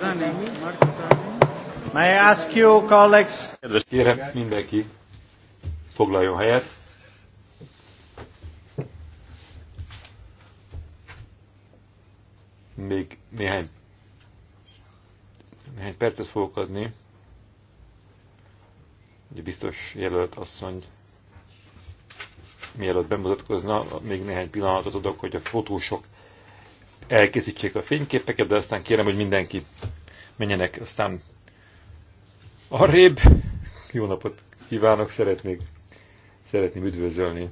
May I ask you, colleagues? Kedves kérem, mindenki foglaljon helyet. Még néhány, néhány percet fogok adni. Ugye biztos jelölt asszony mielőtt bemutatkozna, még néhány pillanatot adok, hogy a fotósok elkészítsék a fényképeket, de aztán kérem, hogy mindenki menjenek aztán arrébb. Jó napot kívánok, szeretnék, szeretném üdvözölni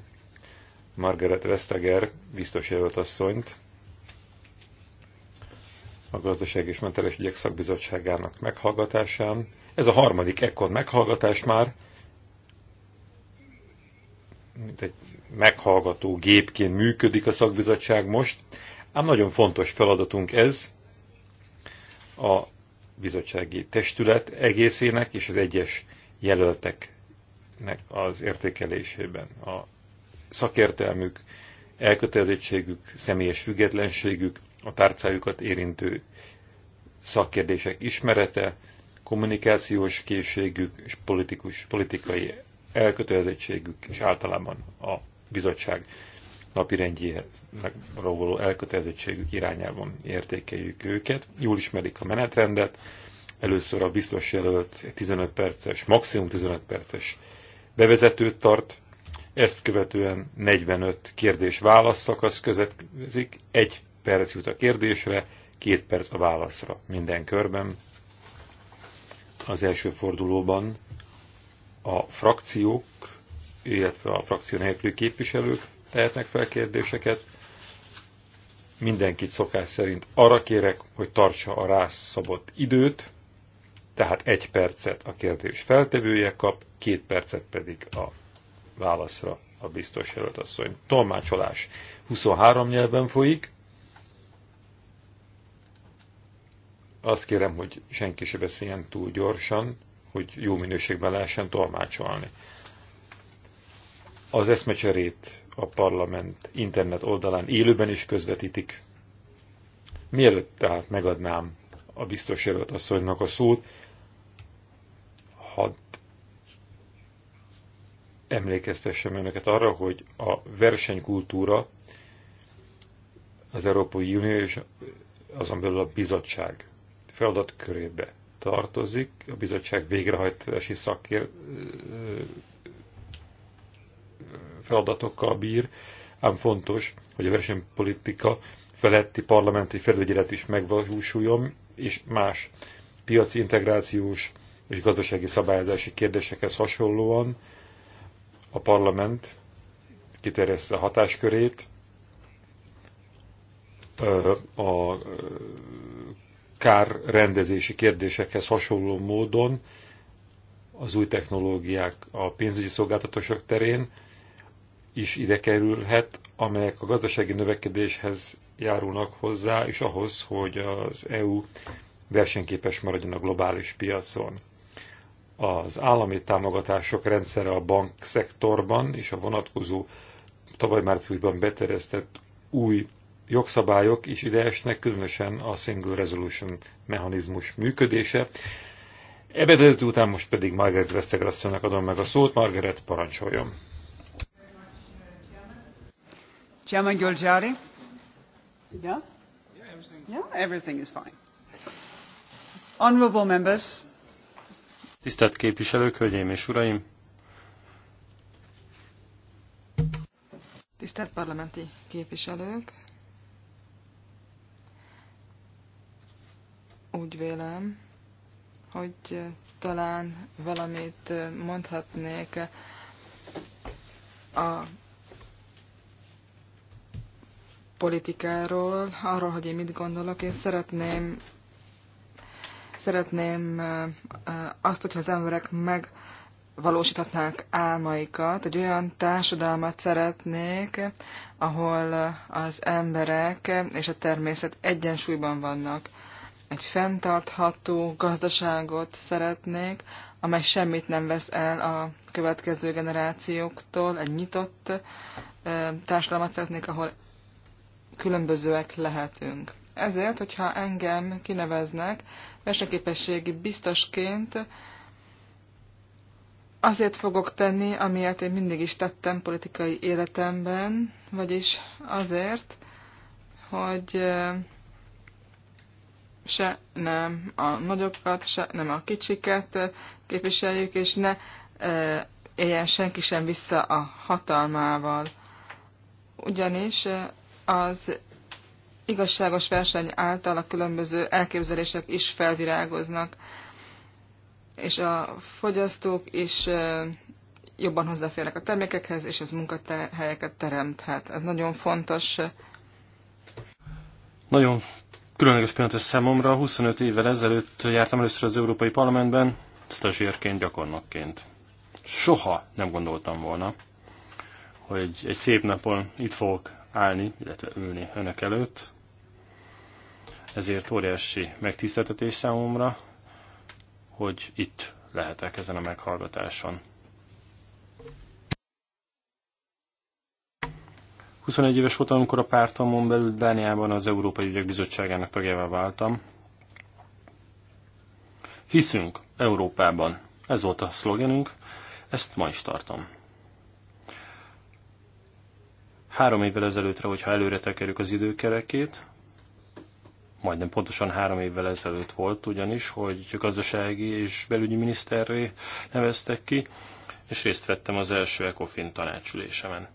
Margaret Vestager biztos asszonyt, a Gazdaság és Menteles Ügyek Szakbizottságának meghallgatásán. Ez a harmadik ekkor meghallgatás már, mint egy meghallgató gépként működik a szakbizottság most. Ám nagyon fontos feladatunk ez a bizottsági testület egészének és az egyes jelölteknek az értékelésében. A szakértelmük, elkötelezettségük, személyes függetlenségük, a tárcájukat érintő szakkérdések ismerete, kommunikációs készségük és politikus, politikai elkötelezettségük, és általában a bizottság napirendjéről való elkötelezettségük irányában értékeljük őket. Jól ismerik a menetrendet. Először a biztos jelölt 15 perces, maximum 15 perces bevezetőt tart, ezt követően 45 kérdés-válasz szakasz következik, egy perc jut a kérdésre, két perc a válaszra minden körben. Az első fordulóban a frakciók, illetve a frakció nélküli képviselők tehetnek fel kérdéseket. Mindenkit szokás szerint arra kérek, hogy tartsa a rászabott időt, tehát egy percet a kérdés feltevője kap, két percet pedig a válaszra a biztos jelölt asszony. Tolmácsolás 23 nyelven folyik. Azt kérem, hogy senki se beszéljen túl gyorsan, hogy jó minőségben lehessen tolmácsolni. Az eszmecserét a parlament internet oldalán élőben is közvetítik. Mielőtt tehát megadnám a biztos jelölt asszonynak a szót, hadd emlékeztessem önöket arra, hogy a versenykultúra az Európai Unió és azon belül a bizottság feladatkörébe tartozik. A bizottság végrehajtási szakkér feladatokkal bír, ám fontos, hogy a versenypolitika feletti parlamenti felügyelet is megvalósuljon, és más piaci integrációs és gazdasági szabályozási kérdésekhez hasonlóan a parlament kiterjeszte a hatáskörét a kárrendezési kérdésekhez hasonló módon az új technológiák a pénzügyi szolgáltatások terén, is ide kerülhet, amelyek a gazdasági növekedéshez járulnak hozzá, és ahhoz, hogy az EU versenyképes maradjon a globális piacon. Az állami támogatások rendszere a bankszektorban és a vonatkozó tavaly márciusban beterjesztett új jogszabályok is ide esnek, különösen a Single Resolution mechanizmus működése. Ebedet után most pedig Margaret Vestegrasszonynak adom meg a szót. Margaret, parancsoljon! Chairman Gulgiari? Yeah? Yeah, everything's yeah, everything is fine. Honorable members. Tisztelt képviselők, hölgyeim és uraim! Tisztelt parlamenti képviselők! Úgy vélem, hogy talán valamit mondhatnék a politikáról, arról, hogy én mit gondolok. Én szeretném, szeretném azt, hogyha az emberek megvalósíthatnák álmaikat. Egy olyan társadalmat szeretnék, ahol az emberek és a természet egyensúlyban vannak. Egy fenntartható gazdaságot szeretnék, amely semmit nem vesz el a következő generációktól, egy nyitott társadalmat szeretnék, ahol különbözőek lehetünk. Ezért, hogyha engem kineveznek versenyképességi biztosként, azért fogok tenni, amiért én mindig is tettem politikai életemben, vagyis azért, hogy se nem a nagyokat, se nem a kicsiket képviseljük, és ne éljen senki sem vissza a hatalmával. Ugyanis az igazságos verseny által a különböző elképzelések is felvirágoznak, és a fogyasztók is jobban hozzáférnek a termékekhez, és ez munkahelyeket teremthet. Ez nagyon fontos. Nagyon különleges pillanat ez számomra. 25 évvel ezelőtt jártam először az Európai Parlamentben, stazsérként, gyakornokként. Soha nem gondoltam volna, hogy egy szép napon itt fogok állni, illetve ülni önök előtt. Ezért óriási megtiszteltetés számomra, hogy itt lehetek ezen a meghallgatáson. 21 éves voltam, amikor a pártamon belül Dániában az Európai Ügyek Bizottságának tagjává váltam. Hiszünk Európában. Ez volt a szlogenünk, ezt ma is tartom. Három évvel ezelőttre, hogyha előre tekerjük az időkerekét, majdnem pontosan három évvel ezelőtt volt ugyanis, hogy gazdasági és belügyi miniszterré neveztek ki, és részt vettem az első ECOFIN tanácsülésemen.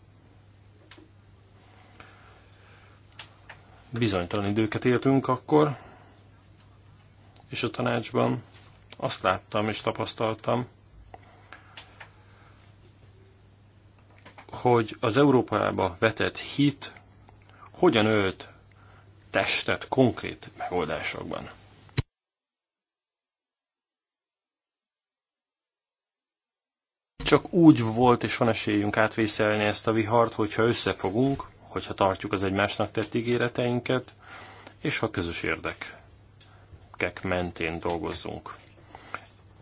Bizonytalan időket éltünk akkor, és a tanácsban azt láttam és tapasztaltam, hogy az Európába vetett hit hogyan ölt testet konkrét megoldásokban. Csak úgy volt és van esélyünk átvészelni ezt a vihart, hogyha összefogunk, hogyha tartjuk az egymásnak tett ígéreteinket, és ha közös érdekek mentén dolgozzunk.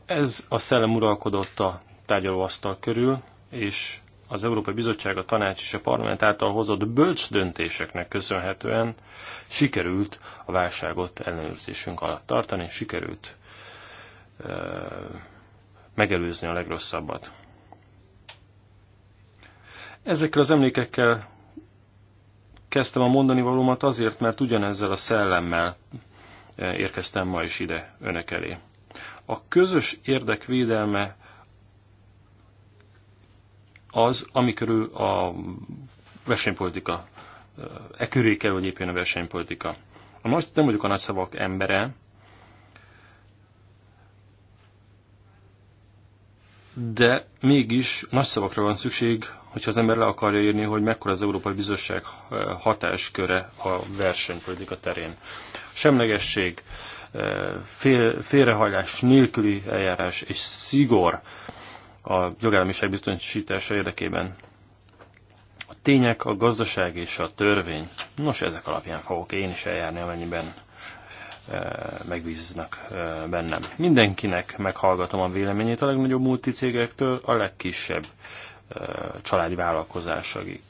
Ez a szellem uralkodott a tárgyalóasztal körül, és az Európai Bizottság, a Tanács és a Parlament által hozott bölcs döntéseknek köszönhetően sikerült a válságot ellenőrzésünk alatt tartani, sikerült megelőzni a legrosszabbat. Ezekkel az emlékekkel kezdtem a mondani valómat azért, mert ugyanezzel a szellemmel érkeztem ma is ide önök elé. A közös érdekvédelme az, amikörül a versenypolitika, e köré kell, hogy épjen a versenypolitika. A nagy, nem vagyok a nagy szavak embere, de mégis nagy szavakra van szükség, hogyha az ember le akarja írni, hogy mekkora az Európai Bizottság e, hatásköre a versenypolitika terén. Semlegesség, e, fél, félrehajlás nélküli eljárás és szigor a jogállamiság biztosítása érdekében. A tények, a gazdaság és a törvény. Nos, ezek alapján fogok én is eljárni, amennyiben e, megbíznak e, bennem. Mindenkinek meghallgatom a véleményét, a legnagyobb multicégektől a legkisebb e, családi vállalkozásig,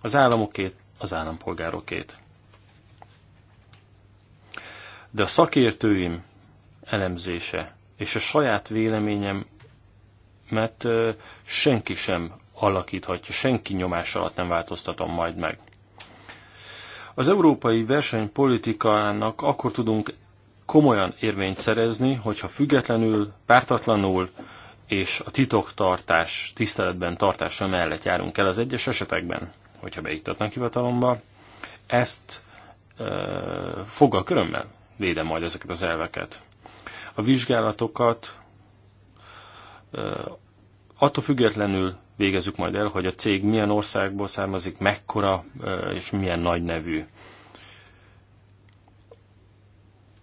Az államokét, az állampolgárokét. De a szakértőim elemzése és a saját véleményem mert senki sem alakíthatja, senki nyomás alatt nem változtatom majd meg. Az európai versenypolitikának akkor tudunk komolyan érvényt szerezni, hogyha függetlenül, pártatlanul és a titoktartás, tiszteletben tartása mellett járunk el az egyes esetekben, hogyha beiktatnak hivatalomba. Ezt e, a körömmel védem majd ezeket az elveket. A vizsgálatokat e, Attól függetlenül végezzük majd el, hogy a cég milyen országból származik, mekkora és milyen nagy nevű.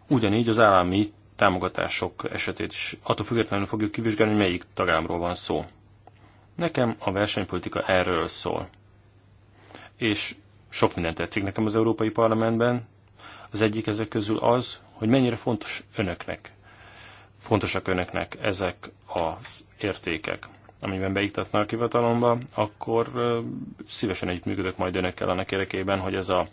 Ugyanígy az állami támogatások esetét is attól függetlenül fogjuk kivizsgálni, hogy melyik tagámról van szó. Nekem a versenypolitika erről szól. És sok minden tetszik nekem az Európai Parlamentben. Az egyik ezek közül az, hogy mennyire fontos önöknek, fontosak önöknek ezek az értékek. Amiben beiktatnak hivatalomba, akkor szívesen együttműködök majd önökkel annak érdekében, hogy ez a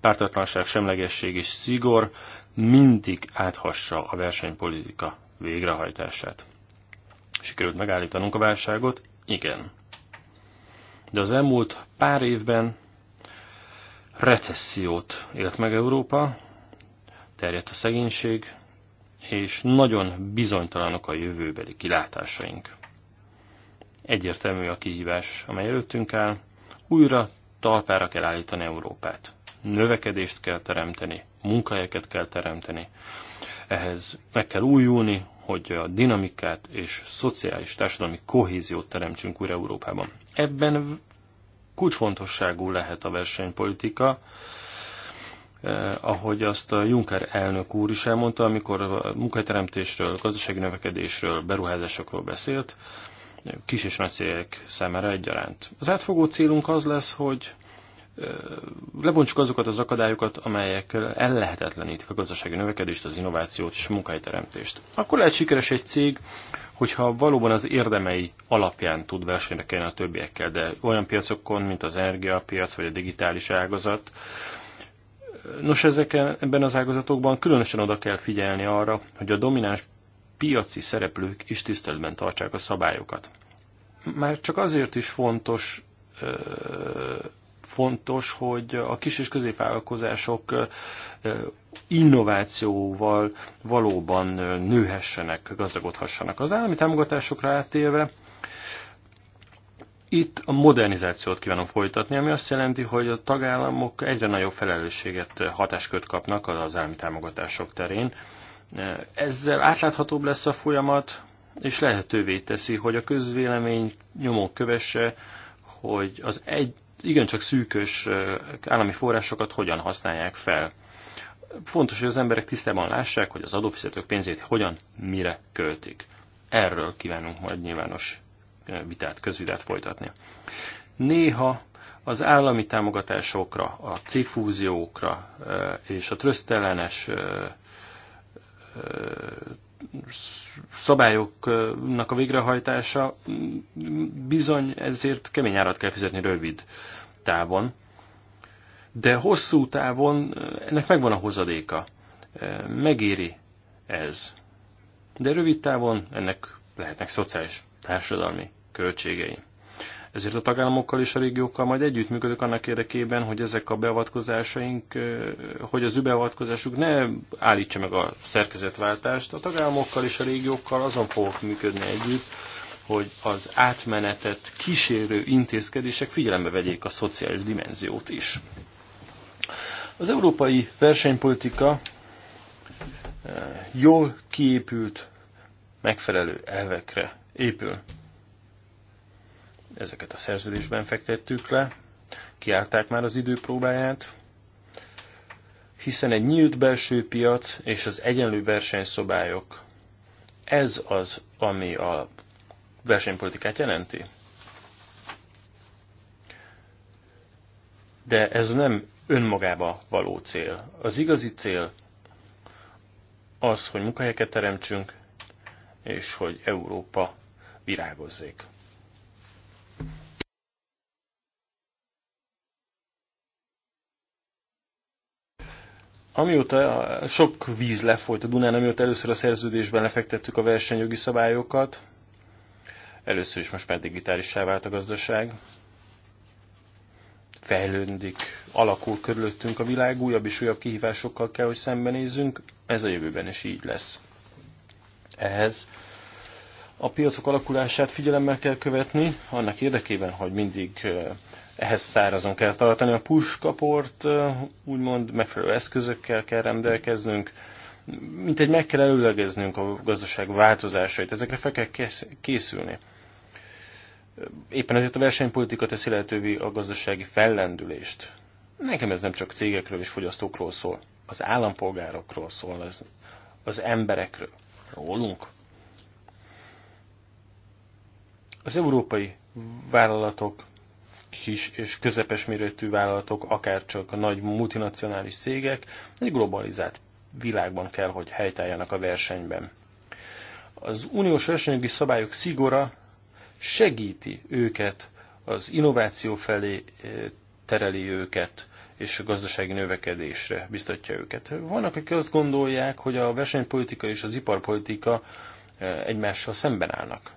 pártatlanság, semlegesség és szigor mindig áthassa a versenypolitika végrehajtását. Sikerült megállítanunk a válságot? Igen. De az elmúlt pár évben recessziót élt meg Európa, terjedt a szegénység, és nagyon bizonytalanok a jövőbeli kilátásaink. Egyértelmű a kihívás, amely előttünk áll. Újra talpára kell állítani Európát. Növekedést kell teremteni, munkahelyeket kell teremteni. Ehhez meg kell újulni, hogy a dinamikát és szociális társadalmi kohéziót teremtsünk újra Európában. Ebben kulcsfontosságú lehet a versenypolitika, eh, ahogy azt a Juncker elnök úr is elmondta, amikor a munkateremtésről, gazdasági növekedésről, beruházásokról beszélt, eh, kis és nagy cégek számára egyaránt. Az átfogó célunk az lesz, hogy lebontsuk azokat az akadályokat, amelyek ellehetetlenítik a gazdasági növekedést, az innovációt és a munkahelyteremtést. Akkor lehet sikeres egy cég, hogyha valóban az érdemei alapján tud versenyre kelni a többiekkel, de olyan piacokon, mint az energiapiac vagy a digitális ágazat, Nos, ezeken, ebben az ágazatokban különösen oda kell figyelni arra, hogy a domináns piaci szereplők is tiszteletben tartsák a szabályokat. Már csak azért is fontos, fontos, hogy a kis és középvállalkozások innovációval valóban nőhessenek, gazdagodhassanak. Az állami támogatásokra átélve, itt a modernizációt kívánom folytatni, ami azt jelenti, hogy a tagállamok egyre nagyobb felelősséget, hatáskört kapnak az állami támogatások terén. Ezzel átláthatóbb lesz a folyamat, és lehetővé teszi, hogy a közvélemény nyomon kövesse, hogy az egy, igencsak szűkös állami forrásokat hogyan használják fel. Fontos, hogy az emberek tisztában lássák, hogy az adófizetők pénzét hogyan, mire költik. Erről kívánunk majd nyilvános vitát, közvitát folytatni. Néha az állami támogatásokra, a cégfúziókra és a trösztellenes szabályoknak a végrehajtása bizony ezért kemény árat kell fizetni rövid távon, de hosszú távon ennek megvan a hozadéka. Megéri ez. De rövid távon ennek lehetnek szociális, társadalmi költségei. Ezért a tagállamokkal és a régiókkal majd együttműködök annak érdekében, hogy ezek a beavatkozásaink, hogy az ő beavatkozásuk ne állítsa meg a szerkezetváltást. A tagállamokkal és a régiókkal azon fogok működni együtt, hogy az átmenetet kísérő intézkedések figyelembe vegyék a szociális dimenziót is. Az európai versenypolitika jól kiépült, megfelelő elvekre épül ezeket a szerződésben fektettük le, kiállták már az időpróbáját, hiszen egy nyílt belső piac és az egyenlő versenyszobályok, ez az, ami a versenypolitikát jelenti. De ez nem önmagába való cél. Az igazi cél az, hogy munkahelyeket teremtsünk, és hogy Európa virágozzék. Amióta sok víz lefolyt a Dunán, amióta először a szerződésben lefektettük a versenyjogi szabályokat, először is most már digitálissá vált a gazdaság, fejlődik, alakul körülöttünk a világ, újabb és újabb kihívásokkal kell, hogy szembenézzünk, ez a jövőben is így lesz. Ehhez a piacok alakulását figyelemmel kell követni, annak érdekében, hogy mindig eh, ehhez szárazon kell tartani. A puskaport úgymond megfelelő eszközökkel kell rendelkeznünk, mint egy meg kell előlegeznünk a gazdaság változásait, ezekre fel kell készülni. Éppen ezért a versenypolitika teszi lehetővé a gazdasági fellendülést. Nekem ez nem csak cégekről és fogyasztókról szól, az állampolgárokról szól, az, az emberekről, rólunk. Az európai vállalatok kis és közepes méretű vállalatok, akár csak a nagy multinacionális cégek egy globalizált világban kell, hogy helytálljanak a versenyben. Az uniós versenyügyi szabályok szigora segíti őket, az innováció felé eh, tereli őket, és a gazdasági növekedésre biztatja őket. Vannak, akik azt gondolják, hogy a versenypolitika és az iparpolitika eh, egymással szemben állnak.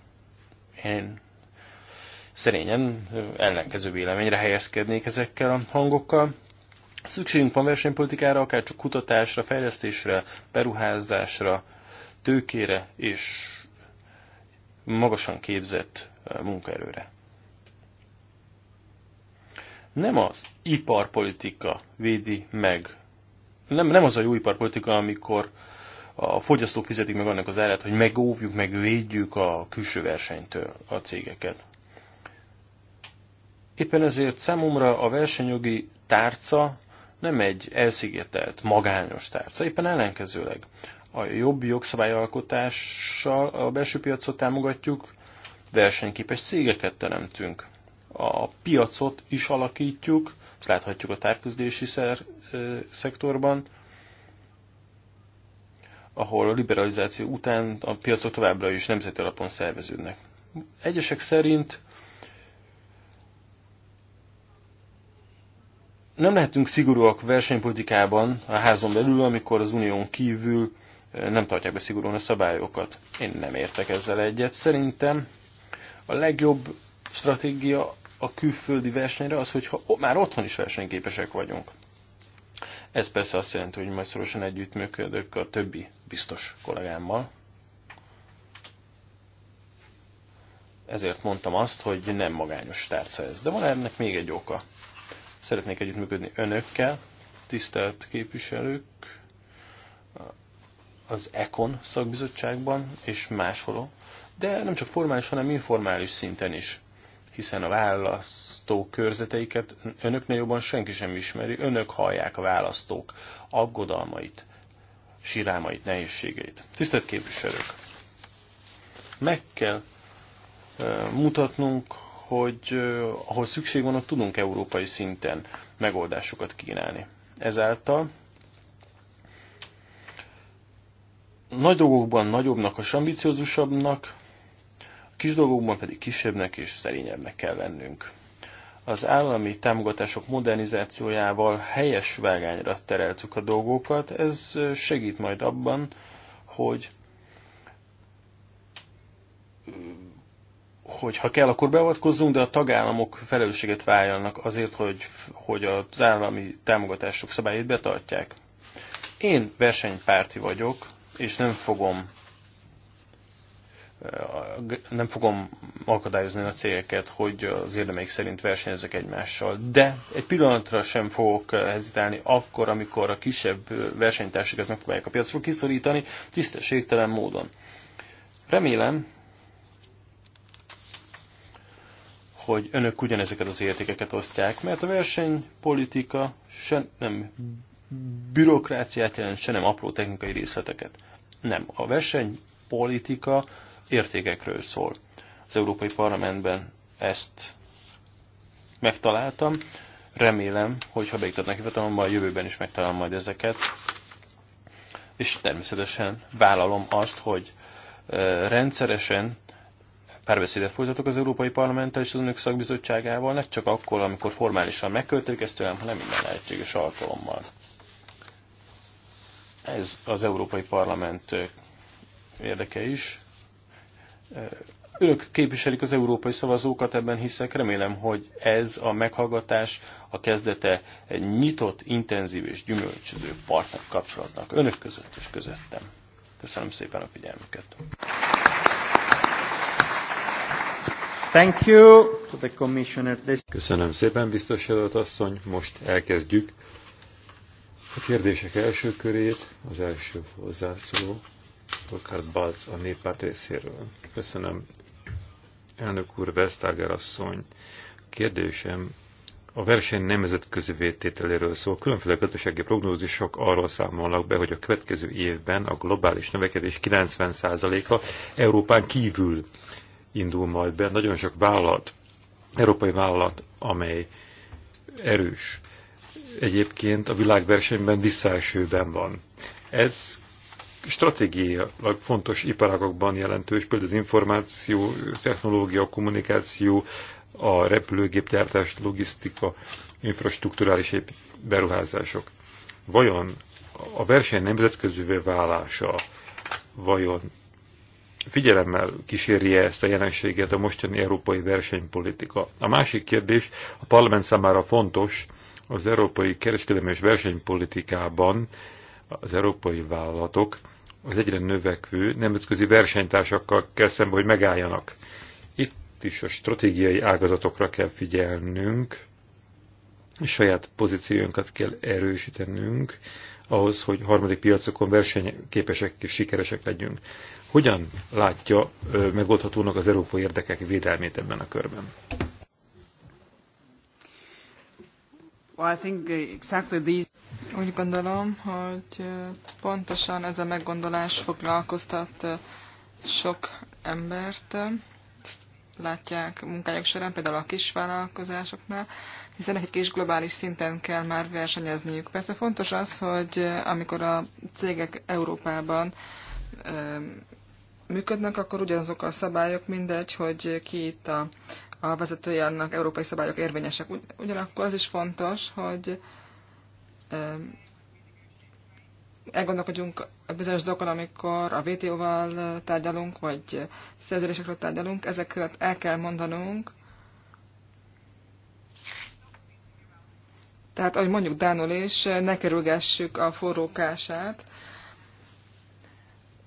Én szerényen ellenkező véleményre helyezkednék ezekkel a hangokkal. Szükségünk van versenypolitikára, akár csak kutatásra, fejlesztésre, beruházásra, tőkére és magasan képzett munkaerőre. Nem az iparpolitika védi meg, nem, nem az a jó iparpolitika, amikor a fogyasztók fizetik meg annak az árát, hogy megóvjuk, megvédjük a külső versenytől a cégeket. Éppen ezért számomra a versenyjogi tárca nem egy elszigetelt, magányos tárca, éppen ellenkezőleg. A jobb jogszabályalkotással a belső piacot támogatjuk, versenyképes cégeket teremtünk. A piacot is alakítjuk, ezt láthatjuk a távközlési szer, szektorban, ahol a liberalizáció után a piacok továbbra is nemzeti alapon szerveződnek. Egyesek szerint nem lehetünk szigorúak versenypolitikában a házon belül, amikor az unión kívül eh, nem tartják be szigorúan a szabályokat. Én nem értek ezzel egyet. Szerintem a legjobb stratégia a külföldi versenyre az, hogyha már otthon is versenyképesek vagyunk. Ez persze azt jelenti, hogy majd szorosan együttműködök a többi biztos kollégámmal. Ezért mondtam azt, hogy nem magányos tárca ez. De van ennek még egy oka. Szeretnék együttműködni önökkel, tisztelt képviselők, az ECON szakbizottságban és máshol, de nem csak formális, hanem informális szinten is, hiszen a választó körzeteiket önöknél jobban senki sem ismeri, önök hallják a választók aggodalmait, sírámait, nehézségeit. Tisztelt képviselők! Meg kell eh, mutatnunk, hogy ahol szükség van, ott tudunk európai szinten megoldásokat kínálni. Ezáltal nagy dolgokban nagyobbnak, a ambiciózusabbnak, a kis dolgokban pedig kisebbnek és szerényebbnek kell lennünk. Az állami támogatások modernizációjával helyes vágányra tereltük a dolgokat, ez segít majd abban, hogy hogy ha kell, akkor beavatkozzunk, de a tagállamok felelősséget vállalnak azért, hogy, hogy az állami támogatások szabályait betartják. Én versenypárti vagyok, és nem fogom eh, nem fogom akadályozni a cégeket, hogy az érdemeik szerint versenyezek egymással, de egy pillanatra sem fogok eh, hezitálni akkor, amikor a kisebb eh, versenytársakat megpróbálják a piacról kiszorítani tisztességtelen módon. Remélem, hogy önök ugyanezeket az értékeket osztják, mert a versenypolitika se nem bürokráciát jelent, se nem apró technikai részleteket. Nem, a versenypolitika értékekről szól. Az Európai Parlamentben ezt megtaláltam. Remélem, hogy ha beiktatnak hivatalomban, a jövőben is megtalálom majd ezeket. És természetesen vállalom azt, hogy rendszeresen párbeszédet folytatok az Európai Parlamenttel és az Önök szakbizottságával, nem csak akkor, amikor formálisan megköltök ezt tőlem, hanem minden lehetséges alkalommal. Ez az Európai Parlament érdeke is. Önök képviselik az európai szavazókat, ebben hiszek. Remélem, hogy ez a meghallgatás a kezdete egy nyitott, intenzív és gyümölcsöző partner kapcsolatnak önök között és közöttem. Köszönöm szépen a figyelmüket! Thank you to the commissioner. Köszönöm szépen, biztos jelölt asszony. Most elkezdjük a kérdések első körét, az első hozzászóló, Volkart Balc a néppárt részéről. Köszönöm, elnök úr, Vesztáger asszony. Kérdésem a verseny nemzetközi vétételéről szól. Különféle gazdasági prognózisok arról számolnak be, hogy a következő évben a globális növekedés 90%-a Európán kívül indul majd be. Nagyon sok vállalat, európai vállalat, amely erős, egyébként a világversenyben visszaesőben van. Ez stratégiailag fontos iparágokban jelentős, például az információ, technológia, kommunikáció, a repülőgépgyártás, logisztika, infrastruktúrális beruházások. Vajon a verseny nemzetközivé válása, vajon figyelemmel kísérje ezt a jelenséget a mostani európai versenypolitika. A másik kérdés a parlament számára fontos, az európai kereskedelmi és versenypolitikában az európai vállalatok az egyre növekvő nemzetközi versenytársakkal kell szembe, hogy megálljanak. Itt is a stratégiai ágazatokra kell figyelnünk, saját pozíciónkat kell erősítenünk, ahhoz, hogy harmadik piacokon versenyképesek és sikeresek legyünk. Hogyan látja megoldhatónak az európai érdekek védelmét ebben a körben? Uh, Úgy gondolom, hogy pontosan ez a meggondolás foglalkoztat sok embert. Ezt látják munkájuk során, például a kisvállalkozásoknál, hiszen egy kis globális szinten kell már versenyezniük. Persze fontos az, hogy amikor a cégek Európában működnek, akkor ugyanazok a szabályok, mindegy, hogy ki itt a, a vezetője annak európai szabályok érvényesek. Ugyanakkor az is fontos, hogy elgondolkodjunk bizonyos dolgokon, amikor a VTO-val tárgyalunk, vagy szerződésekről tárgyalunk, ezeket el kell mondanunk. Tehát, ahogy mondjuk Dánul is, ne kerülgessük a forrókását,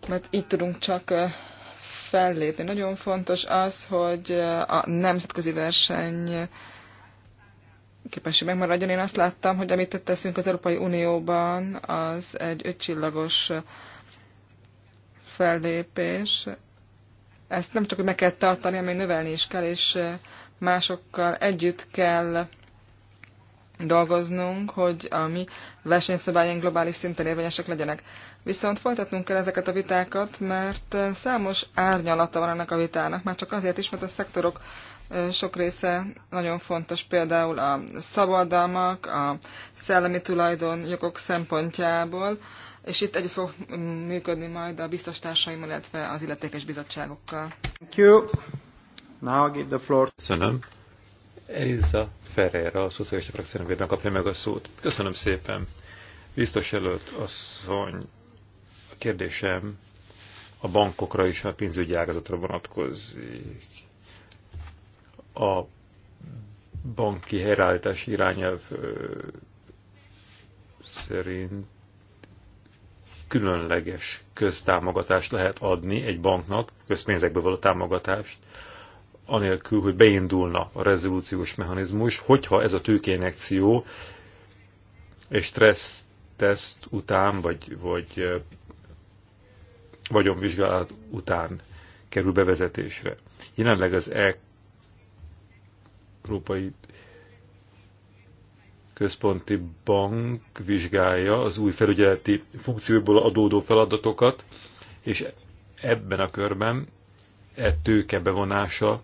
mert így tudunk csak fellépni. Nagyon fontos az, hogy a nemzetközi verseny képes megmaradjon. Én azt láttam, hogy amit teszünk az Európai Unióban, az egy ötcsillagos fellépés. Ezt nem csak, hogy meg kell tartani, hanem növelni is kell, és másokkal együtt kell dolgoznunk, hogy a mi versenyszabályaink globális szinten érvényesek legyenek. Viszont folytatnunk kell ezeket a vitákat, mert számos árnyalata van ennek a vitának, már csak azért is, mert a szektorok sok része nagyon fontos, például a szabadalmak, a szellemi tulajdon jogok szempontjából, és itt egy fog működni majd a biztos társaimmal, illetve az illetékes bizottságokkal. Thank you. Now give the floor. Köszönöm. Elisa Ferreira, a szociális Frakció nevében kapja meg a szót. Köszönöm szépen. Biztos előtt asszony, a kérdésem a bankokra és a pénzügyi ágazatra vonatkozik. A banki helyreállítás irányelv szerint különleges köztámogatást lehet adni egy banknak, közpénzekből való támogatást, anélkül, hogy beindulna a rezolúciós mechanizmus, hogyha ez a tőkénekció és stressz teszt után, vagy, vagy vagyonvizsgálat után kerül bevezetésre. Jelenleg az Európai Központi Bank vizsgálja az új felügyeleti funkcióból adódó feladatokat, és ebben a körben e tőke bevonása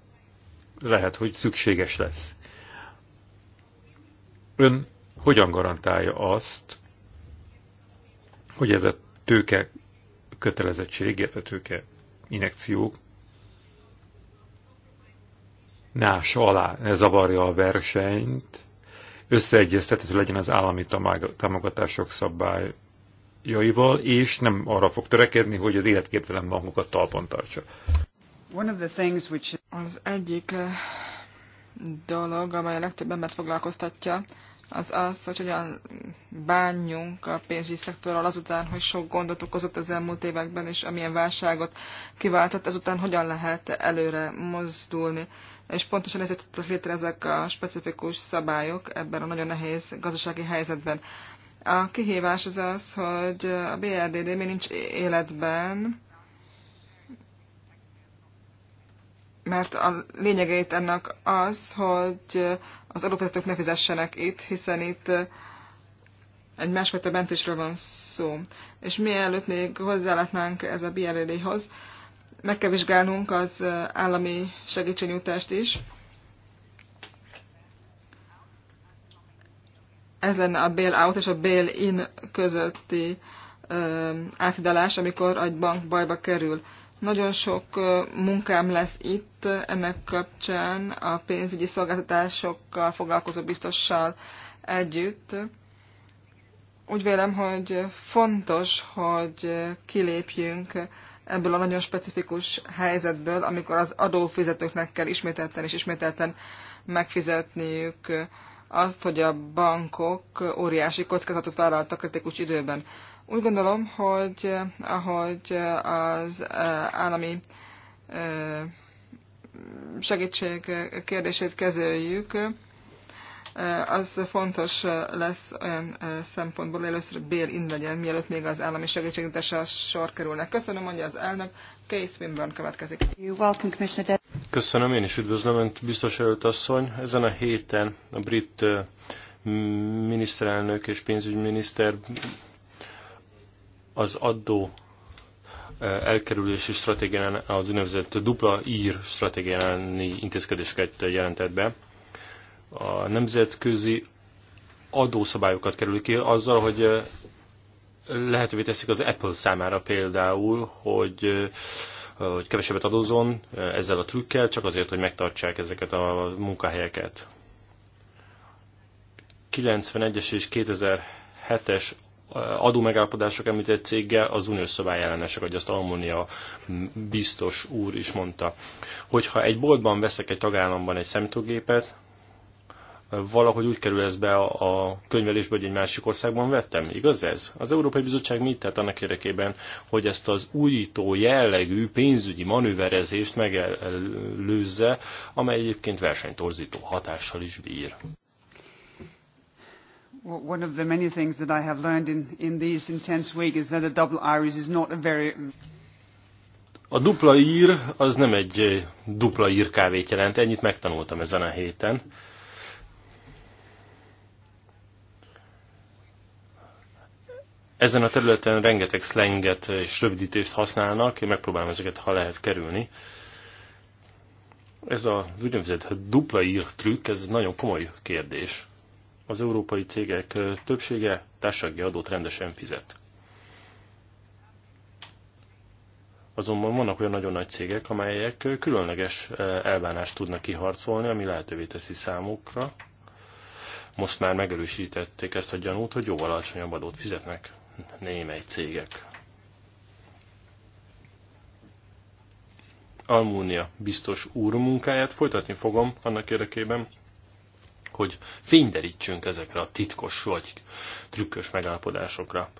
lehet, hogy szükséges lesz. Ön hogyan garantálja azt, hogy ez a tőke kötelezettség, illetve tőke inekciók nás alá ne zavarja a versenyt, összeegyeztethető legyen az állami támogatások szabályaival, és nem arra fog törekedni, hogy az életképtelen bankokat talpon tartsa. Az egyik eh, dolog, amely a legtöbb embert foglalkoztatja, az az, hogy hogyan bánjunk a pénzügyi szektorral azután, hogy sok gondot okozott az elmúlt években, és amilyen válságot kiváltott, ezután hogyan lehet előre mozdulni. És pontosan ezért tettek létre ezek a specifikus szabályok ebben a nagyon nehéz gazdasági helyzetben. A kihívás az az, hogy a BRDD még nincs életben, mert a lényegét ennek az, hogy az adófizetők ne fizessenek itt, hiszen itt egy másfajta mentésről van szó. És mielőtt még hozzálátnánk ez a BRL-hoz, e meg kell vizsgálnunk az állami segítségnyújtást is. Ez lenne a bail-out és a bail-in közötti áthidalás, amikor egy bank bajba kerül. Nagyon sok munkám lesz itt ennek kapcsán a pénzügyi szolgáltatásokkal foglalkozó biztossal együtt. Úgy vélem, hogy fontos, hogy kilépjünk ebből a nagyon specifikus helyzetből, amikor az adófizetőknek kell ismételten és ismételten megfizetniük azt, hogy a bankok óriási kockázatot vállaltak kritikus időben. Úgy gondolom, hogy eh, ahogy eh, az eh, állami segítség kérdését kezeljük, az fontos lesz olyan szempontból, először Bél in legyen, mielőtt még az állami segítségítése sor kerülnek. Köszönöm, mondja az elnök. Kay Swinburne következik. Köszönöm, én is üdvözlöm, önt biztos előtt asszony. Ezen a héten a brit miniszterelnök és pénzügyminiszter az adó elkerülési stratégián, az úgynevezett dupla ír stratégián intézkedéseket jelentett be. A nemzetközi adószabályokat kerül ki azzal, hogy lehetővé teszik az Apple számára például, hogy hogy kevesebbet adózon ezzel a trükkel, csak azért, hogy megtartsák ezeket a munkahelyeket. 91-es és 2007-es adómegállapodások említett céggel az uniós szabály ellenesek, hogy azt Almonia biztos úr is mondta. Hogyha egy boltban veszek egy tagállamban egy szemtógépet, valahogy úgy kerül ez be a, a könyvelésbe, hogy egy másik országban vettem. Igaz ez? Az Európai Bizottság mit tett annak érdekében, hogy ezt az újító jellegű pénzügyi manőverezést megelőzze, amely egyébként versenytorzító hatással is bír? one of the many things that I have learned in, in these intense week is that a double iris is not a very... A dupla ír az nem egy eh, dupla ír kávét jelent, ennyit megtanultam ezen a héten. Ezen a területen rengeteg slenget és rövidítést használnak, én megpróbálom ezeket, ha lehet kerülni. Ez a úgynevezett dupla ír trükk, ez nagyon komoly kérdés az európai cégek többsége társasági adót rendesen fizet. Azonban vannak olyan nagyon nagy cégek, amelyek különleges elbánást tudnak kiharcolni, ami lehetővé teszi számukra. Most már megerősítették ezt a gyanút, hogy jóval alacsonyabb adót fizetnek némely cégek. Almúnia biztos úr munkáját folytatni fogom annak érdekében, hogy fényderítsünk ezekre a titkos vagy trükkös megállapodásokra.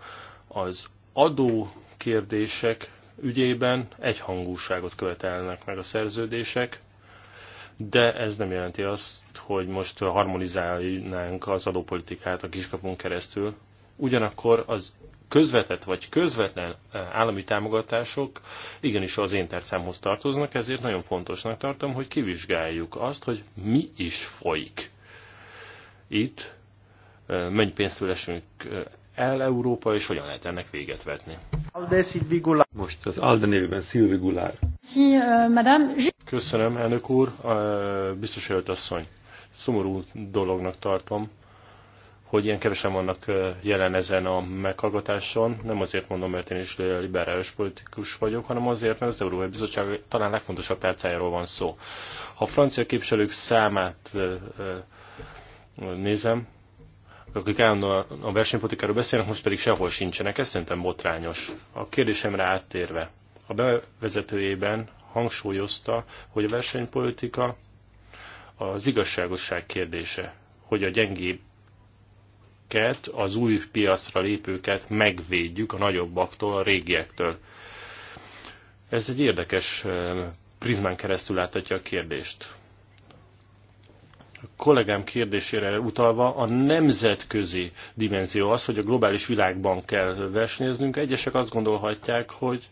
Az adó kérdések ügyében egyhangúságot követelnek meg a szerződések, de ez nem jelenti azt, hogy most harmonizálnánk az adópolitikát a kiskapunk keresztül. Ugyanakkor az közvetett vagy közvetlen eh, állami támogatások igenis az én tercámhoz tartoznak, ezért nagyon fontosnak tartom, hogy kivizsgáljuk azt, hogy mi is folyik itt, mennyi pénzt esünk el Európa, és hogyan lehet ennek véget vetni. Most az Alde névben Szilvi Gulár. Köszönöm, elnök úr, biztos asszony. Szomorú dolognak tartom, hogy ilyen kevesen vannak jelen ezen a meghallgatáson. Nem azért mondom, mert én is liberális politikus vagyok, hanem azért, mert az Európai Bizottság talán legfontosabb tárcájáról van szó. Ha a francia képviselők számát nézem, akik állandóan a versenypolitikáról beszélnek, most pedig sehol sincsenek, ez szerintem botrányos. A kérdésemre áttérve, a bevezetőjében hangsúlyozta, hogy a versenypolitika az igazságosság kérdése, hogy a gyengébbket, az új piacra lépőket megvédjük a nagyobbaktól, a régiektől. Ez egy érdekes eh, prizmán keresztül láthatja a kérdést kollégám kérdésére utalva, a nemzetközi dimenzió az, hogy a globális világban kell versenyeznünk. Egyesek azt gondolhatják, hogy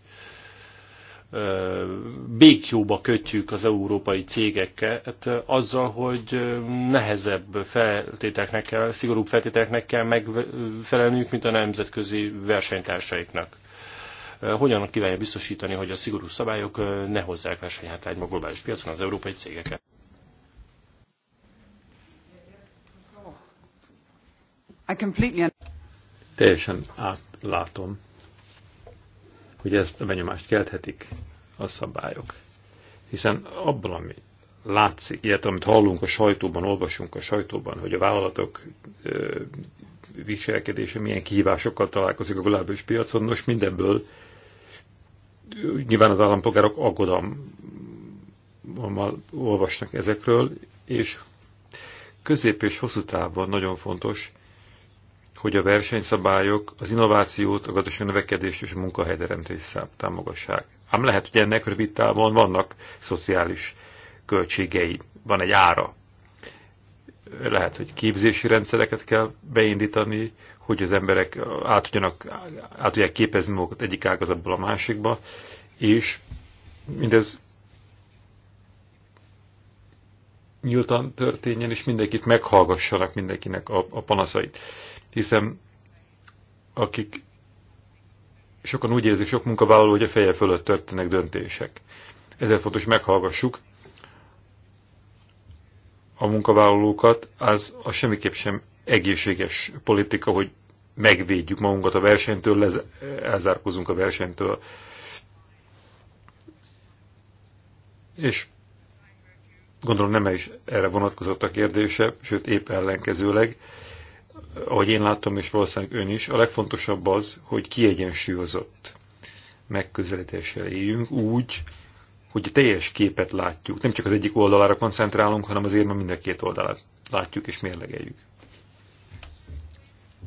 békjóba kötjük az európai cégeket azzal, hogy nehezebb feltételeknek kell, szigorúbb feltételeknek kell megfelelniük, mint a nemzetközi versenytársaiknak. Hogyan kívánja biztosítani, hogy a szigorú szabályok ne hozzák versenyhátrányba globális piacon az európai cégeket? Teljesen átlátom, hogy ezt a benyomást kelthetik a szabályok. Hiszen abban, ami látszik, illetve amit hallunk a sajtóban, olvasunk a sajtóban, hogy a vállalatok ö, viselkedése milyen kihívásokkal találkozik a globális piacon, most mindebből nyilván az állampolgárok aggodalommal olvasnak ezekről, és közép és hosszú távban nagyon fontos, hogy a versenyszabályok az innovációt, a gazdasági növekedést és a szám támogassák. Ám lehet, hogy ennek rövid távon vannak szociális költségei, van egy ára. Lehet, hogy képzési rendszereket kell beindítani, hogy az emberek át tudjanak, át tudják képezni magukat egyik ágazatból a másikba, és mindez nyíltan történjen, és mindenkit meghallgassanak mindenkinek a, a panaszait hiszen akik sokan úgy érzik, sok munkavállaló, hogy a feje fölött történnek döntések. Ezért fontos meghallgassuk a munkavállalókat, az, az semmiképp sem egészséges politika, hogy megvédjük magunkat a versenytől, lez, elzárkozunk a versenytől. És gondolom nem is erre vonatkozott a kérdése, sőt épp ellenkezőleg ahogy én látom, és valószínűleg ön is, a legfontosabb az, hogy kiegyensúlyozott megközelítéssel éljünk úgy, hogy a teljes képet látjuk. Nem csak az egyik oldalára koncentrálunk, hanem azért ma mind a két oldalát látjuk és mérlegeljük.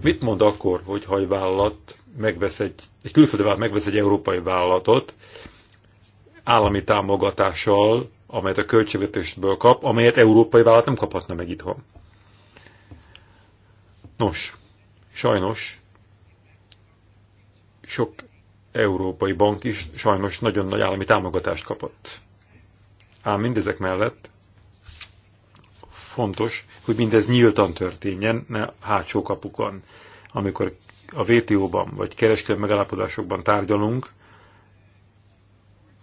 Mit mond akkor, hogy ha egy vállalat megvesz egy, egy külföldi vállalat megvesz egy európai vállalatot állami támogatással, amelyet a költségvetésből kap, amelyet európai vállalat nem kaphatna meg itthon? Nos, sajnos sok európai bank is sajnos nagyon nagy állami támogatást kapott. Ám mindezek mellett fontos, hogy mindez nyíltan történjen, ne hátsó kapukon. Amikor a WTO-ban vagy kereskedelmi megállapodásokban tárgyalunk,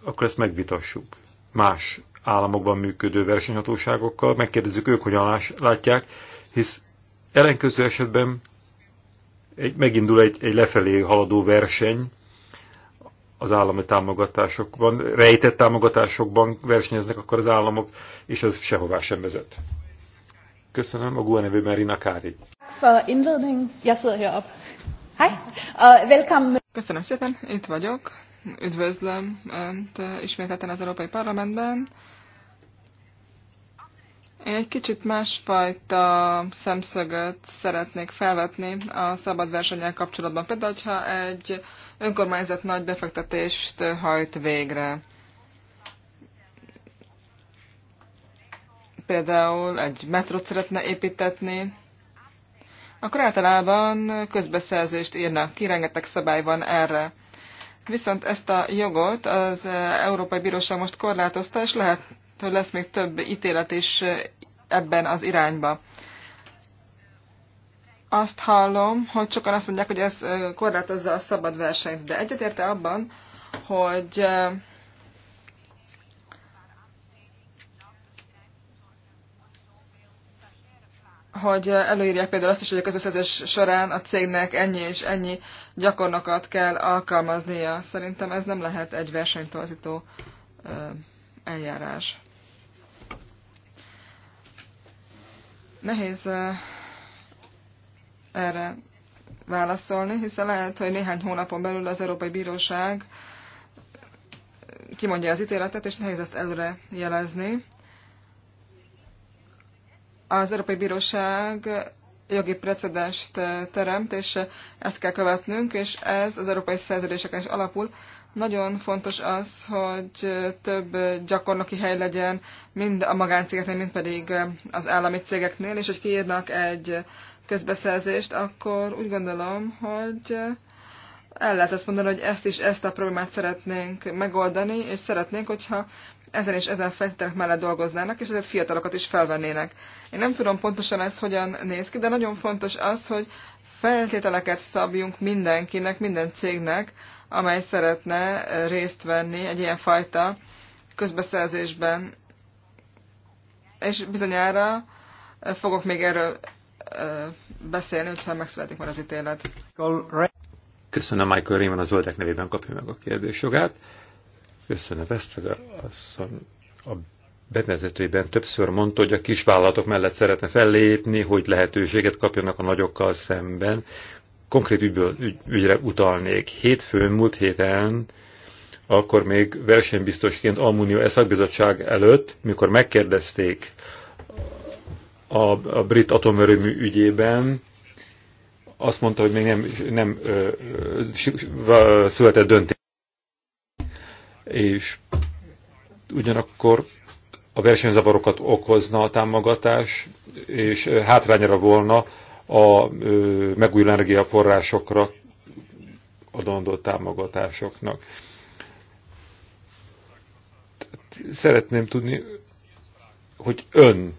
akkor ezt megvitassuk. Más államokban működő versenyhatóságokkal megkérdezzük ők, hogyan látják, hisz Ellenkező esetben egy, megindul egy, egy lefelé haladó verseny az állami támogatásokban, rejtett támogatásokban versenyeznek akkor az államok, és ez sehová sem vezet. Köszönöm, a GUA e nevében Rina Kári. Köszönöm szépen, itt vagyok. Üdvözlöm Önt ismételten az Európai Parlamentben. Én egy kicsit másfajta szemszögöt szeretnék felvetni a szabad versenyel kapcsolatban. Például, ha egy önkormányzat nagy befektetést hajt végre. Például egy metrót szeretne építetni, akkor általában közbeszerzést írnak ki, rengeteg szabály van erre. Viszont ezt a jogot az Európai Bíróság most korlátozta, és lehet lesz még több ítélet is ebben az irányba. Azt hallom, hogy sokan azt mondják, hogy ez korlátozza a szabad versenyt, de egyetérte abban, hogy hogy előírják például azt is, hogy a közösszezés során a cégnek ennyi és ennyi gyakornokat kell alkalmaznia. Szerintem ez nem lehet egy versenytorzító eljárás. Nehéz erre válaszolni, hiszen lehet, hogy néhány hónapon belül az Európai Bíróság kimondja az ítéletet, és nehéz ezt előre jelezni. Az Európai Bíróság jogi precedest teremt, és ezt kell követnünk, és ez az európai szerződéseken is alapul, nagyon fontos az, hogy több gyakornoki hely legyen, mind a magáncégeknél, mind pedig az állami cégeknél, és hogy kiírnak egy közbeszerzést, akkor úgy gondolom, hogy el lehet azt mondani, hogy ezt is, ezt a problémát szeretnénk megoldani, és szeretnénk, hogyha ezen és ezen feltételek mellett dolgoznának, és ezért fiatalokat is felvennének. Én nem tudom pontosan ez hogyan néz ki, de nagyon fontos az, hogy feltételeket szabjunk mindenkinek, minden cégnek amely szeretne eh, részt venni egy ilyen fajta közbeszerzésben. És bizonyára eh, fogok még erről eh, beszélni, hogyha megszületik már az ítélet. Köszönöm Michael Raymond a zöldek nevében kapja meg a kérdésjogát. Köszönöm a asszony a bevezetőben többször mondta, hogy a kisvállalatok mellett szeretne fellépni, hogy lehetőséget kapjanak a nagyokkal szemben, konkrét ügyből, ügy, ügyre utalnék. Hétfőn, múlt héten, akkor még versenybiztosként Almunió e szakbizottság előtt, mikor megkérdezték a, a brit atomerőmű ügyében, azt mondta, hogy még nem, nem ö, ö, született döntés. És ugyanakkor a versenyzavarokat okozna a támogatás, és hátrányra volna a megújuló energiaforrásokra adandó támogatásoknak. Szeretném tudni, hogy ön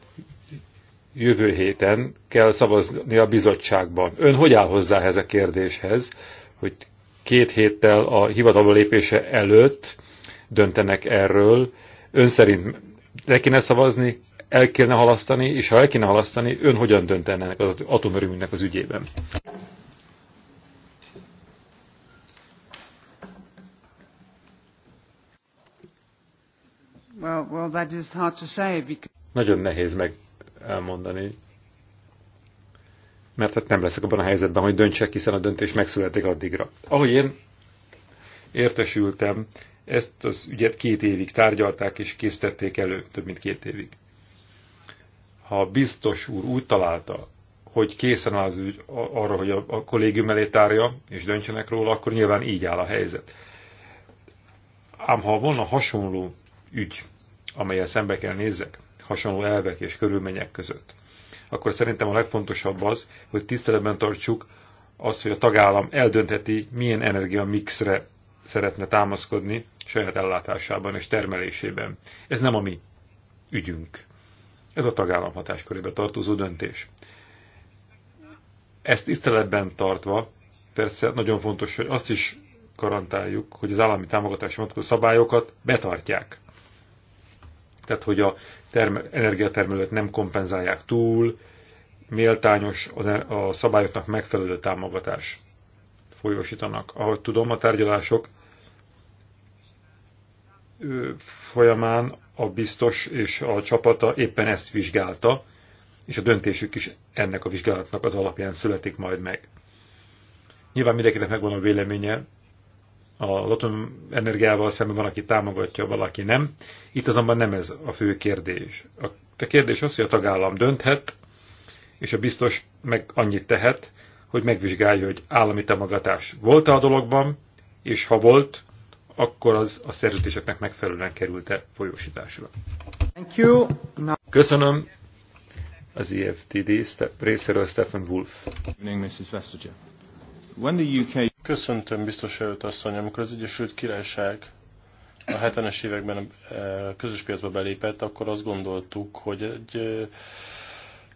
jövő héten kell szavazni a bizottságban. Ön hogy áll hozzá ehhez a kérdéshez, hogy két héttel a hivatalba lépése előtt döntenek erről? Ön szerint le kéne szavazni, el kellene halasztani, és ha el kéne halasztani, ön hogyan döntene ennek az atomerőműnek az ügyében? Well, well, that is hard to say because... Nagyon nehéz meg elmondani, mert hát nem leszek abban a helyzetben, hogy döntsek, hiszen a döntés megszületik addigra. Ahogy én értesültem, ezt az ügyet két évig tárgyalták és készítették elő, több mint két évig ha a biztos úr úgy találta, hogy készen áll az ügy arra, hogy a kollégium elé tárja, és döntsenek róla, akkor nyilván így áll a helyzet. Ám ha volna hasonló ügy, amelyel szembe kell nézzek, hasonló elvek és körülmények között, akkor szerintem a legfontosabb az, hogy tiszteletben tartsuk azt, hogy a tagállam eldöntheti, milyen energiamixre szeretne támaszkodni saját ellátásában és termelésében. Ez nem a mi ügyünk. Ez a tagállam hatáskörébe tartozó döntés. Ezt tiszteletben tartva, persze nagyon fontos, hogy azt is garantáljuk, hogy az állami támogatás vonatkozó szabályokat betartják. Tehát, hogy a energiatermelőt nem kompenzálják túl, méltányos e- a szabályoknak megfelelő támogatás folyósítanak. Ahogy tudom, a tárgyalások folyamán a biztos és a csapata éppen ezt vizsgálta, és a döntésük is ennek a vizsgálatnak az alapján születik majd meg. Nyilván mindenkinek megvan a véleménye, a az energiával szemben van, aki támogatja, valaki nem. Itt azonban nem ez a fő kérdés. A kérdés az, hogy a tagállam dönthet, és a biztos meg annyit tehet, hogy megvizsgálja, hogy állami támogatás volt -e a dologban, és ha volt, akkor az a szerződéseknek megfelelően került-e folyósításra. Thank you. Now... Köszönöm az EFTD részéről Stephen Wolf. Köszöntöm biztos előtt asszony, amikor az Egyesült Királyság a 70-es években a eh, közös piacba belépett, akkor azt gondoltuk, hogy egy eh,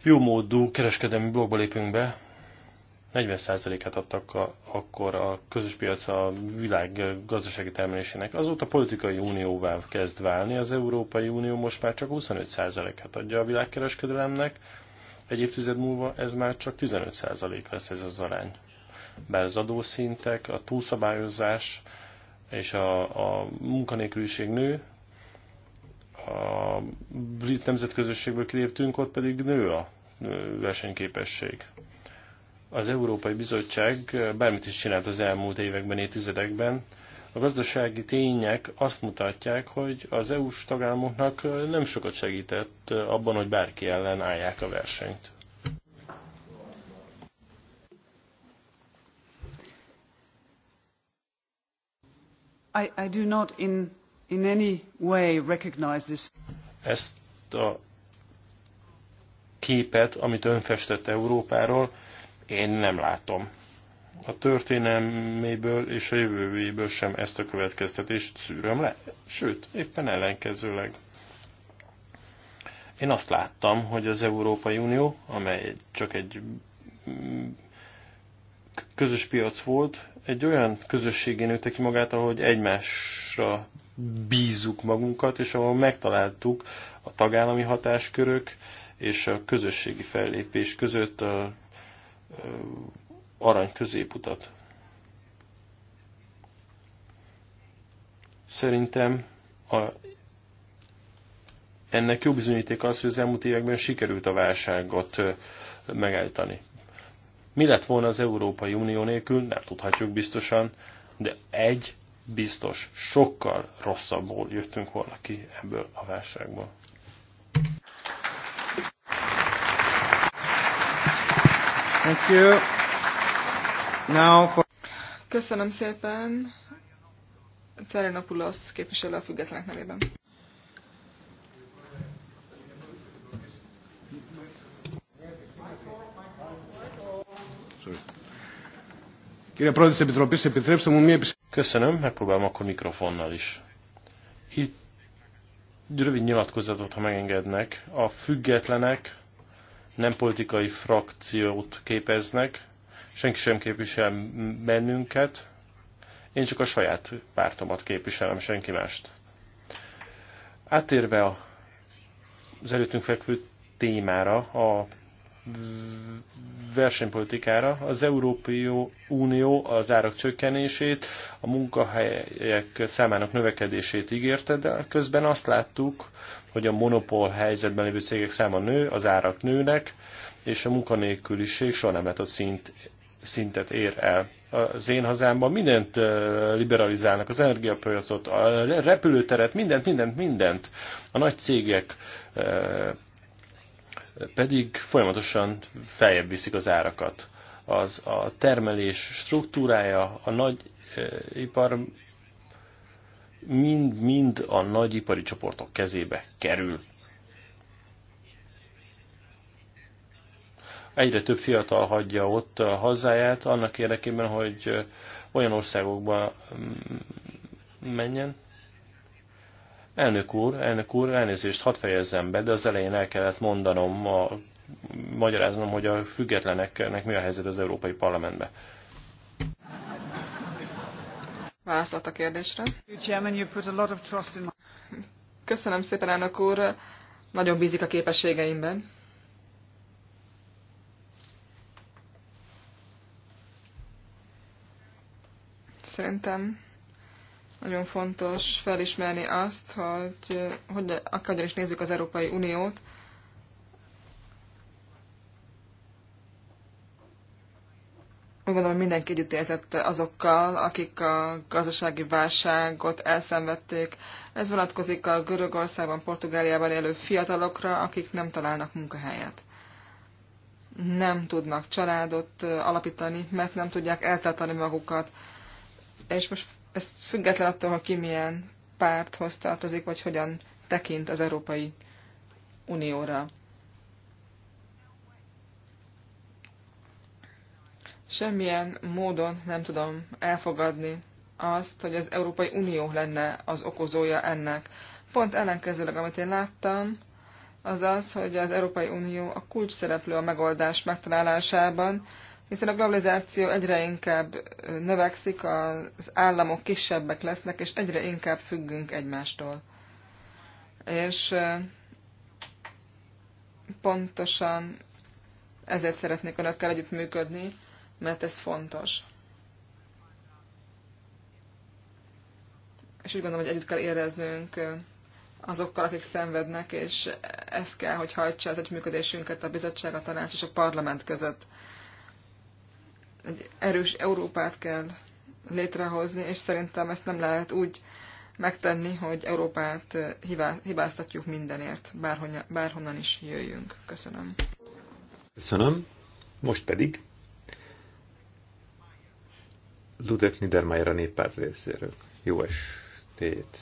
jó módú kereskedelmi blogba lépünk be, 40%-át adtak a, akkor a közös piac a világ gazdasági termelésének. Azóta politikai unióvá kezd válni, az Európai Unió most már csak 25%-át adja a világkereskedelemnek, egy évtized múlva ez már csak 15% lesz ez az arány. Bár az adószintek, a túlszabályozás és a, a munkanélküliség nő, a brit nemzetközösségből kiléptünk, ott pedig nő a versenyképesség az Európai Bizottság bármit is csinált az elmúlt években, évtizedekben, a gazdasági tények azt mutatják, hogy az EU-s tagállamoknak nem sokat segített abban, hogy bárki ellen állják a versenyt. I, I do not in, in any way recognize this. Ezt a képet, amit önfestett Európáról, én nem látom. A történelméből és a jövőjéből sem ezt a következtetést szűröm le, sőt, éppen ellenkezőleg. Én azt láttam, hogy az Európai Unió, amely csak egy mm, közös piac volt, egy olyan közösségé nőtte ki magát, ahogy egymásra bízzuk magunkat, és ahol megtaláltuk a tagállami hatáskörök és a közösségi fellépés között a arany középutat. Szerintem a, ennek jó bizonyíték az, hogy az elmúlt években sikerült a válságot megállítani. Mi lett volna az Európai Unió nélkül, nem tudhatjuk biztosan, de egy biztos, sokkal rosszabbul jöttünk volna ki ebből a válságból. Thank you. Now for... Köszönöm szépen. Cerenopulos képviselő a függetlenek nevében. Köszönöm, megpróbálom akkor mikrofonnal is. Itt rövid nyilatkozatot, ha megengednek. A függetlenek nem politikai frakciót képeznek, senki sem képvisel bennünket, én csak a saját pártomat képviselem, senki mást. Átérve az előttünk fekvő témára, a versenypolitikára. Az Európai Unió az árak csökkenését, a munkahelyek számának növekedését ígérte, de közben azt láttuk, hogy a monopól helyzetben lévő cégek száma nő, az árak nőnek, és a munkanélküliség soha nem lehet szint, szintet ér el. Az én hazámban mindent liberalizálnak, az energiapiacot, a repülőteret, mindent, mindent, mindent. A nagy cégek pedig folyamatosan feljebb viszik az árakat. Az a termelés struktúrája, a nagy eh, ipar mind-mind a nagy ipari csoportok kezébe kerül. Egyre több fiatal hagyja ott a hazáját annak érdekében, hogy eh, olyan országokba mm, menjen, Elnök úr, elnök úr, elnézést hadd fejezzem be, de az elején el kellett mondanom, a, magyaráznom, hogy a függetleneknek mi a helyzet az Európai Parlamentben. Válaszolt a kérdésre. Köszönöm szépen, elnök úr. Nagyon bízik a képességeimben. Szerintem nagyon fontos felismerni azt, hogy, hogy akárgyan is nézzük az Európai Uniót, úgy gondolom, hogy mindenki együtt érzett azokkal, akik a gazdasági válságot elszenvedték. Ez vonatkozik a Görögországban, Portugáliában élő fiatalokra, akik nem találnak munkahelyet. Nem tudnak családot alapítani, mert nem tudják eltartani magukat. És most ez független attól, ha ki milyen párthoz tartozik, vagy hogyan tekint az Európai Unióra. Semmilyen módon nem tudom elfogadni azt, hogy az Európai Unió lenne az okozója ennek. Pont ellenkezőleg, amit én láttam, az az, hogy az Európai Unió a kulcs szereplő a megoldás megtalálásában, hiszen a globalizáció egyre inkább növekszik, az államok kisebbek lesznek, és egyre inkább függünk egymástól. És pontosan ezért szeretnék önökkel együttműködni, mert ez fontos. És úgy gondolom, hogy együtt kell éreznünk azokkal, akik szenvednek, és ez kell, hogy hajtsa az együttműködésünket a bizottság, a tanács és a parlament között egy erős Európát kell létrehozni, és szerintem ezt nem lehet úgy megtenni, hogy Európát hibáztatjuk mindenért, bárhonya, bárhonnan is jöjjünk. Köszönöm. Köszönöm. Most pedig Ludek Niedermayer a néppárt részéről. Jó estét!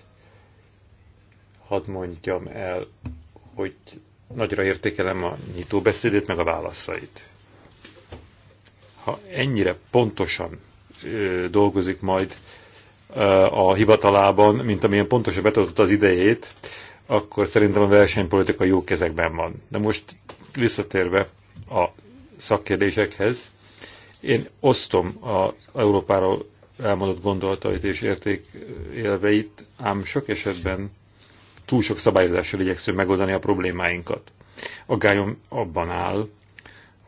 Hadd mondjam el, hogy nagyra értékelem a nyitóbeszédét, meg a válaszait ha ennyire pontosan dolgozik majd a hivatalában, mint amilyen pontosan betartotta az idejét, akkor szerintem a versenypolitika jó kezekben van. De most visszatérve a szakkérdésekhez, én osztom az Európáról elmondott gondolatait és értékelveit, ám sok esetben túl sok szabályozással igyekszünk megoldani a problémáinkat. A gályom abban áll,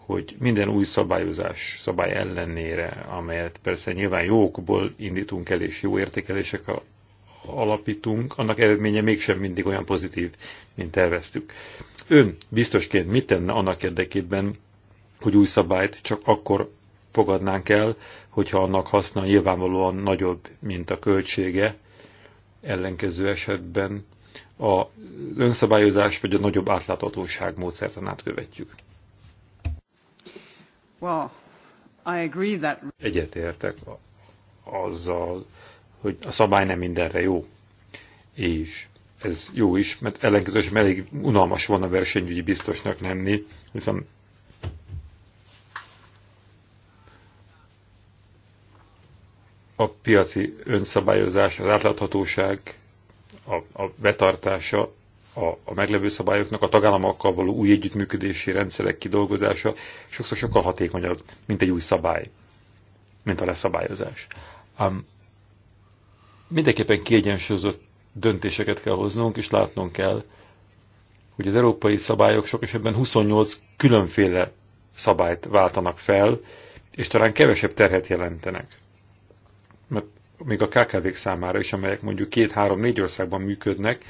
hogy minden új szabályozás, szabály ellenére, amelyet persze nyilván jókból indítunk el, és jó értékelések alapítunk, annak eredménye mégsem mindig olyan pozitív, mint terveztük. Ön biztosként mit tenne annak érdekében, hogy új szabályt csak akkor fogadnánk el, hogyha annak haszna nyilvánvalóan nagyobb, mint a költsége, ellenkező esetben a önszabályozás vagy a nagyobb átláthatóság módszertanát követjük. Egyet I Egyetértek azzal, hogy a szabály nem mindenre jó. És ez jó is, mert ellenkezősen elég unalmas volna versenyügyi biztosnak lenni, hiszen a piaci önszabályozás, az átláthatóság, a, a betartása a, a meglevő szabályoknak a tagállamokkal való új együttműködési rendszerek kidolgozása sokszor sokkal hatékonyabb, mint egy új szabály, mint a leszabályozás. Um, mindenképpen kiegyensúlyozott döntéseket kell hoznunk, és látnunk kell, hogy az európai szabályok sok esetben 28 különféle szabályt váltanak fel, és talán kevesebb terhet jelentenek. Mert még a KKV-k számára is, amelyek mondjuk két-három-négy országban működnek,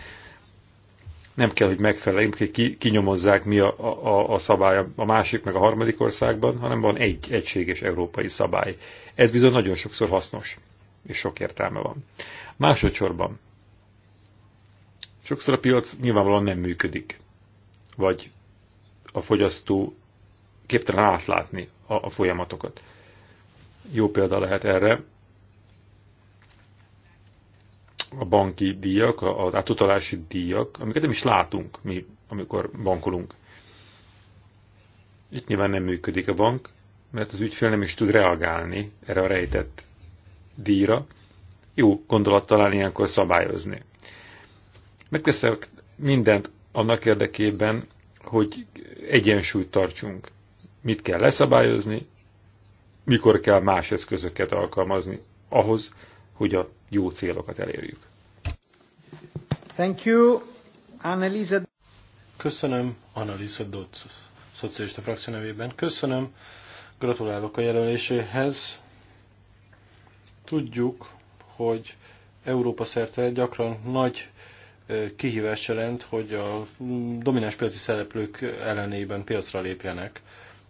nem kell, hogy megfeleljünk, hogy ki, kinyomozzák mi a, a, a szabály a másik meg a harmadik országban, hanem van egy egységes európai szabály. Ez bizony nagyon sokszor hasznos, és sok értelme van. Másodszorban, sokszor a piac nyilvánvalóan nem működik, vagy a fogyasztó képtelen átlátni a, a folyamatokat. Jó példa lehet erre a banki díjak, az átutalási díjak, amiket nem is látunk mi, amikor bankolunk. Itt nyilván nem működik a bank, mert az ügyfél nem is tud reagálni erre a rejtett díjra. Jó gondolat talán ilyenkor szabályozni. Megteszek mindent annak érdekében, hogy egyensúlyt tartsunk. Mit kell leszabályozni, mikor kell más eszközöket alkalmazni ahhoz, hogy a jó célokat elérjük. Thank you, Annelisa. Köszönöm, Annalisa Dotz, szocialista frakció nevében. Köszönöm, gratulálok a jelöléséhez. Tudjuk, hogy Európa szerte gyakran nagy kihívás jelent, hogy a domináns piaci szereplők ellenében piacra lépjenek.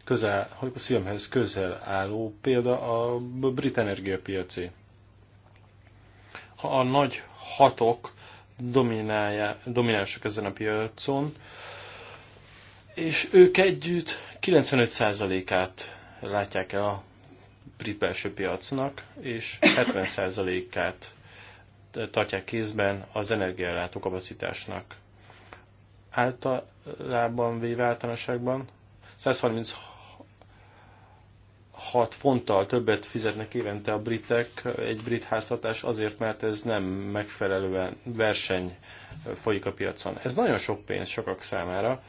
Közel, hogy a szívemhez közel álló példa a brit energiapiacé a nagy hatok dominánsak ezen a piacon, és ők együtt 95%-át látják el a brit belső piacnak, és 70%-át tartják kézben az energiállátó kapacitásnak. Általában véve általánosságban 136 6 fonttal többet fizetnek évente a britek egy brit háztartás azért, mert ez nem megfelelően verseny folyik a piacon. Ez nagyon sok pénz sokak számára,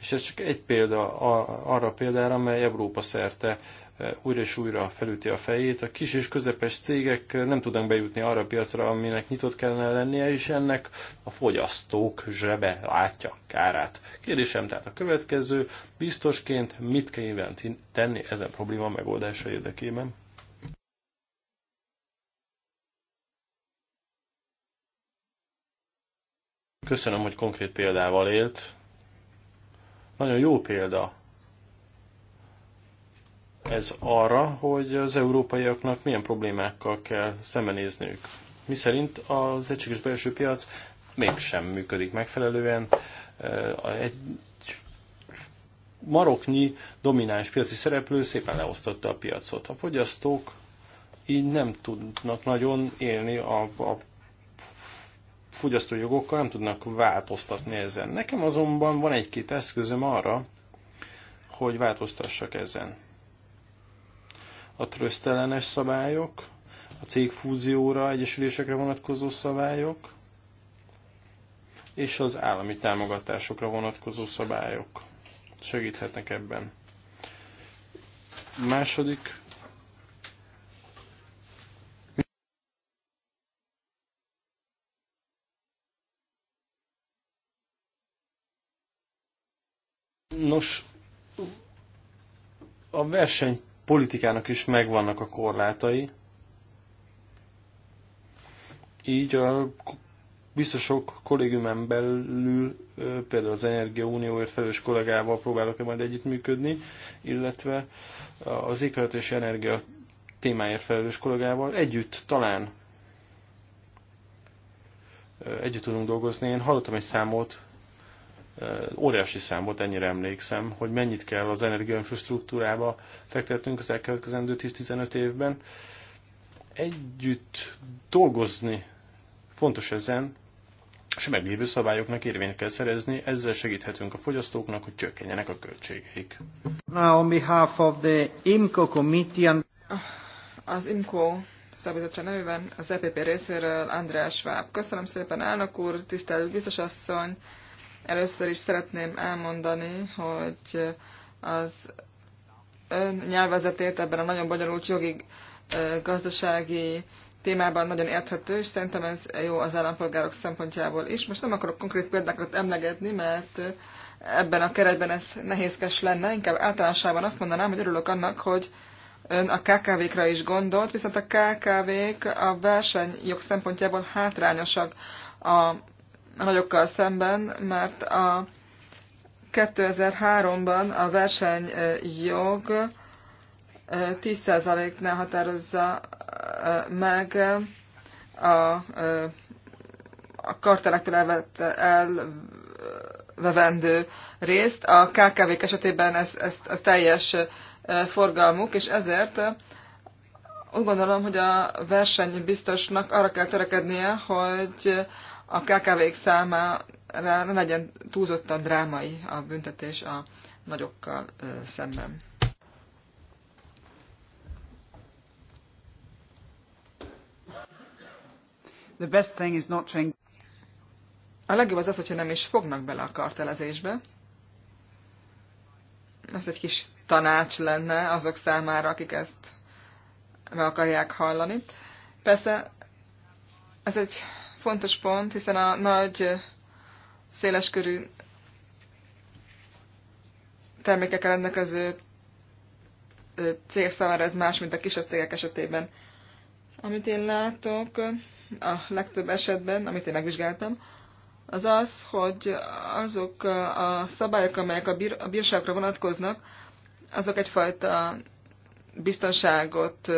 és ez csak egy példa arra példára, amely Európa szerte újra és újra felüti a fejét. A kis és közepes cégek nem tudnak bejutni arra a piacra, aminek nyitott kellene lennie, és ennek a fogyasztók zsebe látja kárát. Kérdésem tehát a következő, biztosként mit kell tenni ezen probléma megoldása érdekében? Köszönöm, hogy konkrét példával élt. Nagyon jó példa ez arra, hogy az európaiaknak milyen problémákkal kell szembenézniük. Mi szerint az egységes belső piac mégsem működik megfelelően. Egy maroknyi domináns piaci szereplő szépen leosztotta a piacot. A fogyasztók így nem tudnak nagyon élni a, a fogyasztójogokkal, nem tudnak változtatni ezen. Nekem azonban van egy-két eszközöm arra, hogy változtassak ezen a trösztelenes szabályok, a cégfúzióra, egyesülésekre vonatkozó szabályok, és az állami támogatásokra vonatkozó szabályok segíthetnek ebben. Második Nos, a verseny politikának is megvannak a korlátai. Így a biztosok kollégiumen belül, például az Energia Unióért felelős kollégával próbálok -e majd együttműködni, illetve az éghajlat és energia témáért felelős kollégával együtt talán együtt tudunk dolgozni. Én hallottam egy számot, óriási szám volt, ennyire emlékszem, hogy mennyit kell az energiainfrastruktúrába fektetnünk az elkövetkezendő 10-15 évben. Együtt dolgozni fontos ezen, és a meglévő szabályoknak érvényt kell szerezni, ezzel segíthetünk a fogyasztóknak, hogy csökkenjenek a költségeik. Now on behalf of the IMCO committee and... Az IMCO szabadítsa nevében az EPP részéről András Schwab. Köszönöm szépen, elnök úr, tisztelt biztosasszony, Először is szeretném elmondani, hogy az ön nyelvezetét ebben a nagyon bonyolult jogi gazdasági témában nagyon érthető, és szerintem ez jó az állampolgárok szempontjából is. Most nem akarok konkrét példákat emlegetni, mert ebben a keretben ez nehézkes lenne. Inkább általánosában azt mondanám, hogy örülök annak, hogy ön a KKV-kra is gondolt, viszont a KKV-k a versenyjog szempontjából hátrányosak a a nagyokkal szemben, mert a 2003-ban a versenyjog 10%-nál határozza meg a, a kartelektől elvett, elvevendő részt. A KKV-k esetében ez, ez, ez teljes forgalmuk, és ezért úgy gondolom, hogy a versenybiztosnak arra kell törekednie, hogy a KKV-k számára ne legyen túlzottan drámai a büntetés a nagyokkal szemben. The best thing is not trying... A legjobb az az, hogyha nem is fognak bele a kartelezésbe. Ez egy kis tanács lenne azok számára, akik ezt meg akarják hallani. Persze ez egy fontos pont, hiszen a nagy széleskörű termékekkel rendelkező cég számára ez más, mint a kisebb cégek esetében. Amit én látok a legtöbb esetben, amit én megvizsgáltam, az az, hogy azok a szabályok, amelyek a, bír, a bírságra vonatkoznak, azok egyfajta biztonságot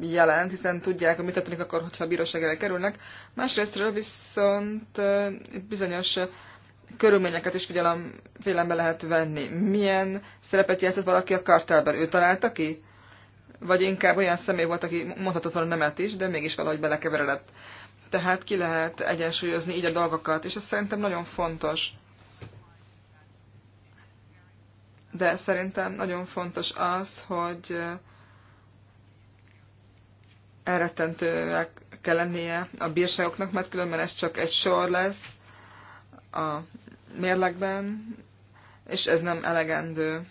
jelent, hiszen tudják, hogy mit történik akkor, hogyha a bíróság elé kerülnek. Másrésztről viszont bizonyos körülményeket is figyelem, figyelembe lehet venni. Milyen szerepet játszott valaki a kartelben? Ő találta ki? Vagy inkább olyan személy volt, aki mondhatott volna nemet is, de mégis valahogy belekeveredett. Tehát ki lehet egyensúlyozni így a dolgokat, és ez szerintem nagyon fontos. De szerintem nagyon fontos az, hogy elrettentőek kell lennie a bírságoknak, mert különben ez csak egy sor lesz a mérlegben, és ez nem elegendő.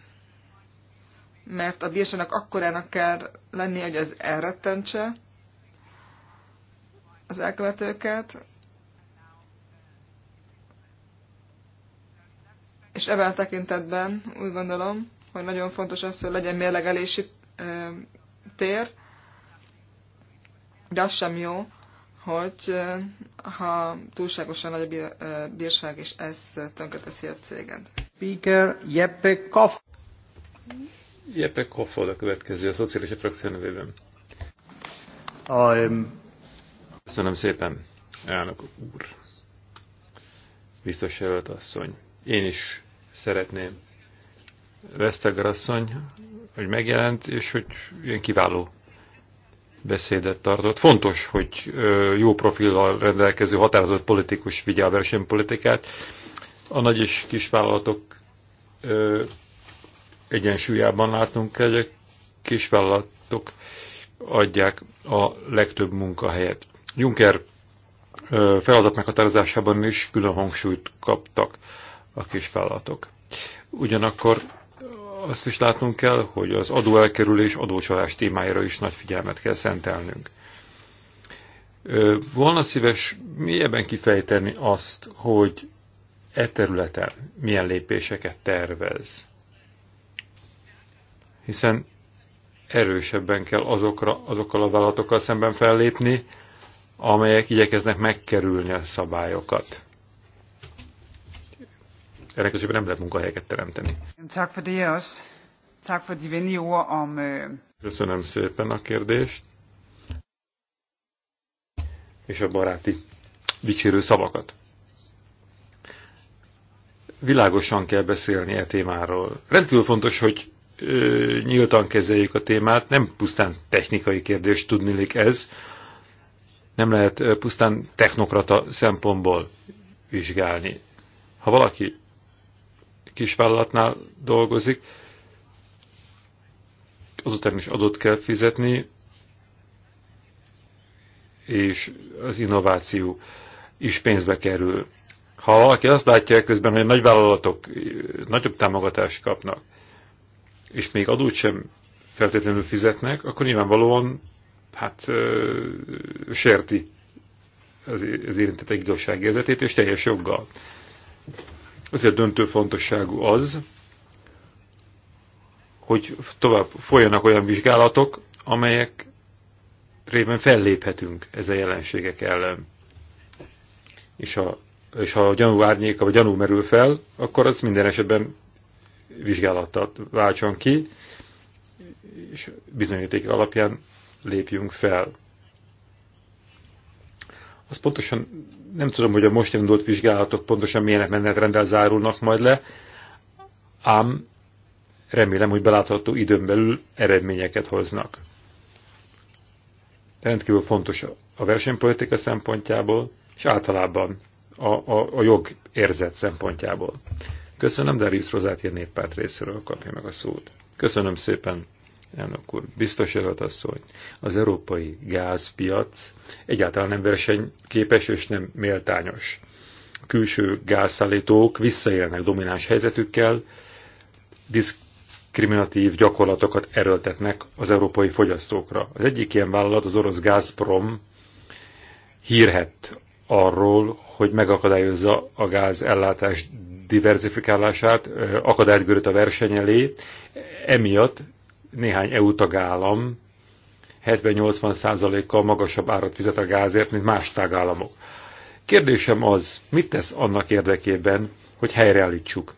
Mert a bírságnak akkorának kell lennie, hogy az elrettentse az elkövetőket, és ebben a tekintetben úgy gondolom, hogy nagyon fontos az, hogy legyen mérlegelési tér, de az sem jó, hogy ha túlságosan nagy a bírság, és ez tönkreteszi a céget. Speaker Jeppe Koff. Jeppe Koffol a következő a szociális frakció nevében. I'm... Köszönöm szépen, elnök úr. Biztos jelölt asszony. Én is szeretném Vesztegar asszony, hogy megjelent, és hogy ilyen kiváló beszédet tartott. Fontos, hogy jó profillal rendelkező határozott politikus vigye a versenypolitikát. A nagy és kis vállalatok egyensúlyában látunk, kell, hogy a vállalatok adják a legtöbb munkahelyet. Juncker feladat meghatározásában is külön hangsúlyt kaptak a kis vállalatok. Ugyanakkor azt is látnunk kell, hogy az adóelkerülés, adócsalás témájára is nagy figyelmet kell szentelnünk. Volna szíves mélyebben kifejteni azt, hogy e területen milyen lépéseket tervez. Hiszen erősebben kell azokra, azokkal a vállalatokkal szemben fellépni, amelyek igyekeznek megkerülni a szabályokat ennek közében nem lehet munkahelyeket teremteni. Øh, Köszönöm szépen a kérdést. És a baráti dicsérő szavakat. Világosan kell beszélni e témáról. Rendkívül fontos, hogy ö, nyíltan kezeljük a témát, nem pusztán technikai kérdés, tudnilik ez, nem lehet pusztán technokrata szempontból vizsgálni. Ha valaki kisvállalatnál dolgozik, azután is adót kell fizetni, és az innováció is pénzbe kerül. Ha valaki azt látja közben, hogy a nagyvállalatok nagyobb támogatást kapnak, és még adót sem feltétlenül fizetnek, akkor nyilvánvalóan hát ö, sérti az, az érintettek igazságérzetét, és teljes joggal. Ezért döntő fontosságú az, hogy tovább folyanak olyan vizsgálatok, amelyek révén felléphetünk ezen jelenségek ellen. És ha, és ha a gyanú árnyéka vagy gyanú merül fel, akkor az minden esetben vizsgálattal váltson ki, és bizonyíték alapján lépjünk fel az pontosan nem tudom, hogy a most indult vizsgálatok pontosan milyenek, menetrenddel zárulnak majd le, ám remélem, hogy belátható időn belül eredményeket hoznak. Rendkívül fontos a versenypolitika szempontjából, és általában a, a, a jog érzet szempontjából. Köszönöm, Darius Rozáti a néppárt részéről kapja meg a szót. Köszönöm szépen, elnök úr, biztos asszony, az európai gázpiac egyáltalán nem versenyképes és nem méltányos. A külső gázszállítók visszaélnek domináns helyzetükkel, diszkriminatív gyakorlatokat erőltetnek az európai fogyasztókra. Az egyik ilyen vállalat, az orosz Gazprom hírhet arról, hogy megakadályozza a gáz ellátás diversifikálását, akadályt göröt a verseny elé, emiatt néhány EU tagállam 70-80%-kal magasabb árat fizet a gázért, mint más tagállamok. Kérdésem az, mit tesz annak érdekében, hogy helyreállítsuk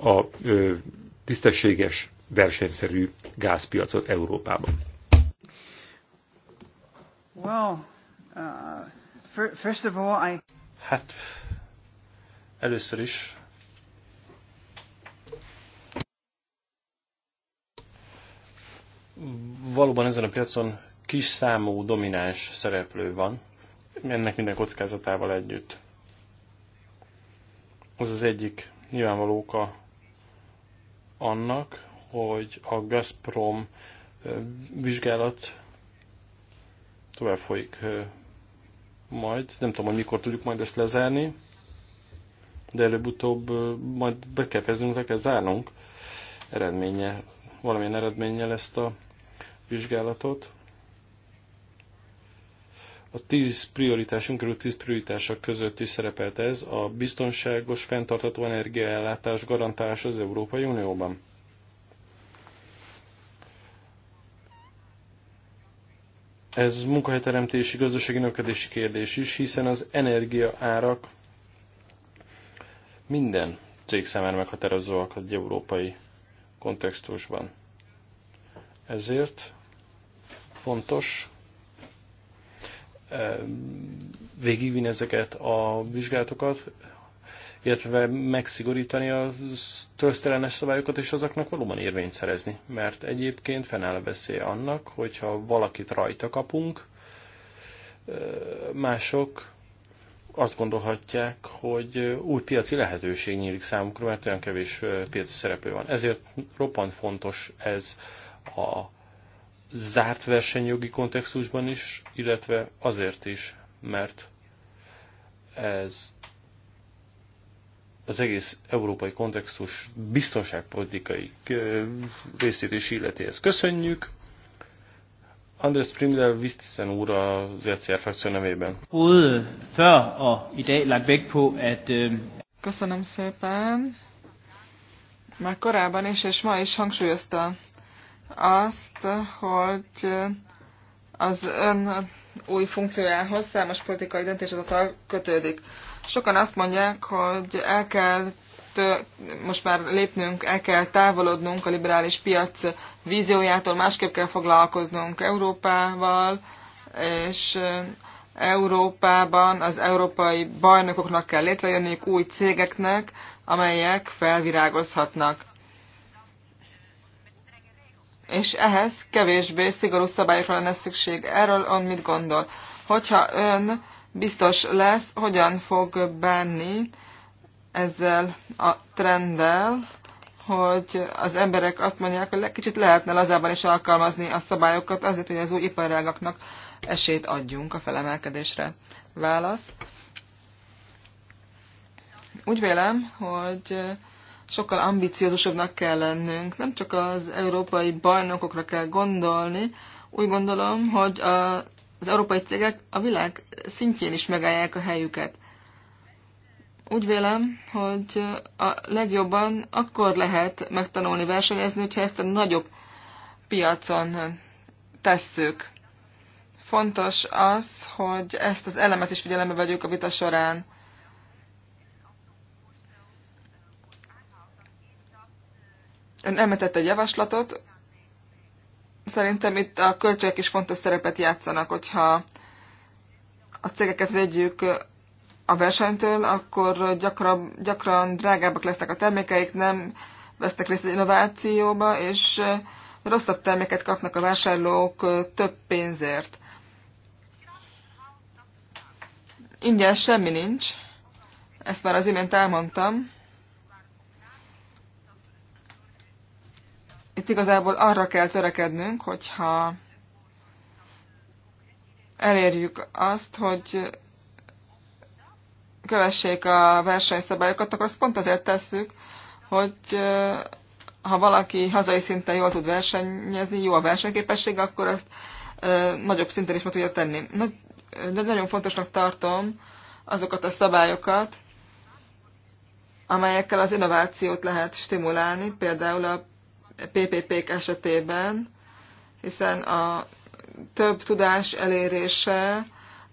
a ö, tisztességes, versenyszerű gázpiacot Európában? Well, uh, first of all, I... Hát először is valóban ezen a piacon kis számú domináns szereplő van, ennek minden kockázatával együtt. Az az egyik nyilvánvaló oka annak, hogy a Gazprom vizsgálat tovább folyik majd. Nem tudom, hogy mikor tudjuk majd ezt lezárni, de előbb-utóbb majd be kell feznünk, le kell zárnunk eredménye, valamilyen eredménnyel ezt a vizsgálatot. A tíz prioritásunk körül tíz prioritások között is szerepelt ez, a biztonságos, fenntartható energiaellátás garantálás az Európai Unióban. Ez munkahelyteremtési, gazdasági növekedési kérdés is, hiszen az energiaárak minden cég számára meghatározóak az európai kontextusban. Ezért fontos eh, végigvinni ezeket a vizsgálatokat, illetve megszigorítani a trösztelenes szabályokat, és azoknak valóban érvényt szerezni. Mert egyébként fennáll a veszély annak, hogyha valakit rajta kapunk, eh, mások azt gondolhatják, hogy új piaci lehetőség nyílik számukra, mert olyan kevés eh, piaci szereplő van. Ezért roppant fontos ez a zárt versenyjogi kontextusban is, illetve azért is, mert ez az egész európai kontextus biztonságpolitikai részét is illeti. Ezt köszönjük. Andrés Primdel Vistisen úr az ECR frakció nevében. Øh, Köszönöm szépen. Már korábban is, és ma is hangsúlyozta azt, hogy az ön új funkciójához számos politikai döntéshozatal kötődik. Sokan azt mondják, hogy el kell most már lépnünk, el kell távolodnunk a liberális piac víziójától, másképp kell foglalkoznunk Európával, és Európában az európai bajnokoknak kell létrejönniük új cégeknek, amelyek felvirágozhatnak és ehhez kevésbé szigorú szabályokra lenne szükség. Erről ön mit gondol? Hogyha ön biztos lesz, hogyan fog bánni ezzel a trenddel, hogy az emberek azt mondják, hogy kicsit lehetne lazában is alkalmazni a szabályokat azért, hogy az új iparágaknak esélyt adjunk a felemelkedésre. Válasz. Úgy vélem, hogy sokkal ambiciózusabbnak kell lennünk. Nem csak az európai bajnokokra kell gondolni, úgy gondolom, hogy a, az európai cégek a világ szintjén is megállják a helyüket. Úgy vélem, hogy a legjobban akkor lehet megtanulni versenyezni, hogyha ezt a nagyobb piacon tesszük. Fontos az, hogy ezt az elemet is figyelembe vegyük a vita során. Ön említett egy javaslatot. Szerintem itt a költségek is fontos szerepet játszanak, hogyha a cégeket védjük a versenytől, akkor gyakran, gyakran drágábbak lesznek a termékeik, nem vesznek részt az innovációba, és rosszabb terméket kapnak a vásárlók több pénzért. Ingyen semmi nincs, ezt már az imént elmondtam. itt igazából arra kell törekednünk, hogyha elérjük azt, hogy kövessék a versenyszabályokat, akkor azt pont azért tesszük, hogy ha valaki hazai szinten jól tud versenyezni, jó a versenyképesség, akkor azt nagyobb szinten is meg tudja tenni. Nagy, de nagyon fontosnak tartom azokat a szabályokat, amelyekkel az innovációt lehet stimulálni, például a PPP-k esetében, hiszen a több tudás elérése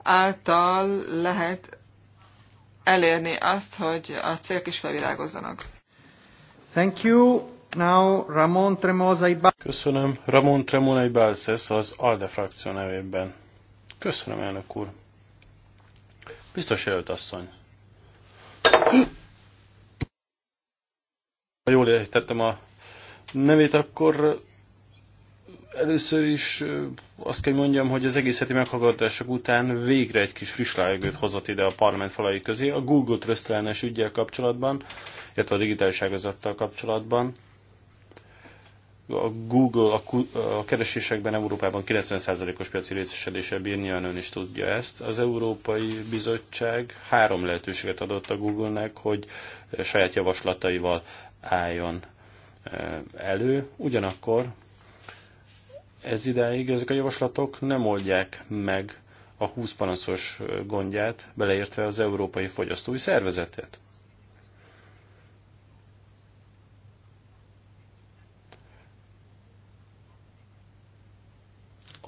által lehet elérni azt, hogy a célk is felvilágozzanak. Thank you. Now Ramon Köszönöm. Ramon Tremozai Balces az ALDE frakció nevében. Köszönöm, elnök úr. Biztos jelölt asszony. Ha jól értettem a nevét, akkor először is azt kell mondjam, hogy az egész heti meghallgatások után végre egy kis friss levegőt hozott ide a parlament falai közé a Google trösztelnes ügyel kapcsolatban, illetve a digitális ágazattal kapcsolatban. A Google a, a keresésekben Európában 90%-os piaci részesedése bírni, ön is tudja ezt. Az Európai Bizottság három lehetőséget adott a Google-nek, hogy saját javaslataival álljon Eh, elő, ugyanakkor ez ideig ezek a javaslatok nem oldják meg a 20 panaszos gondját, beleértve az Európai Fogyasztói Szervezetet.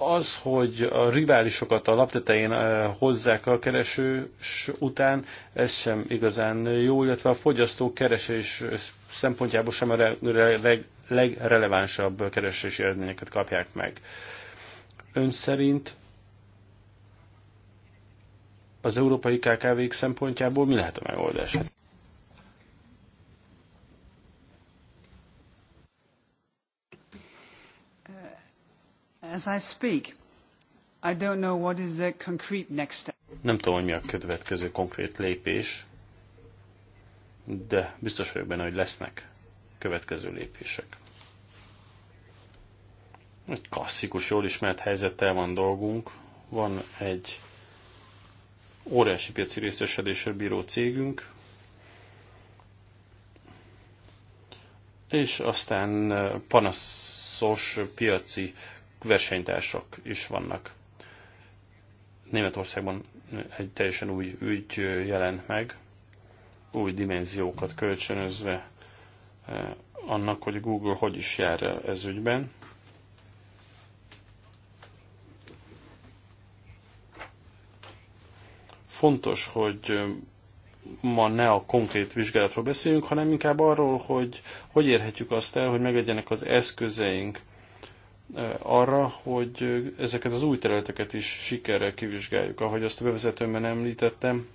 az, hogy a riválisokat a laptetején eh, hozzák a kereső után, ez sem igazán jó, illetve a fogyasztó keresés szempontjából sem a re re legrelevánsabb keresési eredményeket kapják meg. Ön szerint az európai KKV-k szempontjából mi lehet a megoldás? as I speak. I don't know what is the concrete next step. Nem tudom, hogy mi a következő konkrét lépés, de biztos vagyok benne, hogy lesznek következő lépések. Egy klasszikus, jól ismert helyzettel van dolgunk. Van egy óriási piaci részesedésre bíró cégünk, és aztán eh, panaszos piaci versenytársak is vannak. Németországban egy teljesen új ügy jelent meg, új dimenziókat kölcsönözve eh, annak, hogy Google hogy is jár el ez ügyben. Fontos, hogy eh, ma ne a konkrét vizsgálatról beszéljünk, hanem inkább arról, hogy hogy érhetjük azt el, hogy meglegyenek az eszközeink arra, hogy ezeket az új területeket is sikerrel kivizsgáljuk. Ahogy azt a bevezetőmben említettem,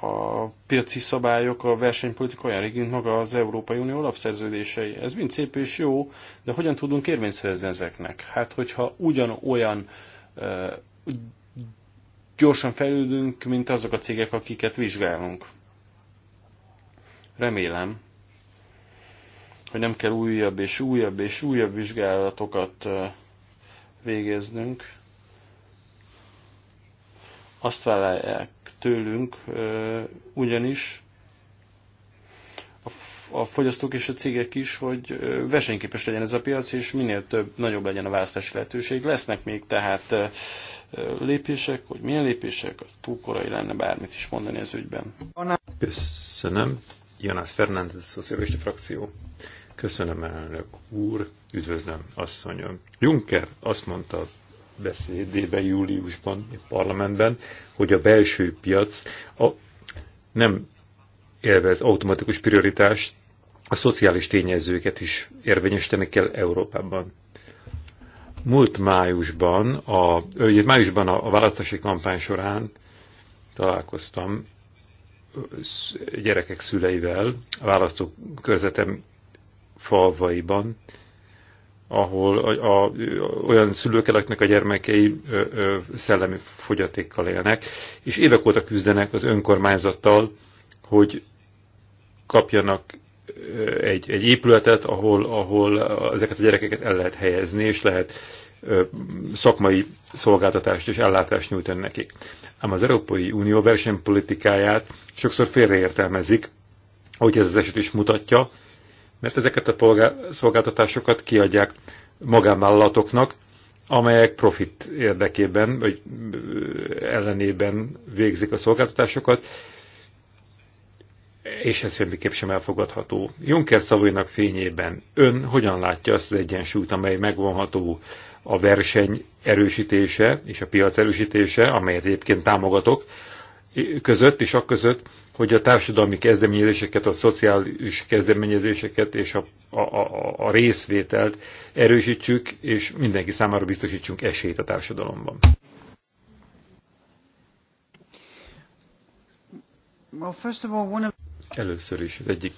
a piaci szabályok, a versenypolitika olyan régi, mint maga az Európai Unió alapszerződései. Ez mind szép és jó, de hogyan tudunk érvényt szerezni ezeknek? Hát, hogyha ugyanolyan gyorsan fejlődünk, mint azok a cégek, akiket vizsgálunk. Remélem, hogy nem kell újabb és újabb és újabb vizsgálatokat végeznünk. Azt várják tőlünk ugyanis a fogyasztók és a cégek is, hogy versenyképes legyen ez a piac, és minél több, nagyobb legyen a választási lehetőség. Lesznek még tehát lépések, hogy milyen lépések, az túl korai lenne bármit is mondani az ügyben. Köszönöm. Jonas Fernández, szocialista frakció. Köszönöm, elnök úr, üdvözlöm, asszonyom. Juncker azt mondta a beszédében júliusban a parlamentben, hogy a belső piac a, nem élvez automatikus prioritást, a szociális tényezőket is érvényesíteni kell Európában. Múlt májusban, a, ugye májusban a, a választási kampány során találkoztam gyerekek szüleivel, a választókörzetem falvaiban, ahol a, a, olyan szülők, akiknek a gyermekei ö, ö, szellemi fogyatékkal élnek, és évek óta küzdenek az önkormányzattal, hogy kapjanak egy, egy épületet, ahol, ahol ezeket a gyerekeket el lehet helyezni, és lehet ö, szakmai szolgáltatást és ellátást nyújtani nekik. Ám az Európai Unió versenypolitikáját sokszor félreértelmezik, ahogy ez az eset is mutatja, mert ezeket a szolgáltatásokat kiadják magánvállalatoknak, amelyek profit érdekében, vagy ellenében végzik a szolgáltatásokat, és ez semmiképp sem elfogadható. Juncker szavainak fényében ön hogyan látja azt az egyensúlyt, amely megvonható a verseny erősítése és a piac erősítése, amelyet egyébként támogatok, között és akközött, között, hogy a társadalmi kezdeményezéseket, a szociális kezdeményezéseket és a, a, a, a részvételt erősítsük, és mindenki számára biztosítsunk esélyt a társadalomban. Először is az egyik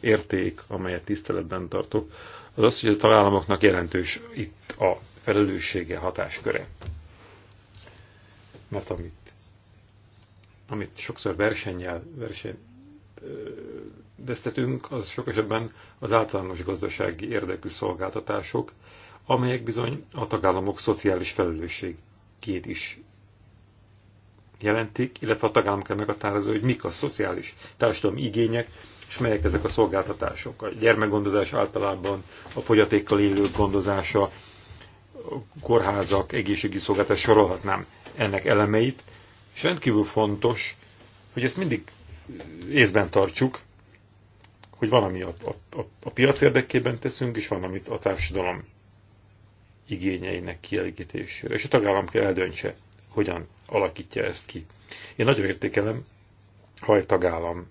érték, amelyet tiszteletben tartok, az az, hogy a tagállamoknak jelentős itt a felelőssége, hatásköre. Mert amit amit sokszor versennyel, verseny vesztetünk, az sok esetben az általános gazdasági érdekű szolgáltatások, amelyek bizony a tagállamok szociális felelősségét is jelentik, illetve a tagállam kell meghatározni, hogy mik a szociális társadalmi igények, és melyek ezek a szolgáltatások. A gyermekgondozás általában, a fogyatékkal élők gondozása, a kórházak, egészségügyi szolgáltatás sorolhatnám ennek elemeit, és rendkívül fontos, hogy ezt mindig észben tartsuk, hogy van, ami a, a, a, a piac érdekében teszünk, és van, amit a társadalom igényeinek kielégítésére. És a tagállam kell eldöntse, hogyan alakítja ezt ki. Én nagyon értékelem, ha egy tagállam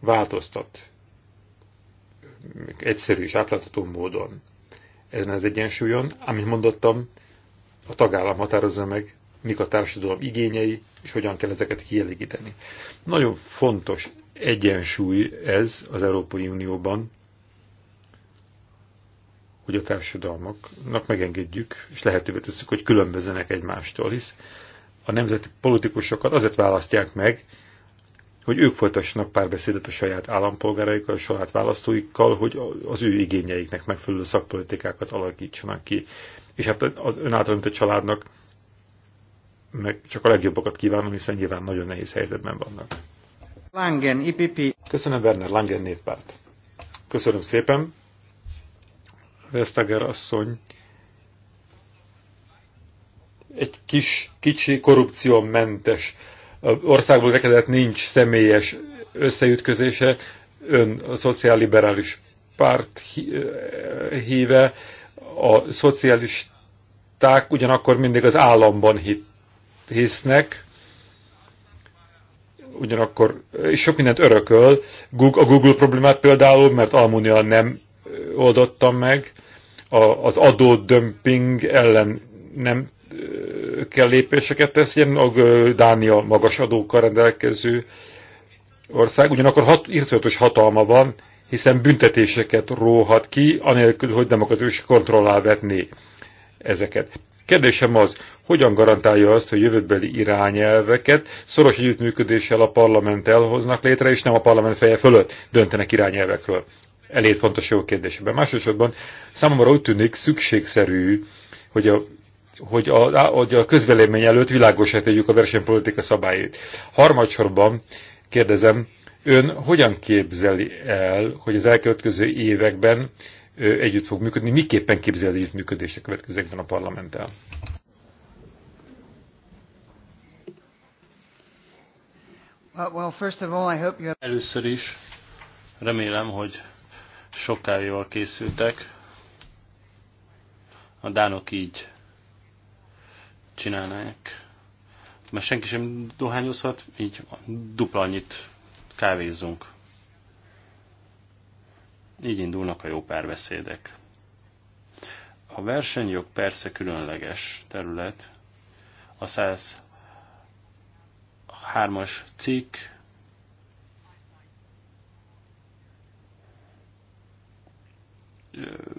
változtat egyszerű és átlátható módon ezen az egyensúlyon, amit mondottam, a tagállam határozza meg, mik a társadalom igényei, és hogyan kell ezeket kielégíteni. Nagyon fontos egyensúly ez az Európai Unióban, hogy a társadalmaknak megengedjük, és lehetővé tesszük, hogy különbözzenek egymástól, hisz a nemzeti politikusokat azért választják meg, hogy ők folytassanak párbeszédet a saját állampolgáraikkal, a saját választóikkal, hogy az ő igényeiknek megfelelő szakpolitikákat alakítsanak ki. És hát az ön által, mint a családnak, meg csak a legjobbakat kívánom, hiszen nyilván nagyon nehéz helyzetben vannak. Langen, IPP. Köszönöm, Werner Langen néppárt. Köszönöm szépen. Vestager asszony egy kis, kicsi mentes országból vekedett nincs személyes összeütközése, ön a szociálliberális párt híve, a szocialisták ugyanakkor mindig az államban hisznek, ugyanakkor, és sok mindent örököl, a Google problémát például, mert Almunia nem oldottam meg, a, az adódömping ellen nem kell lépéseket tesz, ilyen a Dánia magas adókkal rendelkező ország, ugyanakkor hat, írszajatos hatalma van, hiszen büntetéseket róhat ki, anélkül, hogy demokratikus kontrollál vetné ezeket. Kérdésem az, hogyan garantálja azt, hogy jövőbeli irányelveket szoros együttműködéssel a parlament elhoznak létre, és nem a parlament feje fölött döntenek irányelvekről? Elég fontos jó kérdésében. Másodszorban számomra úgy tűnik szükségszerű, hogy a hogy a, hogy a közvélemény előtt világosá tegyük a versenypolitika szabályait. Harmadsorban kérdezem, ön hogyan képzeli el, hogy az elkövetkező években együtt fog működni, miképpen képzeli együttműködést a következőkben a parlamenttel? Először is remélem, hogy sokkal jól készültek. A dánok így csinálnák, mert senki sem dohányozhat, így dupla annyit kávézzunk. Így indulnak a jó párbeszédek. A versenyjog persze különleges terület, a 103-as cikk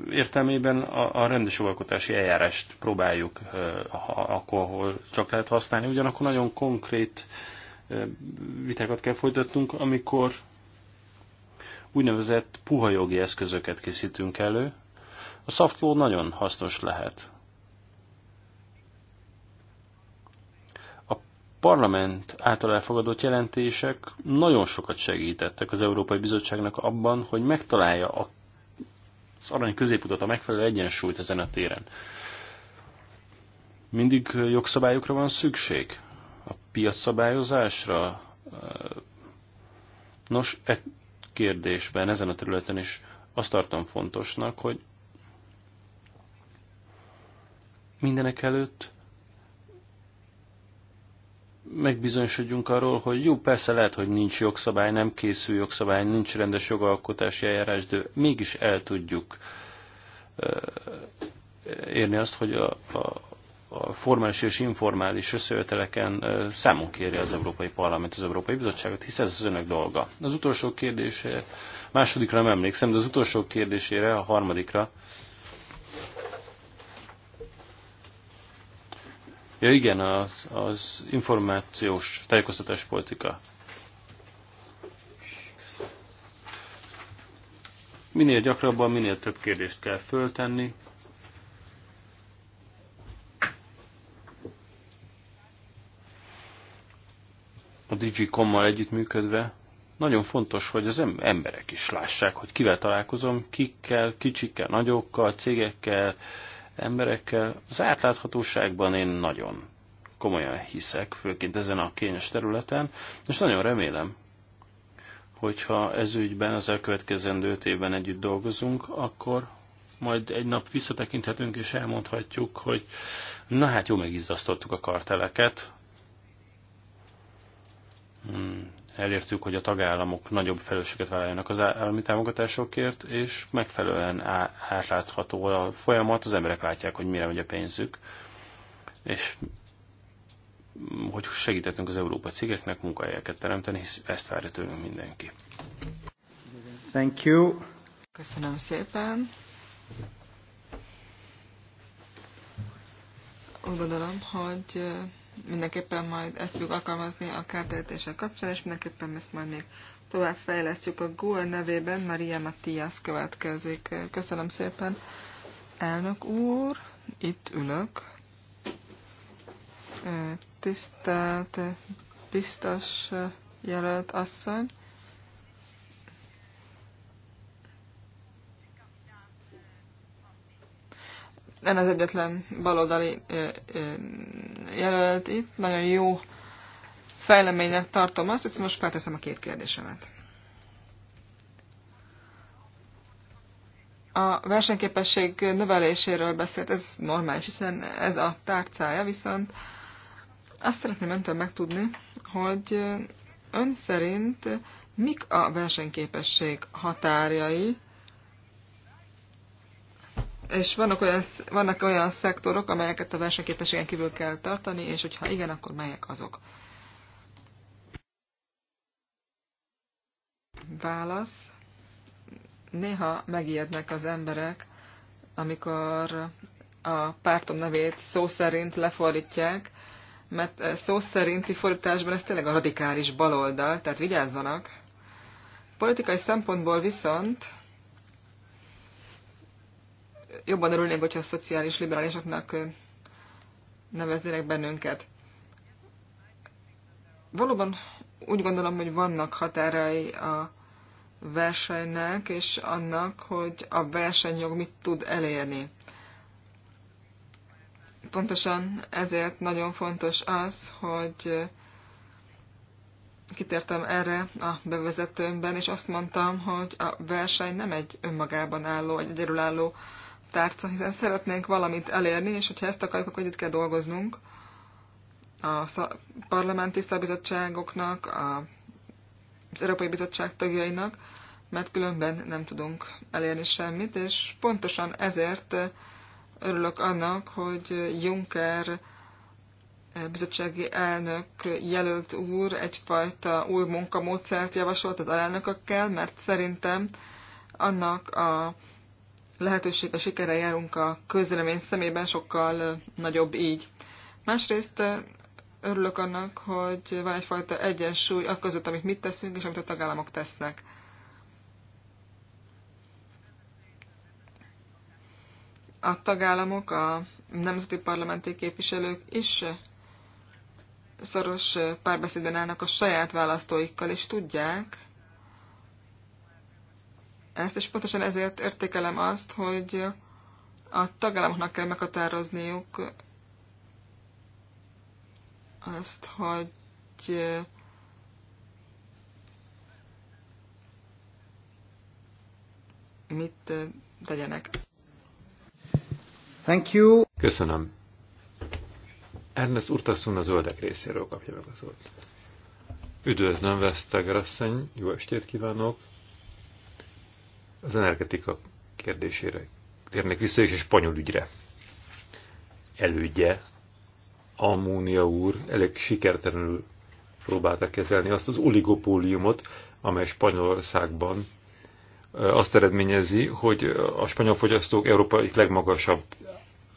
értelmében a, a rendes jogalkotási eljárást próbáljuk akkor, ahol csak lehet használni. Ugyanakkor nagyon konkrét vitákat kell folytatnunk, amikor úgynevezett puha jogi eszközöket készítünk elő. A soft law nagyon hasznos lehet. A parlament által elfogadott jelentések nagyon sokat segítettek az Európai Bizottságnak abban, hogy megtalálja a az arany középutat, a megfelelő egyensúlyt ezen a téren. Mindig jogszabályokra van szükség? A piac szabályozásra? Nos, e kérdésben, ezen a területen is azt tartom fontosnak, hogy mindenek előtt megbizonyosodjunk arról, hogy jó, persze lehet, hogy nincs jogszabály, nem készül jogszabály, nincs rendes jogalkotási eljárás, de mégis el tudjuk eh, érni azt, hogy a, a, a formális és informális összejöveteleken eh, számon kérje az Európai Parlament, az Európai Bizottságot, hisz ez az önök dolga. Az utolsó kérdése, másodikra nem emlékszem, de az utolsó kérdésére, a harmadikra Ja igen, az, az információs tájékoztatás politika. Minél gyakrabban, minél több kérdést kell föltenni. A Digicommal együttműködve nagyon fontos, hogy az emberek is lássák, hogy kivel találkozom, kikkel, kicsikkel, nagyokkal, cégekkel, emberekkel. Az átláthatóságban én nagyon komolyan hiszek, főként ezen a kényes területen, és nagyon remélem, hogyha ez ügyben az elkövetkezendő öt évben együtt dolgozunk, akkor majd egy nap visszatekinthetünk és elmondhatjuk, hogy na hát jó megizzasztottuk a karteleket. Hmm, elértük, hogy a tagállamok nagyobb felelősséget vállaljanak az állami támogatásokért, és megfelelően átlátható a folyamat, az emberek látják, hogy mire megy a pénzük, és hogy segítettünk az Európa cégeknek munkahelyeket teremteni, hisz ezt várja tőlünk mindenki. Thank you. Köszönöm szépen. Úgy gondolom, hogy mindenképpen majd ezt fogjuk alkalmazni a kártérítéssel kapcsán, és mindenképpen ezt majd még tovább fejlesztjük a Google nevében. Maria Matias következik. Köszönöm szépen, elnök úr, itt ülök. Tisztelt biztos jelölt asszony. nem az egyetlen baloldali jelölt itt. Nagyon jó fejleménynek tartom azt, hogy most felteszem a két kérdésemet. A versenyképesség növeléséről beszélt, ez normális, hiszen ez a tárcája, viszont azt szeretném öntől megtudni, hogy ön szerint mik a versenyképesség határjai, és vannak olyan, vannak olyan szektorok, amelyeket a versenyképességen kívül kell tartani, és hogyha igen, akkor melyek azok? Válasz. Néha megijednek az emberek, amikor a pártom nevét szó szerint lefordítják, mert szó szerinti fordításban ez tényleg a radikális baloldal, tehát vigyázzanak. Politikai szempontból viszont jobban örülnénk, hogyha a szociális liberálisoknak neveznének bennünket. Valóban úgy gondolom, hogy vannak határai a versenynek, és annak, hogy a versenyjog mit tud elérni. Pontosan ezért nagyon fontos az, hogy kitértem erre a bevezetőmben, és azt mondtam, hogy a verseny nem egy önmagában álló, egy egyedülálló tárca, hiszen szeretnénk valamit elérni, és hogyha ezt akarjuk, akkor együtt kell dolgoznunk a parlamenti szabizottságoknak, az Európai Bizottság tagjainak, mert különben nem tudunk elérni semmit, és pontosan ezért örülök annak, hogy Juncker bizottsági elnök jelölt úr egyfajta új munkamódszert javasolt az alelnökökkel, mert szerintem annak a lehetőség a sikere járunk a közlemény szemében, sokkal nagyobb így. Másrészt örülök annak, hogy van egyfajta egyensúly a között, amit mit teszünk, és amit a tagállamok tesznek. A tagállamok, a nemzeti parlamenti képviselők is szoros párbeszédben állnak a saját választóikkal, és tudják, ezt, és pontosan ezért értékelem azt, hogy a tagállamoknak kell meghatározniuk azt, hogy mit tegyenek. Thank you. Köszönöm. Ernest Urtasun a zöldek részéről kapja meg a szót. Üdvözlöm, Vesztegrasszony, jó estét kívánok! az energetika kérdésére térnek vissza, és a spanyol ügyre. Elődje, Ammónia úr elég sikertelenül próbálta kezelni azt az oligopóliumot, amely Spanyolországban azt eredményezi, hogy a spanyol fogyasztók Európa itt legmagasabb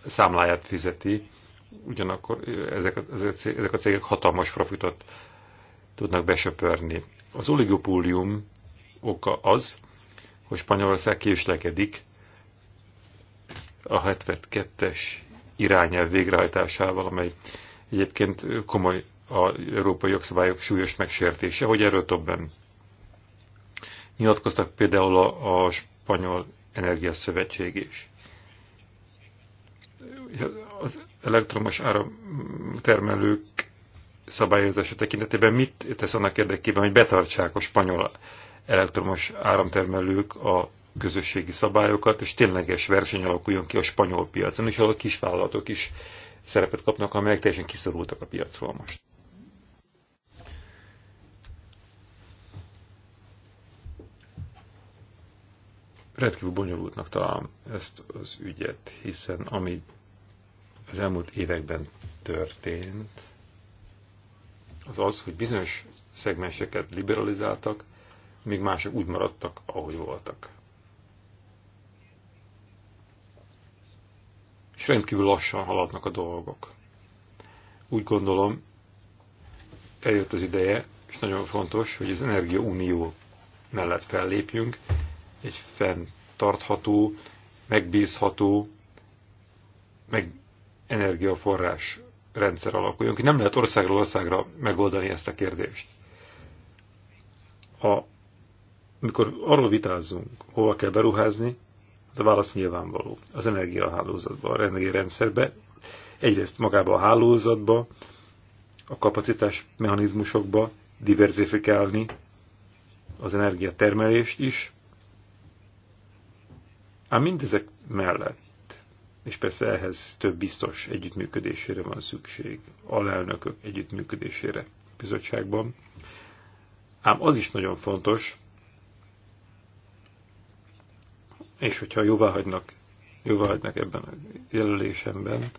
számláját fizeti, ugyanakkor ezek, ezek a cégek hatalmas profitot tudnak besöpörni. Az oligopólium oka az, hogy Spanyolország késlekedik a 72-es irányelv végrehajtásával, amely egyébként komoly a európai jogszabályok súlyos megsértése, hogy erről többen nyilatkoztak például a, a Spanyol szövetség is. Az elektromos áramtermelők szabályozása tekintetében mit tesz annak érdekében, hogy betartsák a spanyol elektromos áramtermelők a közösségi szabályokat, és tényleges verseny alakuljon ki a spanyol piacon, és ahol a kisvállalatok is szerepet kapnak, amelyek teljesen kiszorultak a piacról most. Rendkívül bonyolultnak találom ezt az ügyet, hiszen ami az elmúlt években történt, az az, hogy bizonyos szegmenseket liberalizáltak, míg mások úgy maradtak, ahogy voltak. És rendkívül lassan haladnak a dolgok. Úgy gondolom, eljött az ideje, és nagyon fontos, hogy az energiaunió mellett fellépjünk, egy fenntartható, megbízható, meg energiaforrás rendszer alakuljon ki. Nem lehet országról országra megoldani ezt a kérdést. A mikor arról vitázzunk, hova kell beruházni, hát a válasz nyilvánvaló. Az energiahálózatba, a energiarendszerbe, egyrészt magába a hálózatba, a kapacitás mechanizmusokba diverzifikálni az energiatermelést is, ám mindezek mellett, és persze ehhez több biztos együttműködésére van szükség, alelnökök együttműködésére bizottságban, ám az is nagyon fontos, és hogyha jóvá hagynak, jóvá hagynak ebben a jelölésemben,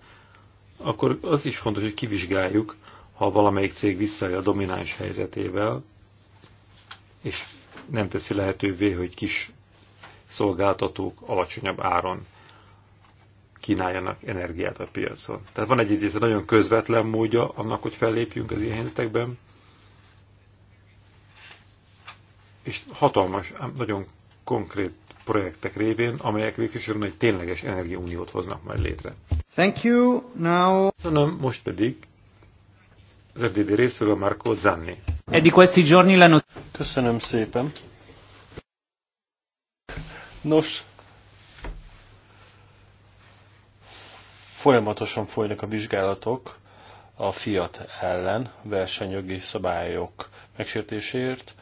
akkor az is fontos, hogy kivizsgáljuk, ha valamelyik cég visszaél a domináns helyzetével, és nem teszi lehetővé, hogy kis szolgáltatók alacsonyabb áron kínáljanak energiát a piacon. Tehát van egy egyrészt nagyon közvetlen módja annak, hogy fellépjünk az ilyen helyzetekben, és hatalmas, nagyon konkrét projektek révén, amelyek végsősorban egy tényleges energiauniót hoznak majd létre. Thank you, now... Köszönöm, most pedig az FDD részéről Marco Zanni. E di questi giorni la Köszönöm szépen. Nos, folyamatosan folynak a vizsgálatok a Fiat ellen versenyjogi szabályok megsértéséért.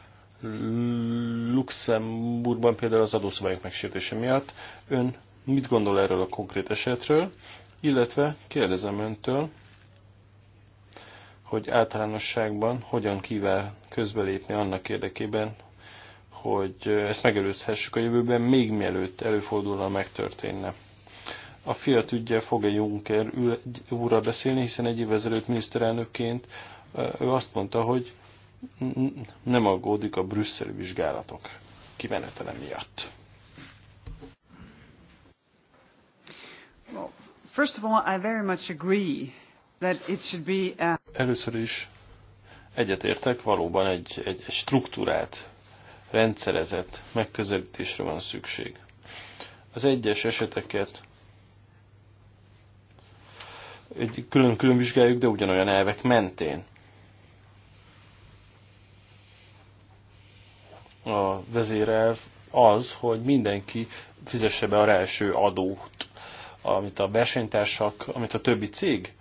Luxemburgban például az adószabályok megsértése miatt. Ön mit gondol erről a konkrét esetről? Illetve kérdezem öntől, hogy általánosságban hogyan kíván közbelépni annak érdekében, hogy ezt megelőzhessük a jövőben, még mielőtt előfordulna megtörténne. A fiat ügyel fog egy Juncker úrral beszélni, hiszen egy évvel ezelőtt miniszterelnökként ő azt mondta, hogy nem aggódik a brüsszeli vizsgálatok kimenetele miatt? Először is egyetértek, valóban egy, egy struktúrát, rendszerezett megközelítésre van szükség. Az egyes eseteket egy külön-külön vizsgáljuk, de ugyanolyan elvek mentén. a vezérelv az, hogy mindenki fizesse be a első adót, amit a versenytársak, amit a többi cég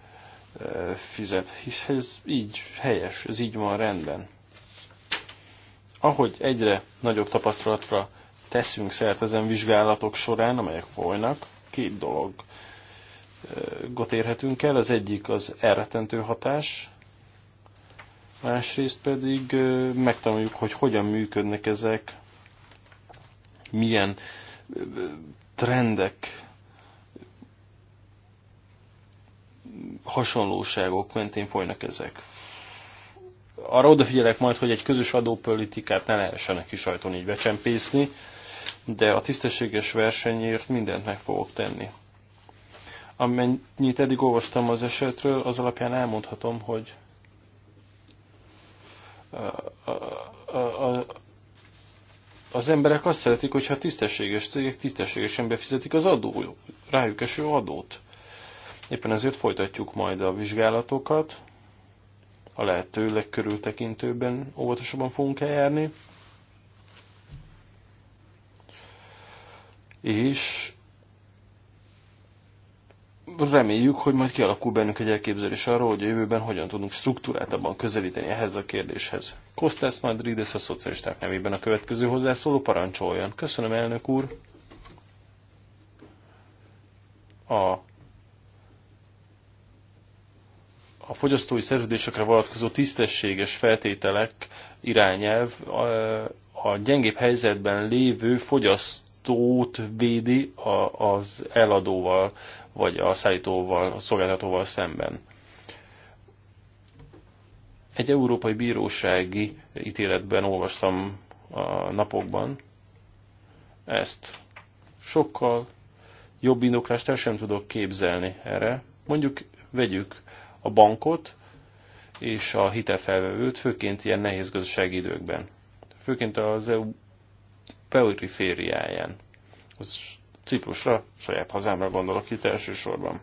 e, fizet, hisz ez így helyes, ez így van rendben. Ahogy egyre nagyobb tapasztalatra teszünk szert ezen vizsgálatok során, amelyek folynak, két dolog e, érhetünk el. Az egyik az elretentő hatás, másrészt pedig megtanuljuk, hogy hogyan működnek ezek, milyen trendek, hasonlóságok mentén folynak ezek. Arra odafigyelek majd, hogy egy közös adópolitikát ne lehessen is sajton így becsempészni, de a tisztességes versenyért mindent meg fogok tenni. Amennyit eddig olvastam az esetről, az alapján elmondhatom, hogy a, a, a, az emberek azt szeretik, hogyha tisztességes cégek tisztességesen befizetik az adó, rájuk eső adót. Éppen ezért folytatjuk majd a vizsgálatokat, a lehető legkörültekintőbben óvatosabban fogunk eljárni. És reméljük, hogy majd kialakul bennünk egy elképzelés arról, hogy a jövőben hogyan tudunk struktúráltabban közelíteni ehhez a kérdéshez. Kostász Madrides a szocialisták nevében a következő hozzászóló parancsoljon. Köszönöm, elnök úr! A a fogyasztói szerződésekre vonatkozó tisztességes feltételek irányelv a gyengébb helyzetben lévő fogyaszt szállítót védi az eladóval, vagy a szállítóval, a szolgáltatóval szemben. Egy európai bírósági ítéletben olvastam a napokban ezt. Sokkal jobb indoklást el sem tudok képzelni erre. Mondjuk vegyük a bankot és a hitelfelvevőt, főként ilyen nehéz gazdasági időkben. Főként az EU perifériáján. Az Ciprusra, saját hazámra gondolok itt elsősorban.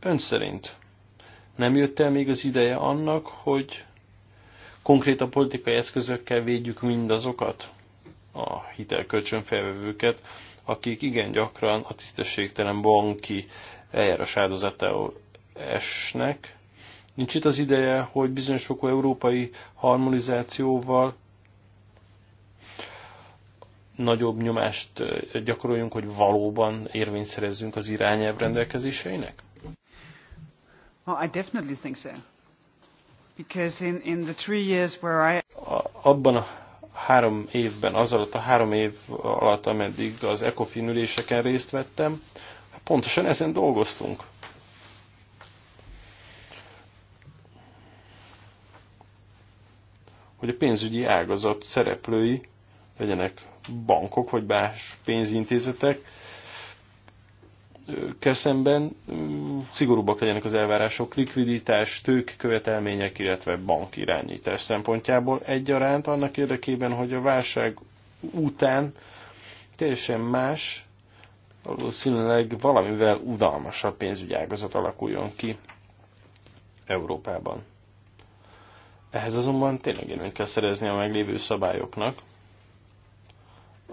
Ön szerint nem jött el még az ideje annak, hogy konkrét a politikai eszközökkel védjük mindazokat, a hitelkölcsönfelvevőket, akik igen gyakran a tisztességtelen banki eljárás áldozatául esnek. Nincs itt az ideje, hogy bizonyos európai harmonizációval nagyobb nyomást gyakoroljunk, hogy valóban érvényt szerezzünk az irányelv rendelkezéseinek? Well, I definitely think so. Because in, in the three years where I... A, abban a három évben, az alatt a három év alatt, ameddig az ECOFIN üléseken részt vettem, pontosan ezen dolgoztunk. Hogy a pénzügyi ágazat szereplői legyenek bankok vagy más pénzintézetek, szemben szigorúbbak legyenek az elvárások likviditás, tők követelmények, illetve bankirányítás szempontjából egyaránt annak érdekében, hogy a válság után teljesen más, valószínűleg valamivel udalmasabb pénzügyágazat alakuljon ki Európában. Ehhez azonban tényleg érvényt kell szerezni a meglévő szabályoknak,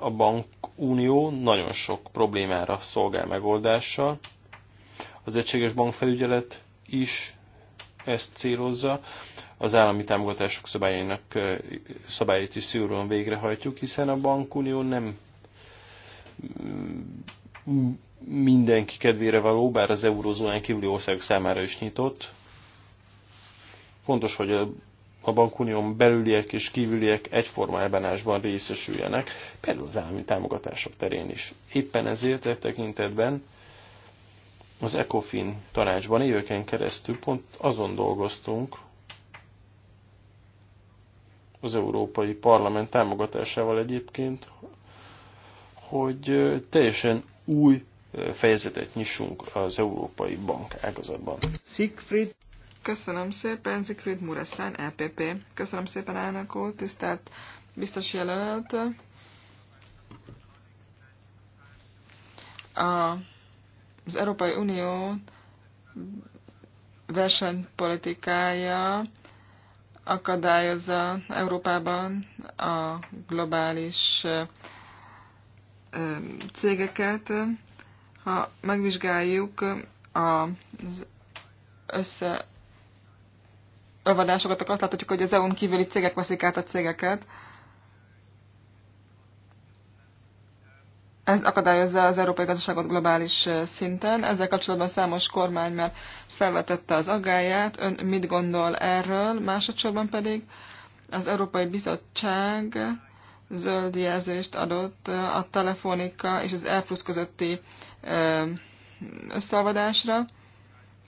a bankunió nagyon sok problémára szolgál megoldással. Az egységes bankfelügyelet is ezt célozza. Az állami támogatások szabályainak szabályait is szigorúan végrehajtjuk, hiszen a bankunió nem mm, mindenki kedvére való, bár az eurózónán kívüli országok számára is nyitott. Fontos, hogy a a bankunión belüliek és kívüliek egyforma elbánásban részesüljenek, például az állami támogatások terén is. Éppen ezért e tekintetben az ECOFIN tanácsban éveken keresztül pont azon dolgoztunk, az Európai Parlament támogatásával egyébként, hogy teljesen új fejezetet nyissunk az Európai Bank ágazatban. Siegfried Köszönöm szépen, Zikrid Mureszán, LPP. E Köszönöm szépen, elnök úr, tisztelt biztos jelölt. A, az Európai Unió versenypolitikája akadályozza Európában a globális cégeket. Ha megvizsgáljuk az össze övadásokat, akkor azt láthatjuk, hogy az EU-n kívüli cégek veszik át a cégeket. Ez akadályozza az európai gazdaságot globális szinten. Ezzel kapcsolatban számos kormány már felvetette az aggáját. Ön mit gondol erről? Másodszorban pedig az Európai Bizottság zöld jelzést adott a Telefonika és az E plusz közötti összeolvadásra.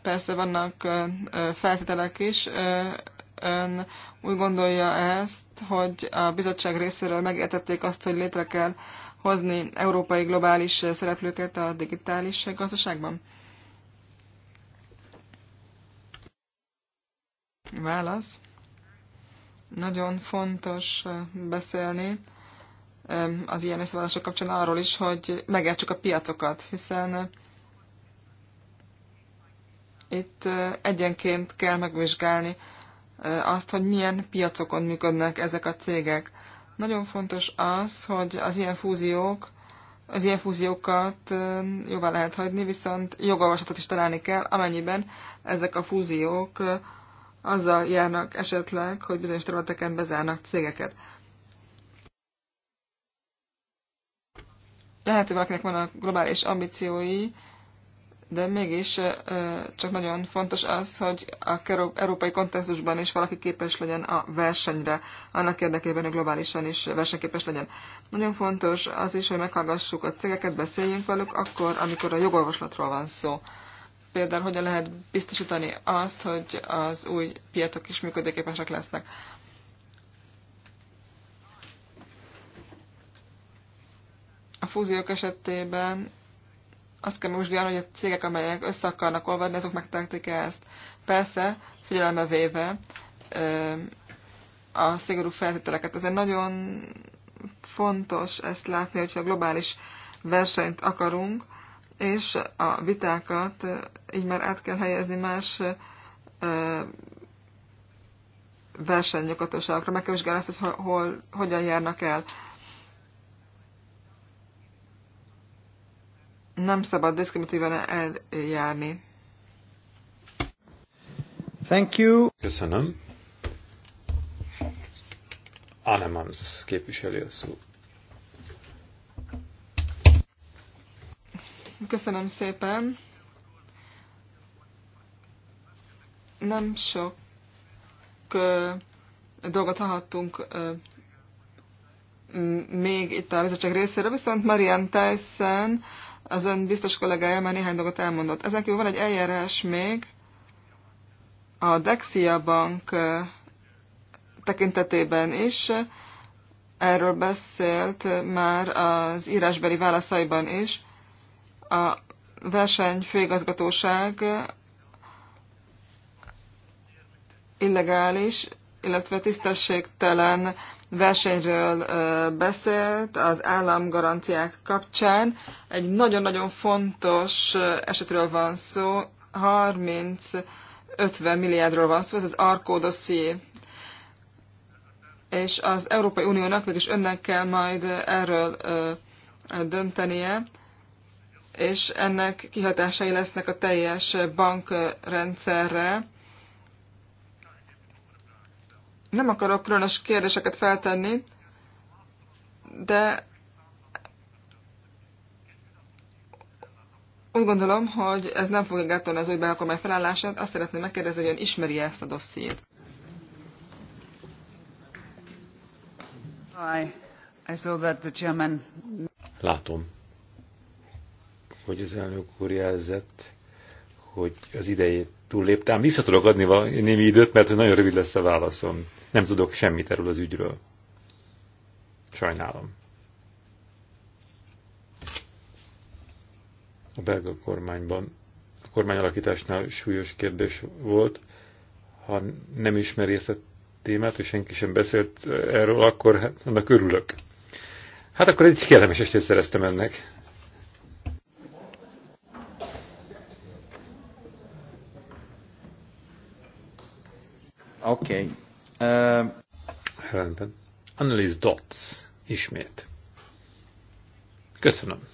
Persze vannak feltételek is. Ön úgy gondolja ezt, hogy a bizottság részéről megértették azt, hogy létre kell hozni európai globális szereplőket a digitális gazdaságban? Válasz. Nagyon fontos beszélni az ilyen összevállások kapcsán arról is, hogy megértsük a piacokat, hiszen itt egyenként kell megvizsgálni azt, hogy milyen piacokon működnek ezek a cégek. Nagyon fontos az, hogy az ilyen fúziók, az ilyen fúziókat jóvá lehet hagyni, viszont jogolvasatot is találni kell, amennyiben ezek a fúziók azzal járnak esetleg, hogy bizonyos területeken bezárnak cégeket. Lehet, hogy valakinek a globális ambíciói, de mégis csak nagyon fontos az, hogy a európai kontextusban is valaki képes legyen a versenyre, annak érdekében, hogy globálisan is versenyképes legyen. Nagyon fontos az is, hogy meghallgassuk a cégeket, beszéljünk velük akkor, amikor a jogorvoslatról van szó. Például hogyan lehet biztosítani azt, hogy az új piacok is működőképesek lesznek. A fúziók esetében azt kell megvizsgálni, hogy a cégek, amelyek össze akarnak olvadni, azok megtették -e ezt. Persze, figyelembe véve a szigorú feltételeket. egy nagyon fontos ezt látni, hogyha globális versenyt akarunk, és a vitákat így már át kell helyezni más versenynyokatóságokra. Meg kell vizsgálni azt, hogy hol, hogyan járnak el nem szabad diszkriminatívan eljárni. Thank you. Köszönöm. Anemans képviseli a szó. Köszönöm szépen. Nem sok uh, dolgot hallhattunk uh, még itt a bizottság részéről, viszont Marian Tyson az ön biztos kollégája már néhány dolgot elmondott. Ezen kívül van egy eljárás még a Dexia Bank tekintetében is. Erről beszélt már az írásbeli válaszaiban is. A versenyfőigazgatóság illegális, illetve tisztességtelen versenyről beszélt az államgaranciák kapcsán. Egy nagyon-nagyon fontos esetről van szó, 30-50 milliárdról van szó, ez az Arco dosszié. És az Európai Uniónak mégis önnek kell majd erről döntenie, és ennek kihatásai lesznek a teljes bankrendszerre, nem akarok különös kérdéseket feltenni, de úgy gondolom, hogy ez nem fogja gátolni az új belkormány felállását. Azt szeretném megkérdezni, hogy ön ismeri -e ezt a dossziét. I, I saw that the chairman... Látom, hogy az elnök úr jelzett, hogy az idejét túlléptem. Vissza tudok adni némi időt, mert nagyon rövid lesz a válaszom. Nem tudok semmit erről az ügyről. Sajnálom. A belga kormányban, a kormányalakításnál súlyos kérdés volt, ha nem ismeri ezt a témát, és senki sem beszélt erről, akkor hát, annak örülök. Hát akkor egy kellemes estét szereztem ennek. Okay. Uh... Rendben. Annelies Dots ismét. Köszönöm.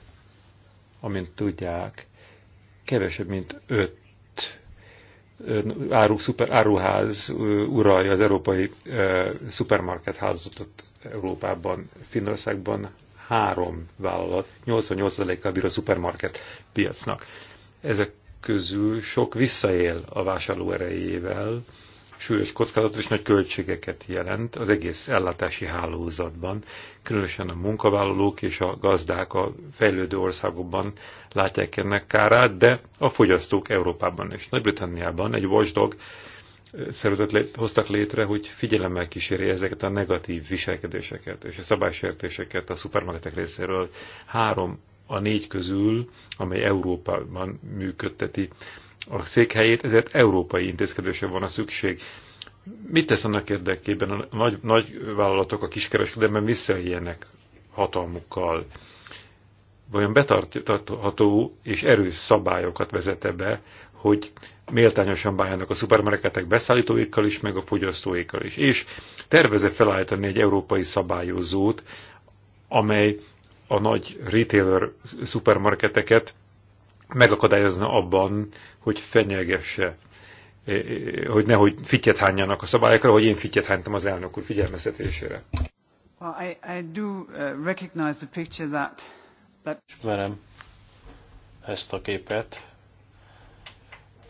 Amint tudják, kevesebb, mint öt áru, szuper, áruház uralja az európai uh, szupermarket házatot Európában, Finnországban három vállalat, 88%-kal bír a szupermarket piacnak. Ezek közül sok visszaél a vásárló erejével, súlyos kockázatot és nagy költségeket jelent az egész ellátási hálózatban. Különösen a munkavállalók és a gazdák a fejlődő országokban látják ennek kárát, de a fogyasztók Európában és Nagy-Britanniában egy watchdog szervezet hoztak létre, hogy figyelemmel kíséri ezeket a negatív viselkedéseket és a szabálysértéseket a szupermarketek részéről. Három a négy közül, amely Európában működteti a székhelyét, ezért európai intézkedésre van a szükség. Mit tesz annak érdekében a nagy, nagy vállalatok a kiskereskedelemben visszaéljenek hatalmukkal? Vajon betartható és erős szabályokat vezete be, hogy méltányosan bánjanak a szupermarketek beszállítóikkal is, meg a fogyasztóikkal is. És tervezett felállítani egy európai szabályozót, amely a nagy retailer szupermarketeket megakadályozna abban, hogy fenyegesse, e, e, hogy nehogy fityet hányjanak a szabályokra, hogy én fityet hánytam az elnök úr figyelmeztetésére. Well, I, I do uh, recognize the picture that, that... Ismerem ezt a képet.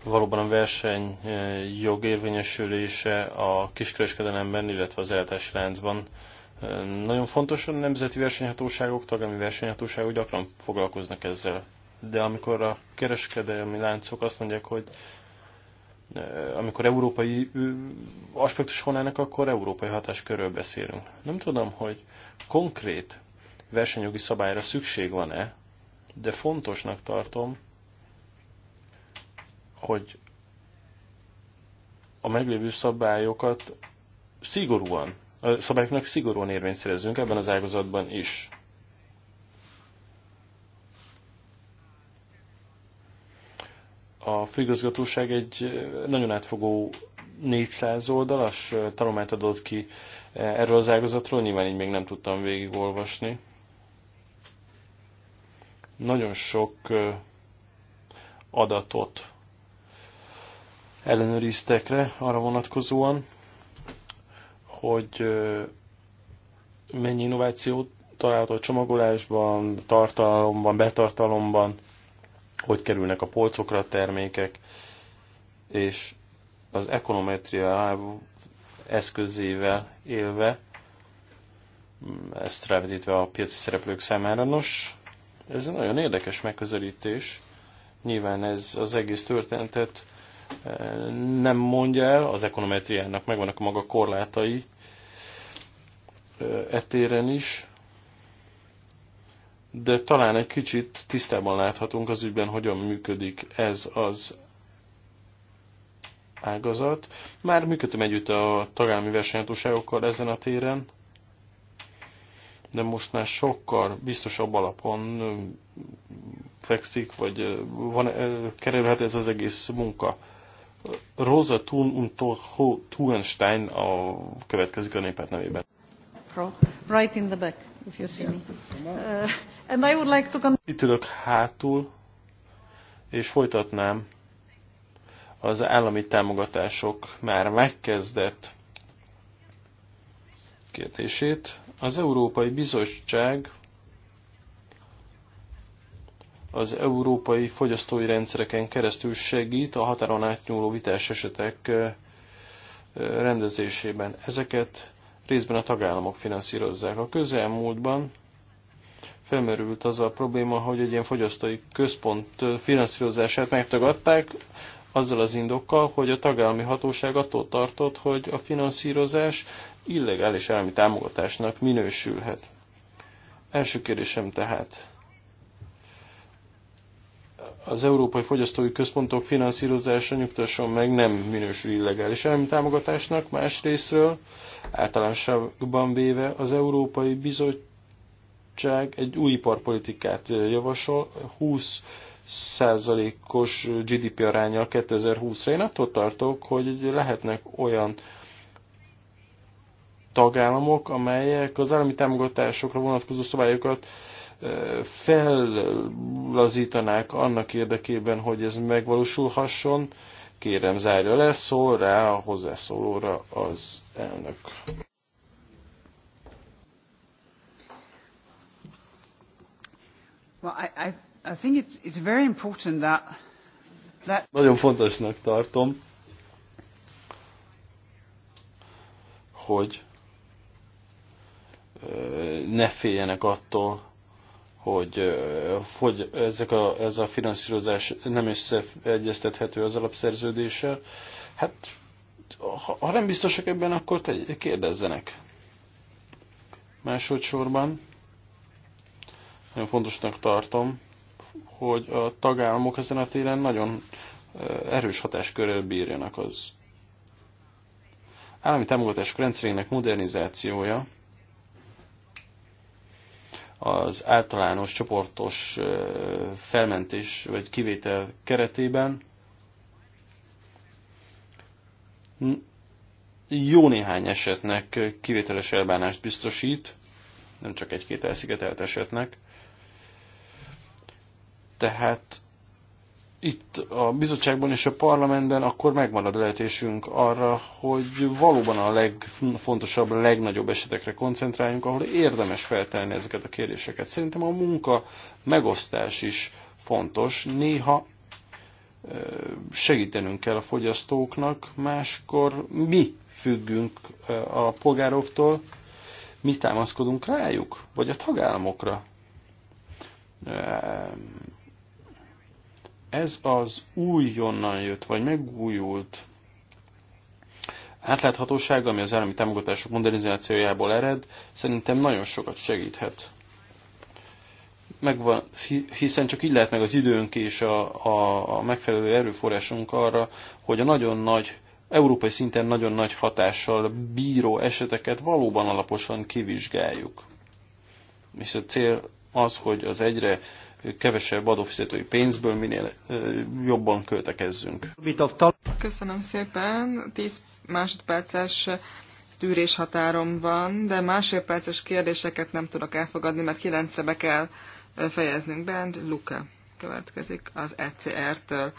Valóban a verseny e, jogérvényesülése a kiskereskedelemben, illetve az eltási láncban nagyon fontos a nemzeti versenyhatóságok, tagállami versenyhatóságok gyakran foglalkoznak ezzel de amikor a kereskedelmi láncok azt mondják, hogy amikor európai aspektus vonálnak, akkor európai hatáskörről beszélünk. Nem tudom, hogy konkrét versenyjogi szabályra szükség van-e, de fontosnak tartom, hogy a meglévő szabályokat szigorúan, a szabályoknak szigorúan érvényt szerezzünk ebben az ágazatban is. a főigazgatóság egy eh, nagyon átfogó 400 oldalas eh, tanulmányt adott ki eh, erről az ágazatról, nyilván így még nem tudtam végigolvasni. Nagyon sok adatot ellenőriztek le arra vonatkozóan, hogy mennyi innovációt található a csomagolásban, tartalomban, betartalomban, hogy kerülnek a polcokra a termékek, és az ekonometria eszközével élve, ezt rávetítve a piaci szereplők számára. Nos, ez egy nagyon érdekes megközelítés. Nyilván ez az egész történetet eh, nem mondja el, az ekonometriának megvannak a maga korlátai etéren eh, e is, de talán egy kicsit tisztában láthatunk az ügyben, hogyan működik ez az ágazat. Már működtem együtt a tagállami versenyhatóságokkal ezen a téren, de most már sokkal biztosabb alapon fekszik, vagy van, kerülhet ez az egész munka. Rosa Thun und Thuenstein a, következik a népet nevében. Right in the back, if you see me. Uh, And I would like to... Itt ülök hátul, és folytatnám az állami támogatások már megkezdett kérdését. Az Európai Bizottság az európai fogyasztói rendszereken keresztül segít a határon átnyúló vitás esetek rendezésében. Ezeket részben a tagállamok finanszírozzák. A közelmúltban felmerült az a probléma, hogy egy ilyen fogyasztói központ finanszírozását megtagadták, azzal az indokkal, hogy a tagállami hatóság attól tartott, hogy a finanszírozás illegális állami támogatásnak minősülhet. Első kérdésem tehát. Az Európai Fogyasztói Központok finanszírozása nyugtasson meg nem minősül illegális állami támogatásnak, másrésztről általánosságban véve az Európai Bizottság bizottság egy új iparpolitikát javasol, 20 százalékos GDP arányjal 2020-ra. Én attól tartok, hogy lehetnek olyan tagállamok, amelyek az állami támogatásokra vonatkozó szabályokat fellazítanák annak érdekében, hogy ez megvalósulhasson. Kérem, zárja le, szól rá a hozzászólóra az elnök. Nagyon fontosnak tartom, hogy ne féljenek attól, hogy, hogy ezek a, ez a finanszírozás nem összeegyeztethető az alapszerződéssel. Hát, ha, nem biztosak ebben, akkor te, kérdezzenek. Másodszorban nagyon fontosnak tartom, hogy a tagállamok ezen a téren nagyon erős hatáskörrel bírjanak az állami támogatások rendszerének modernizációja, az általános csoportos felmentés vagy kivétel keretében jó néhány esetnek kivételes elbánást biztosít, nem csak egy-két elszigetelt esetnek. Tehát itt a bizottságban és a parlamentben akkor megmarad a lehetésünk arra, hogy valóban a legfontosabb, legnagyobb esetekre koncentráljunk, ahol érdemes feltenni ezeket a kérdéseket. Szerintem a munka megosztás is fontos. Néha segítenünk kell a fogyasztóknak, máskor mi függünk a polgároktól, mi támaszkodunk rájuk, vagy a tagállamokra ez az újonnan jött, vagy megújult átláthatóság, ami az állami támogatások modernizációjából ered, szerintem nagyon sokat segíthet. Megvan, hiszen csak így lehet meg az időnk és a, a, a megfelelő erőforrásunk arra, hogy a nagyon nagy, európai szinten nagyon nagy hatással bíró eseteket valóban alaposan kivizsgáljuk. És a cél az, hogy az egyre kevesebb adófizetői pénzből minél jobban költekezzünk. Köszönöm szépen. 10 másodperces tűrés határom van, de másfél perces kérdéseket nem tudok elfogadni, mert kilencre be kell fejeznünk bent. Luka következik az ECR-től.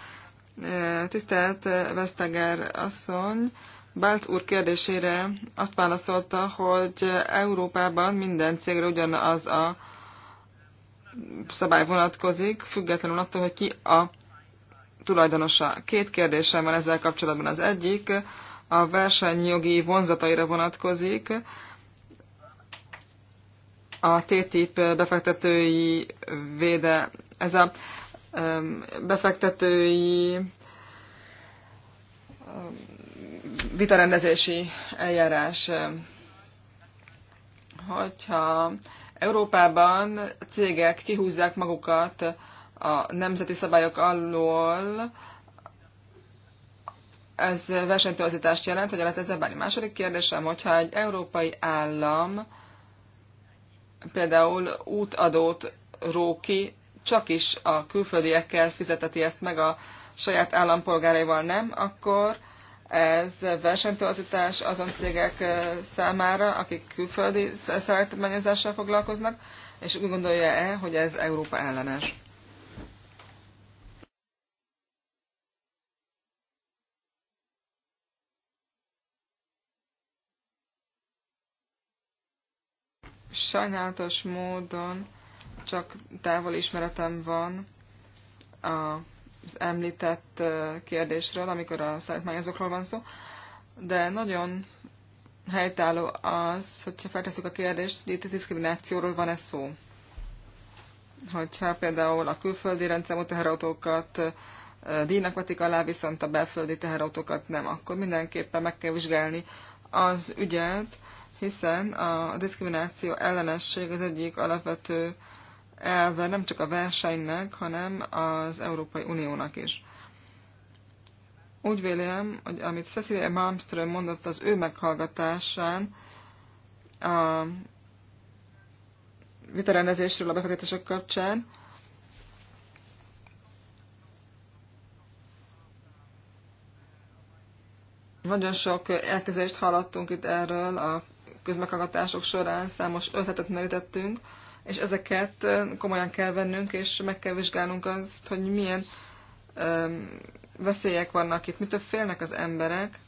Tisztelt Vesztager asszony, Bálc úr kérdésére azt válaszolta, hogy Európában minden cégre ugyanaz a szabály vonatkozik, függetlenül attól, hogy ki a tulajdonosa. Két kérdésem van ezzel kapcsolatban. Az egyik a versenyjogi vonzataira vonatkozik. A TTIP befektetői véde, ez a befektetői vitarendezési eljárás, hogyha Európában cégek kihúzzák magukat a nemzeti szabályok alól, ez versenytorzítást jelent, hogy a ezzel Második kérdésem, hogyha egy európai állam például útadót ró ki, csak is a külföldiekkel fizeteti ezt meg a saját állampolgáraival nem, akkor ez versenytorzítás azon cégek számára, akik külföldi szállítmányozással foglalkoznak, és úgy gondolja-e, hogy ez Európa ellenes? Sajnálatos módon csak távol ismeretem van a az említett kérdésről, amikor a szállítmányozókról van szó, de nagyon helytálló az, hogyha feltesszük a kérdést, hogy itt a diszkriminációról van-e szó. Hogyha például a külföldi rendszámú teherautókat díjnak vetik alá, viszont a belföldi teherautókat nem, akkor mindenképpen meg kell vizsgálni az ügyet, hiszen a diszkrimináció ellenesség az egyik alapvető elve nem csak a versenynek, hanem az Európai Uniónak is. Úgy vélem, hogy amit Cecilia Malmström mondott az ő meghallgatásán, a vitarendezésről a befektetések kapcsán, Nagyon sok elkezést hallottunk itt erről a közmeghallgatások során, számos ötletet merítettünk, és ezeket komolyan kell vennünk, és meg kell vizsgálnunk azt, hogy milyen veszélyek vannak itt, mitől félnek az emberek,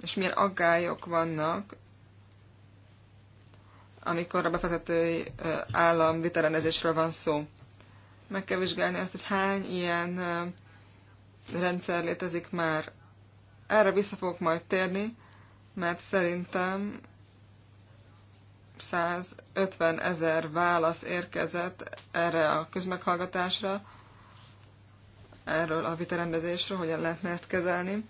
és milyen aggályok vannak, amikor a befektetői állam vitelenezésről van szó. Meg kell vizsgálni azt, hogy hány ilyen rendszer létezik már. Erre vissza fogok majd térni, mert szerintem 150 ezer válasz érkezett erre a közmeghallgatásra, erről a vitarendezésről, hogyan lehetne ezt kezelni.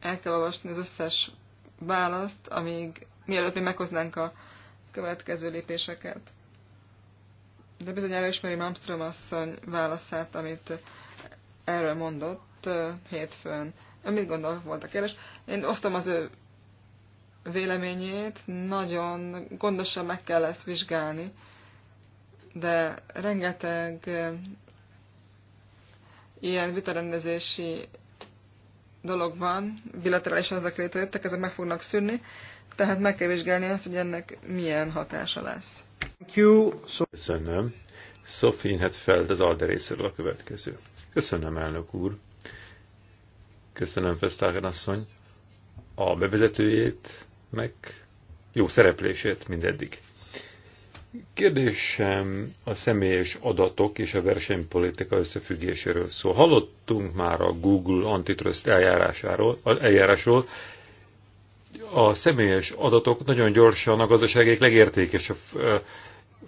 El kell olvasni az összes választ, amíg mielőtt mi meghoznánk a következő lépéseket. De bizony ismeri Mamström asszony válaszát, amit erről mondott hétfőn mit gondol, volt a kérdés. Én osztom az ő véleményét, nagyon gondosan meg kell ezt vizsgálni, de rengeteg eh, ilyen vitarendezési dolog van, bilaterálisan ezek létrejöttek, ezek meg fognak szűnni, tehát meg kell vizsgálni azt, hogy ennek milyen hatása lesz. Köszönöm. Sophie hát felt az alderészről a következő. Köszönöm, elnök úr. Köszönöm Fesztágen asszony a bevezetőjét, meg jó szereplését eddig. Kérdésem a személyes adatok és a versenypolitika összefüggéséről Szóval Hallottunk már a Google antitrust eljárásáról, eljárásról. A személyes adatok nagyon gyorsan a gazdaságék legértékesebb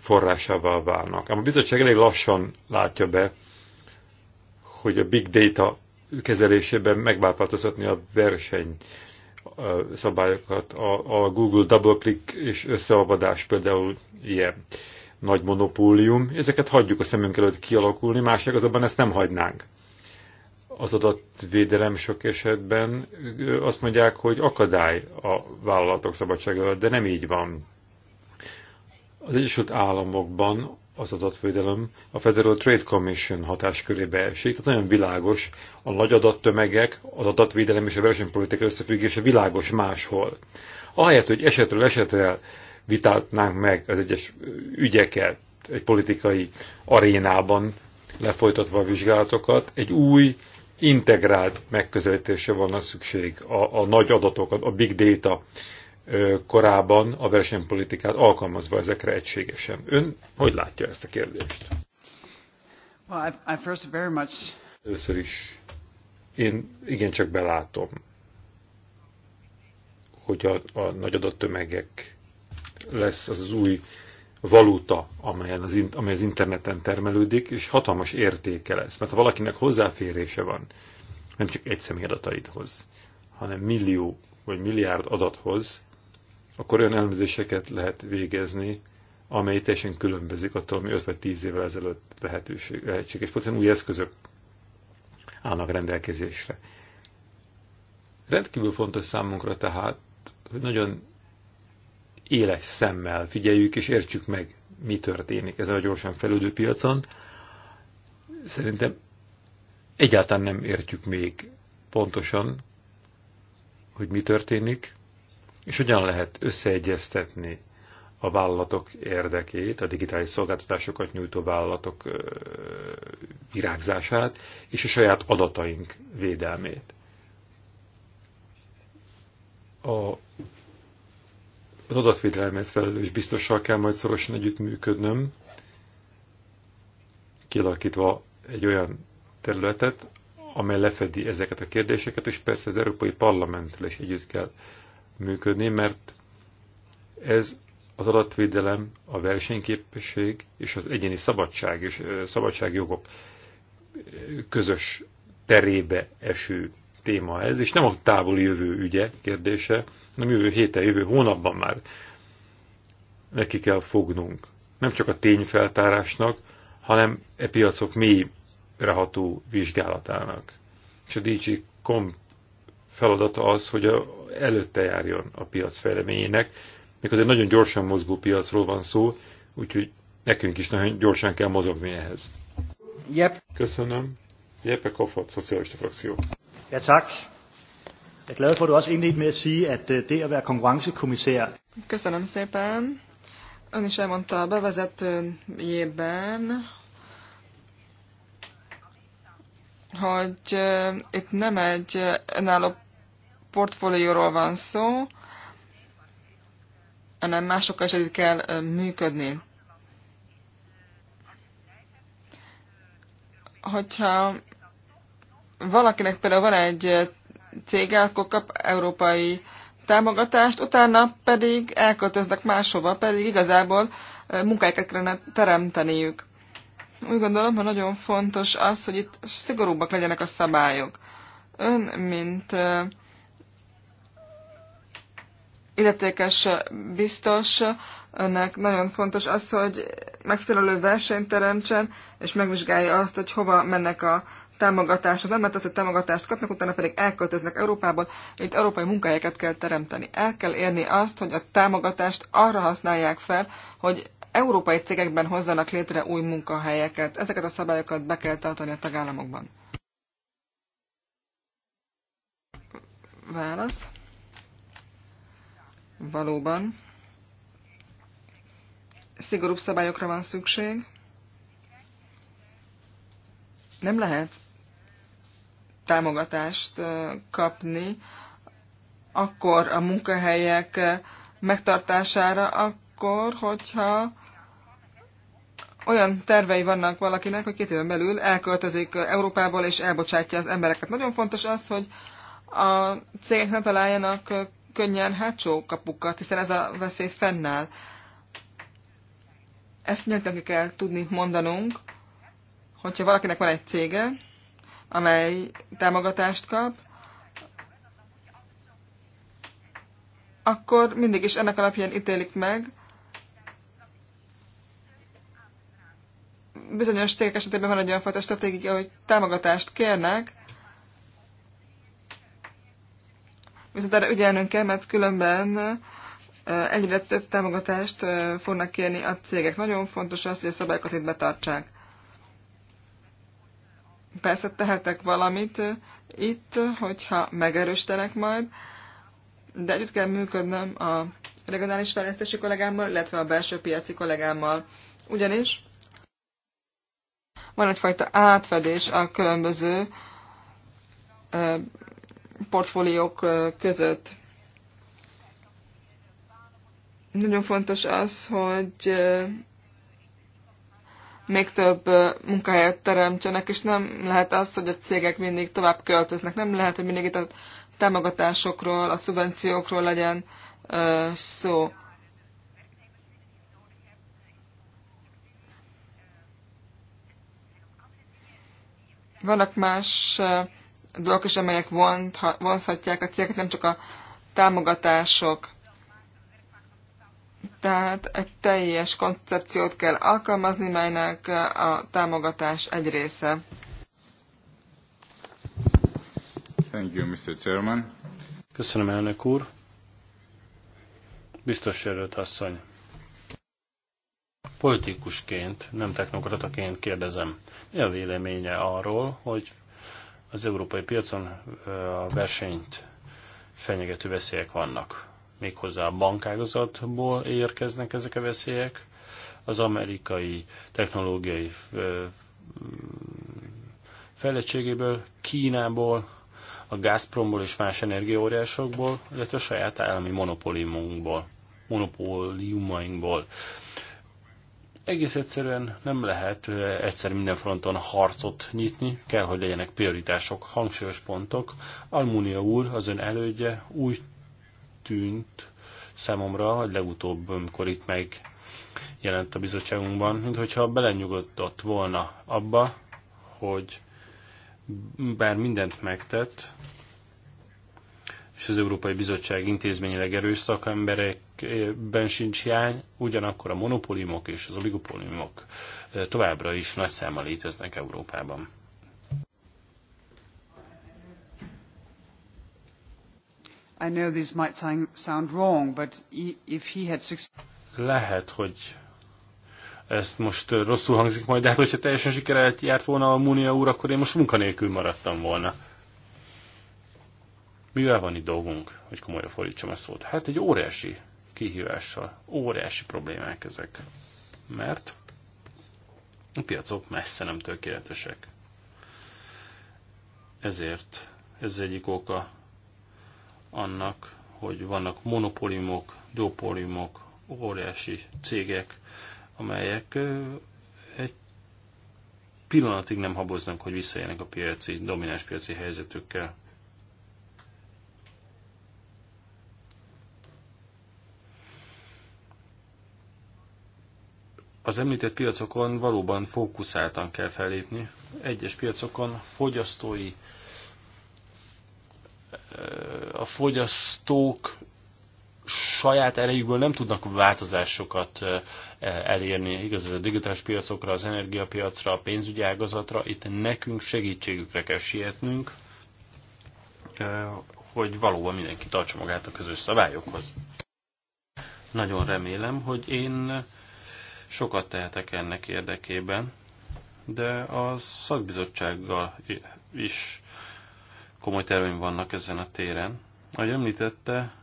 forrásává válnak. Ám a bizottság elég lassan látja be, hogy a big data kezelésében megváltoztatni a verseny szabályokat. A, a Google double click és összeolvadás például ilyen nagy monopólium. Ezeket hagyjuk a szemünk előtt kialakulni, másik azonban ezt nem hagynánk. Az adatvédelem sok esetben azt mondják, hogy akadály a vállalatok szabadsága, de nem így van. Az Egyesült Államokban az adatvédelem a Federal Trade Commission hatáskörébe esik, tehát nagyon világos a nagy adattömegek, az adatvédelem és a versenypolitika összefüggése világos máshol. Ahelyett, hogy esetről esetre vitáltnánk meg az egyes ügyeket egy politikai arénában lefolytatva a vizsgálatokat, egy új integrált megközelítése van a szükség a, a nagy adatokat, a big data korában a versenypolitikát alkalmazva ezekre egységesen. Ön hogy látja ezt a kérdést? Először is én igencsak belátom, hogy a, a nagy adattömegek lesz az, az új valuta, amely az, amely az interneten termelődik, és hatalmas értéke lesz. Mert ha valakinek hozzáférése van, nem csak egy személy adataidhoz, hanem millió vagy milliárd adathoz, akkor olyan elemzéseket lehet végezni, amely teljesen különbözik attól, ami 5 vagy 10 évvel ezelőtt lehetőség, lehetséges volt, szóval új eszközök állnak rendelkezésre. Rendkívül fontos számunkra tehát, hogy nagyon éles szemmel figyeljük és értsük meg, mi történik ezen a gyorsan felüldő piacon. Szerintem egyáltalán nem értjük még pontosan, hogy mi történik, és hogyan lehet összeegyeztetni a vállalatok érdekét, a digitális szolgáltatásokat nyújtó vállalatok virágzását és a saját adataink védelmét. A, az adatvédelmet felelős biztossal kell majd szorosan együttműködnöm, kilakítva egy olyan területet, amely lefedi ezeket a kérdéseket, és persze az Európai Parlamenttel is együtt kell működni, mert ez az adatvédelem, a versenyképesség és az egyéni szabadság és szabadságjogok közös terébe eső téma ez, és nem a távoli jövő ügye kérdése, hanem jövő héten, jövő hónapban már neki kell fognunk. Nem csak a tényfeltárásnak, hanem e piacok mélyreható vizsgálatának. És a DG Comp feladata az, hogy a, előtte járjon a piac fejleményének, mikor egy nagyon gyorsan mozgó piacról van szó, úgyhogy nekünk is nagyon gyorsan kell mozogni ehhez. Yep. Köszönöm. Jeppe Koffert, Szocialista Frakció. Ja, tak. Jeg er glad for, at du også indledte med at sige, at øh, det at være konkurrencekommissær... Köszönöm szépen. Ön is elmondta a bevezetőjében, hogy itt nem egy önálló portfólióról van szó, hanem másokkal is kell működni. Hogyha valakinek például van egy cége, akkor kap európai támogatást, utána pedig elköltöznek máshova, pedig igazából munkáikat kellene teremteniük úgy gondolom, hogy nagyon fontos az, hogy itt szigorúbbak legyenek a szabályok. Ön, mint illetékes biztos, önnek nagyon fontos az, hogy megfelelő versenyt teremtsen, és megvizsgálja azt, hogy hova mennek a támogatások. Nem mert az, hogy támogatást kapnak, utána pedig elköltöznek Európából. Itt európai munkahelyeket kell teremteni. El kell érni azt, hogy a támogatást arra használják fel, hogy európai cégekben hozzanak létre új munkahelyeket. Ezeket a szabályokat be kell tartani a tagállamokban. Válasz. Valóban. Szigorúbb szabályokra van szükség. Nem lehet támogatást kapni akkor a munkahelyek megtartására, akkor, hogyha olyan tervei vannak valakinek, hogy két éven belül elköltözik Európából és elbocsátja az embereket. Nagyon fontos az, hogy a cégek ne találjanak könnyen hátsó kapukat, hiszen ez a veszély fennáll. Ezt nyíltan kell tudni mondanunk, hogyha valakinek van egy cége, amely támogatást kap, akkor mindig is ennek alapján ítélik meg, bizonyos cégek esetében van egy olyan fajta stratégia, hogy támogatást kérnek, viszont erre ügyelnünk kell, mert különben egyre több támogatást fognak kérni a cégek. Nagyon fontos az, hogy a szabályokat itt betartsák. Persze tehetek valamit itt, hogyha megerősítenek majd, de együtt kell működnöm a regionális fejlesztési kollégámmal, illetve a belső piaci kollégámmal. Ugyanis van egyfajta átfedés a különböző portfóliók között. Nagyon fontos az, hogy még több munkahelyet teremtsenek, és nem lehet az, hogy a cégek mindig tovább költöznek. Nem lehet, hogy mindig itt a támogatásokról, a szubvenciókról legyen szó. Vannak más dolgok is, amelyek vonzhatják a cégeket, nem csak a támogatások. Tehát egy teljes koncepciót kell alkalmazni, melynek a támogatás egy része. Thank you, Mr. Chairman. Köszönöm, elnök úr. Biztos jelölt asszony. Politikusként, nem technokrataként kérdezem, mi a véleménye arról, hogy az európai piacon a versenyt fenyegető veszélyek vannak? Méghozzá a bankágazatból érkeznek ezek a veszélyek, az amerikai technológiai fejlettségéből, Kínából, a Gazpromból és más energiaóriásokból, illetve a saját állami monopóliumunkból, monopóliumainkból. Egész egyszerűen nem lehet egyszer minden fronton harcot nyitni, kell, hogy legyenek prioritások, hangsúlyos pontok. Almunia úr, az ön elődje úgy tűnt számomra, hogy legutóbb, amikor itt meg jelent a bizottságunkban, mintha belenyugodott volna abba, hogy bár mindent megtett, és az Európai Bizottság intézményileg erős szakemberekben sincs hiány, ugyanakkor a monopóliumok és az oligopóliumok továbbra is nagy száma léteznek Európában. I know this might sound wrong, but if he had Lehet, hogy ezt most rosszul hangzik majd, de hát hogyha teljesen sikerelt járt volna a Munia úr, akkor én most munkanélkül maradtam volna. Mivel van itt dolgunk, hogy komolyan fordítsam ezt szót? Hát egy óriási kihívással, óriási problémák ezek. Mert a piacok messze nem tökéletesek. Ezért ez egyik oka annak, hogy vannak monopóliumok, dopóliumok, óriási cégek, amelyek egy pillanatig nem haboznak, hogy visszajönnek a piaci, domináns piaci helyzetükkel. Az említett piacokon valóban fókuszáltan kell fellépni. Egyes piacokon fogyasztói, eh, a fogyasztók saját erejükből nem tudnak változásokat eh, elérni, igaz, ez a digitális piacokra, az energiapiacra, a pénzügyi ágazatra, itt nekünk segítségükre kell sietnünk, eh, hogy valóban mindenki tartsa magát a közös szabályokhoz. Nagyon remélem, hogy én Sokat tehetek ennek érdekében, de a szakbizottsággal is komoly terveim vannak ezen a téren. Ahogy említette,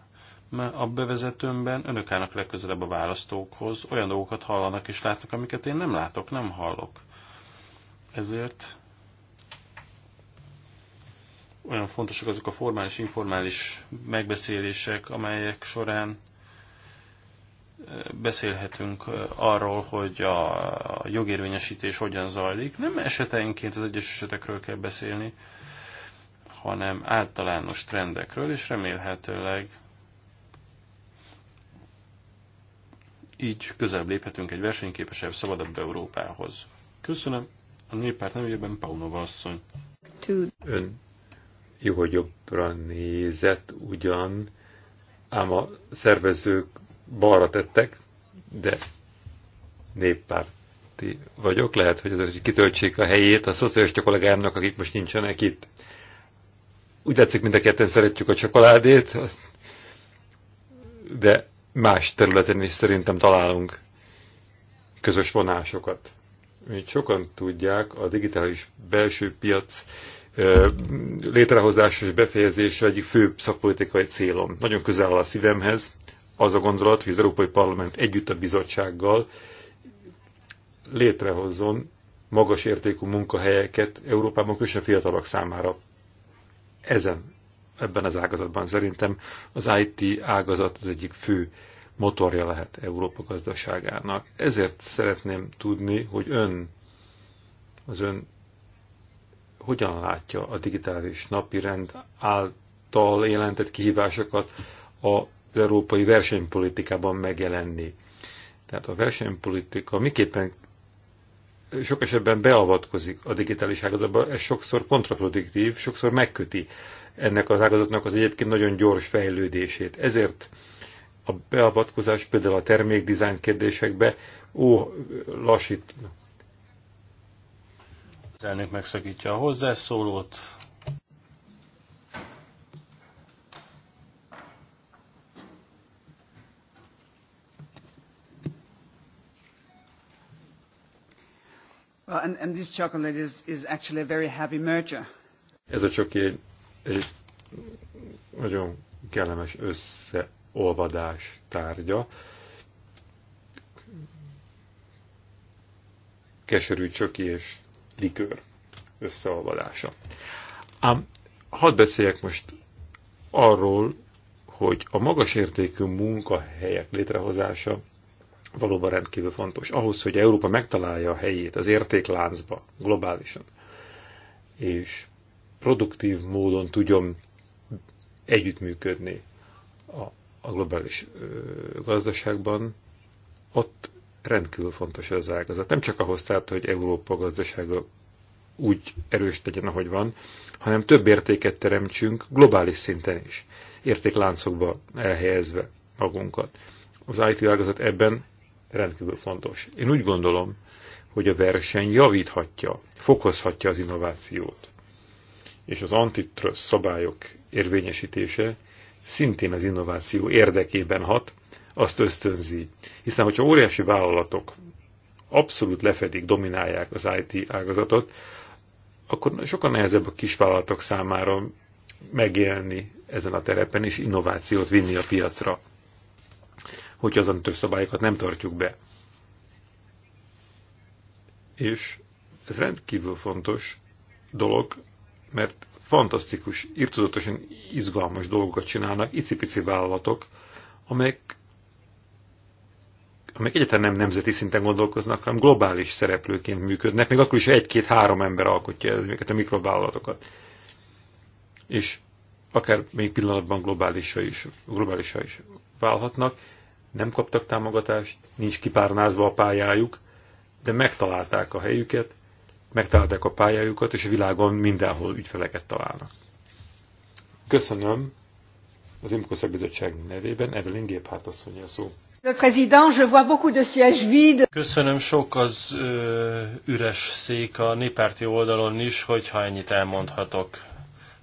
a bevezetőmben önök állnak legközelebb a választókhoz, olyan dolgokat hallanak és látnak, amiket én nem látok, nem hallok. Ezért olyan fontosak azok a formális, informális megbeszélések, amelyek során beszélhetünk arról, hogy a jogérvényesítés hogyan zajlik. Nem esetenként az egyes esetekről kell beszélni, hanem általános trendekről, és remélhetőleg így közelebb léphetünk egy versenyképesebb, szabadabb Európához. Köszönöm. A néppárt nevében Paunova asszony. Ön jó, hogy jobbra nézett ugyan, ám a szervezők balra tettek, de néppárti vagyok, lehet, hogy azért kitöltsék a helyét a szociális kollégámnak, akik most nincsenek itt. Úgy látszik, mind a ketten szeretjük a csokoládét, de más területen is szerintem találunk közös vonásokat. Mint sokan tudják, a digitális belső piac létrehozása és befejezése egyik fő szakpolitikai célom. Nagyon közel áll a szívemhez, az a gondolat, hogy az Európai Parlament együtt a bizottsággal létrehozzon magas értékű munkahelyeket Európában, különösen fiatalok számára. Ezen, ebben az ágazatban szerintem az IT ágazat az egyik fő motorja lehet Európa gazdaságának. Ezért szeretném tudni, hogy ön, az ön hogyan látja a digitális napirend által jelentett kihívásokat a európai versenypolitikában megjelenni. Tehát a versenypolitika miképpen sok esetben beavatkozik a digitális ágazatba, ez sokszor kontraproduktív, sokszor megköti ennek az ágazatnak az egyébként nagyon gyors fejlődését. Ezért a beavatkozás például a termékdizájn kérdésekbe ó, lassít. Az elnök megszakítja a hozzászólót, and, and this chocolate is, is actually a very happy merger. Ez a csoki egy, egy nagyon kellemes összeolvadás tárgya. Keserű csoki és likőr összeolvadása. Ám hadd beszéljek most arról, hogy a magas értékű munkahelyek létrehozása valóban rendkívül fontos. Ahhoz, hogy Európa megtalálja a helyét az értékláncba globálisan, és produktív módon tudjon együttműködni a, a globális ö, gazdaságban, ott rendkívül fontos az ágazat. Nem csak ahhoz tehát, hogy Európa gazdasága úgy erős legyen, ahogy van, hanem több értéket teremtsünk globális szinten is, értékláncokba elhelyezve magunkat. Az IT ágazat ebben rendkívül fontos. Én úgy gondolom, hogy a verseny javíthatja, fokozhatja az innovációt. És az antitrust szabályok érvényesítése szintén az innováció érdekében hat, azt ösztönzi. Hiszen, hogyha óriási vállalatok abszolút lefedik, dominálják az IT ágazatot, akkor sokan nehezebb a kisvállalatok számára megélni ezen a terepen és innovációt vinni a piacra hogy azon több szabályokat nem tartjuk be. És ez rendkívül fontos dolog, mert fantasztikus, irtozatosan izgalmas dolgokat csinálnak icipici vállalatok, amelyek, amelyek egyetlen nem nemzeti szinten gondolkoznak, hanem globális szereplőként működnek, még akkor is egy-két-három ember alkotja ezeket a mikrovállalatokat. És akár még pillanatban globálisra is, globálisra is válhatnak, nem kaptak támogatást, nincs kipárnázva a pályájuk, de megtalálták a helyüket, megtalálták a pályájukat, és a világon mindenhol ügyfeleket találnak. Köszönöm az IMCO szakbizottság nevében, Evelyn Géphárt asszony a szó. Le président, je vois beaucoup de sièges vides. Köszönöm sok az ö, üres szék a néppárti oldalon is, hogyha ennyit elmondhatok.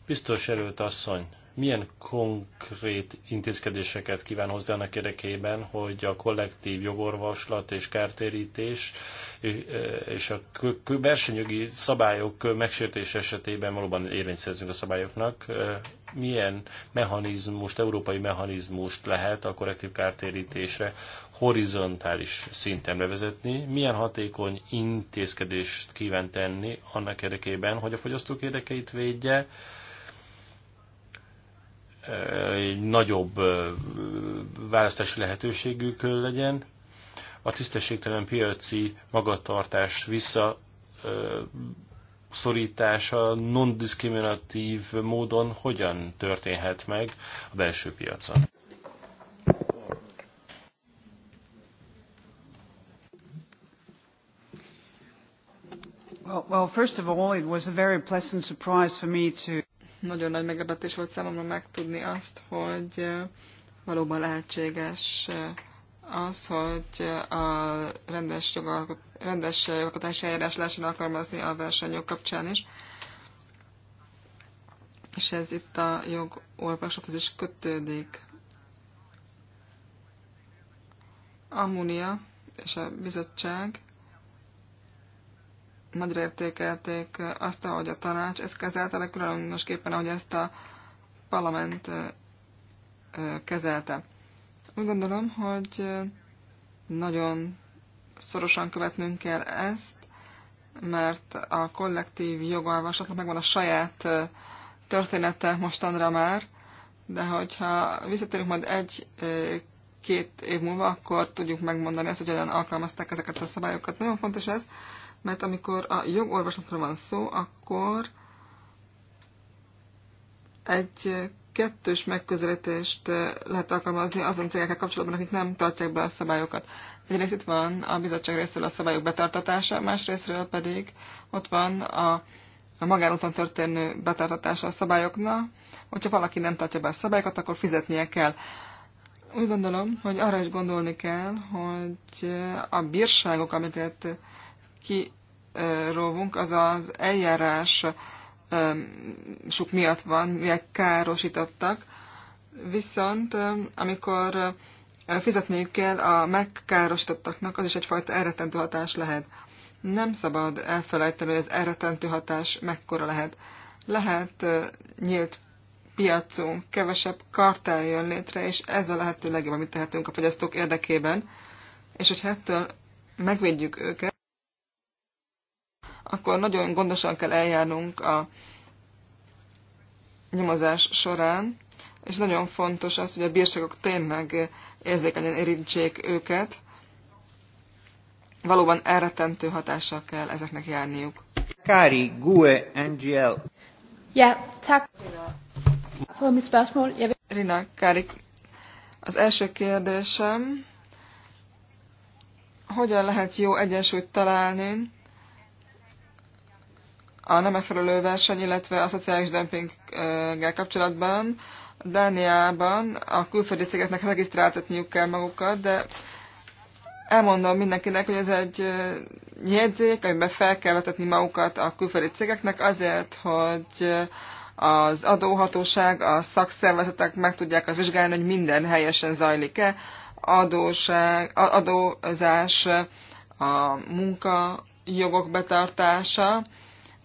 Biztos erőt asszony, milyen konkrét intézkedéseket kíván hozni annak érdekében, hogy a kollektív jogorvoslat és kártérítés és a versenyjogi szabályok megsértés esetében valóban érvényszerzünk a szabályoknak, milyen mechanizmust, európai mechanizmust lehet a kollektív kártérítésre horizontális szinten bevezetni, milyen hatékony intézkedést kíván tenni annak érdekében, hogy a fogyasztók érdekeit védje, egy nagyobb választási lehetőségük legyen. A tisztességtelen piaci magatartás vissza szorítása non-diszkriminatív módon hogyan történhet meg a belső piacon? Well, well, first of all, it was a very pleasant surprise for me to nagyon nagy meglepetés volt számomra megtudni azt, hogy eh, valóban lehetséges eh, az, hogy eh, a rendes, jogalkot, rendes jogalkotási eljárás lehessen alkalmazni a versenyok kapcsán is. És ez itt a jogolvasathoz is kötődik. Amúnia és a bizottság nagyra értékelték azt, ahogy a tanács ezt kezelte, különösképpen, ahogy ezt a parlament kezelte. Úgy gondolom, hogy nagyon szorosan követnünk kell ezt, mert a kollektív jogolvasatnak megvan a saját története mostanra már, de hogyha visszatérünk majd egy-két év múlva, akkor tudjuk megmondani ezt, hogy hogyan alkalmazták ezeket a szabályokat. Nagyon fontos ez, mert amikor a jogorvoslatról van szó, akkor egy kettős megközelítést eh, lehet alkalmazni azon cégekkel kapcsolatban, akik nem tartják be a szabályokat. Egyrészt itt van a bizottság részéről a szabályok betartatása, másrésztről pedig ott van a, a magánúton történő betartatása a szabályoknak. Hogyha valaki nem tartja be a szabályokat, akkor fizetnie kell. Úgy gondolom, hogy arra is gondolni kell, hogy a bírságok, amiket kirovunk, az az eljárás sok miatt van, miért károsítottak. Viszont amikor fizetniük kell a megkárosítottaknak, az is egyfajta elretentő hatás lehet. Nem szabad elfelejteni, hogy az elretentő hatás mekkora lehet. Lehet nyílt piacunk, kevesebb kartel jön létre, és ez a lehető legjobb, amit tehetünk a fogyasztók érdekében. És hogyha ettől megvédjük őket, akkor nagyon gondosan kell eljárnunk a nyomozás során, és nagyon fontos az, hogy a bírságok tényleg érzékenyen érintsék őket. Valóban elretentő hatással kell ezeknek járniuk. Kári Gue, NGL. Ja, tak. Rina, Kári, az első kérdésem, hogyan lehet jó egyensúlyt találni a nem megfelelő verseny, illetve a szociális dömpinggel kapcsolatban. Dániában a külföldi cégeknek regisztráltatniuk kell magukat, de elmondom mindenkinek, hogy ez egy jegyzék, amiben fel kell vetetni magukat a külföldi cégeknek azért, hogy az adóhatóság, a szakszervezetek meg tudják az vizsgálni, hogy minden helyesen zajlik-e, adóság, adózás, a munka jogok betartása,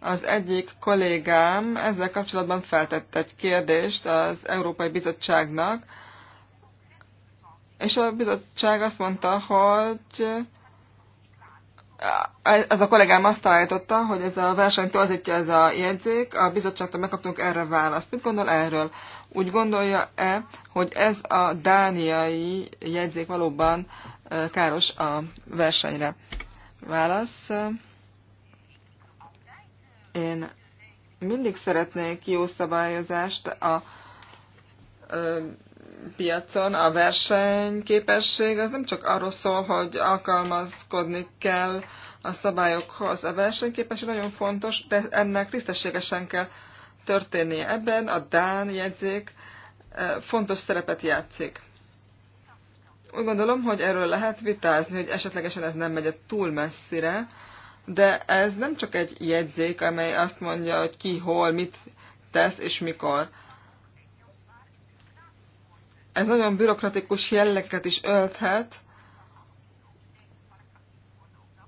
az egyik kollégám ezzel kapcsolatban feltett egy kérdést az Európai Bizottságnak, és a bizottság azt mondta, hogy ez a kollégám azt állította, hogy ez a verseny torzítja ez a jegyzék, a bizottságtól megkaptunk erre választ. Mit gondol erről? Úgy gondolja-e, hogy ez a dániai jegyzék valóban káros a versenyre? Válasz. Én mindig szeretnék jó szabályozást a ö, piacon. A versenyképesség az nem csak arról szól, hogy alkalmazkodni kell a szabályokhoz. A versenyképesség nagyon fontos, de ennek tisztességesen kell történnie. Ebben a Dán jegyzék fontos szerepet játszik. Úgy gondolom, hogy erről lehet vitázni, hogy esetlegesen ez nem megy túl messzire, de ez nem csak egy jegyzék, amely azt mondja, hogy ki, hol, mit tesz és mikor. Ez nagyon bürokratikus jelleget is ölthet,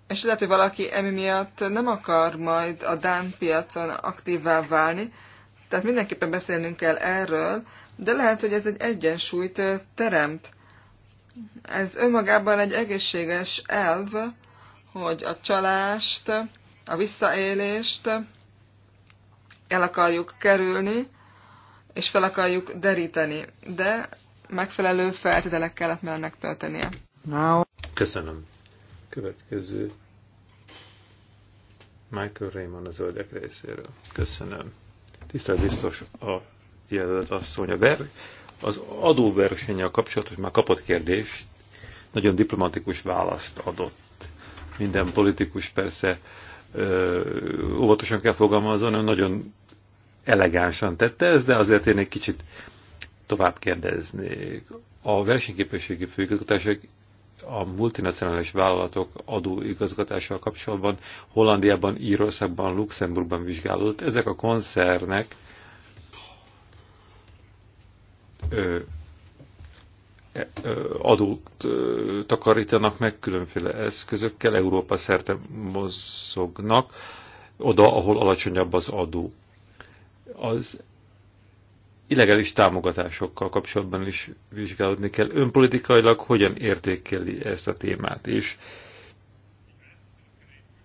és lehet, hogy valaki emi miatt nem akar majd a Dán piacon aktívvá válni, tehát mindenképpen beszélnünk kell erről, de lehet, hogy ez egy egyensúlyt teremt. Ez önmagában egy egészséges elv, hogy a csalást, a visszaélést el akarjuk kerülni, és fel akarjuk deríteni, de megfelelő feltételek kellett mellenek töltenie. Now. Köszönöm. Következő Michael Raymond a zöldek részéről. Köszönöm. Tisztelt biztos a jelölt asszony. A ver, az adóversennyel kapcsolatos már kapott kérdést, nagyon diplomatikus választ adott minden politikus persze ö, óvatosan kell fogalmazni, hanem nagyon elegánsan tette ezt, de azért én egy kicsit tovább kérdeznék. A versenyképességi főigazgatások a multinacionális vállalatok adóigazgatással kapcsolatban Hollandiában, Írországban, Luxemburgban vizsgálódott. Ezek a koncernek adót takarítanak meg különféle eszközökkel, Európa szerte mozognak, oda, ahol alacsonyabb az adó. Az illegális támogatásokkal kapcsolatban is vizsgálódni kell. Önpolitikailag hogyan értékeli ezt a témát, és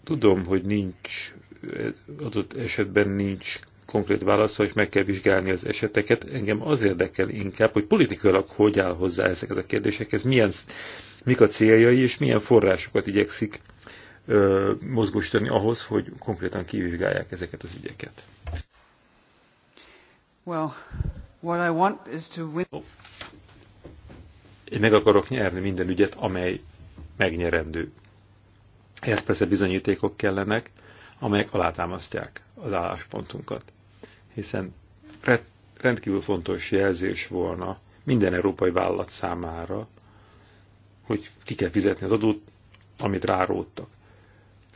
tudom, hogy nincs adott esetben nincs konkrét válasz, hogy meg kell vizsgálni az eseteket. Engem az érdekel inkább, hogy politikailag hogy áll hozzá ezek a kérdésekhez, milyen, mik a céljai és milyen forrásokat igyekszik ö, mozgósítani ahhoz, hogy konkrétan kivizsgálják ezeket az ügyeket. Well, what I want is to win... Oh. Én meg akarok nyerni minden ügyet, amely megnyerendő. Ehhez persze bizonyítékok kellenek, amelyek alátámasztják az álláspontunkat hiszen rendkívül fontos jelzés volna minden európai vállalat számára, hogy ki kell fizetni az adót, amit ráródtak.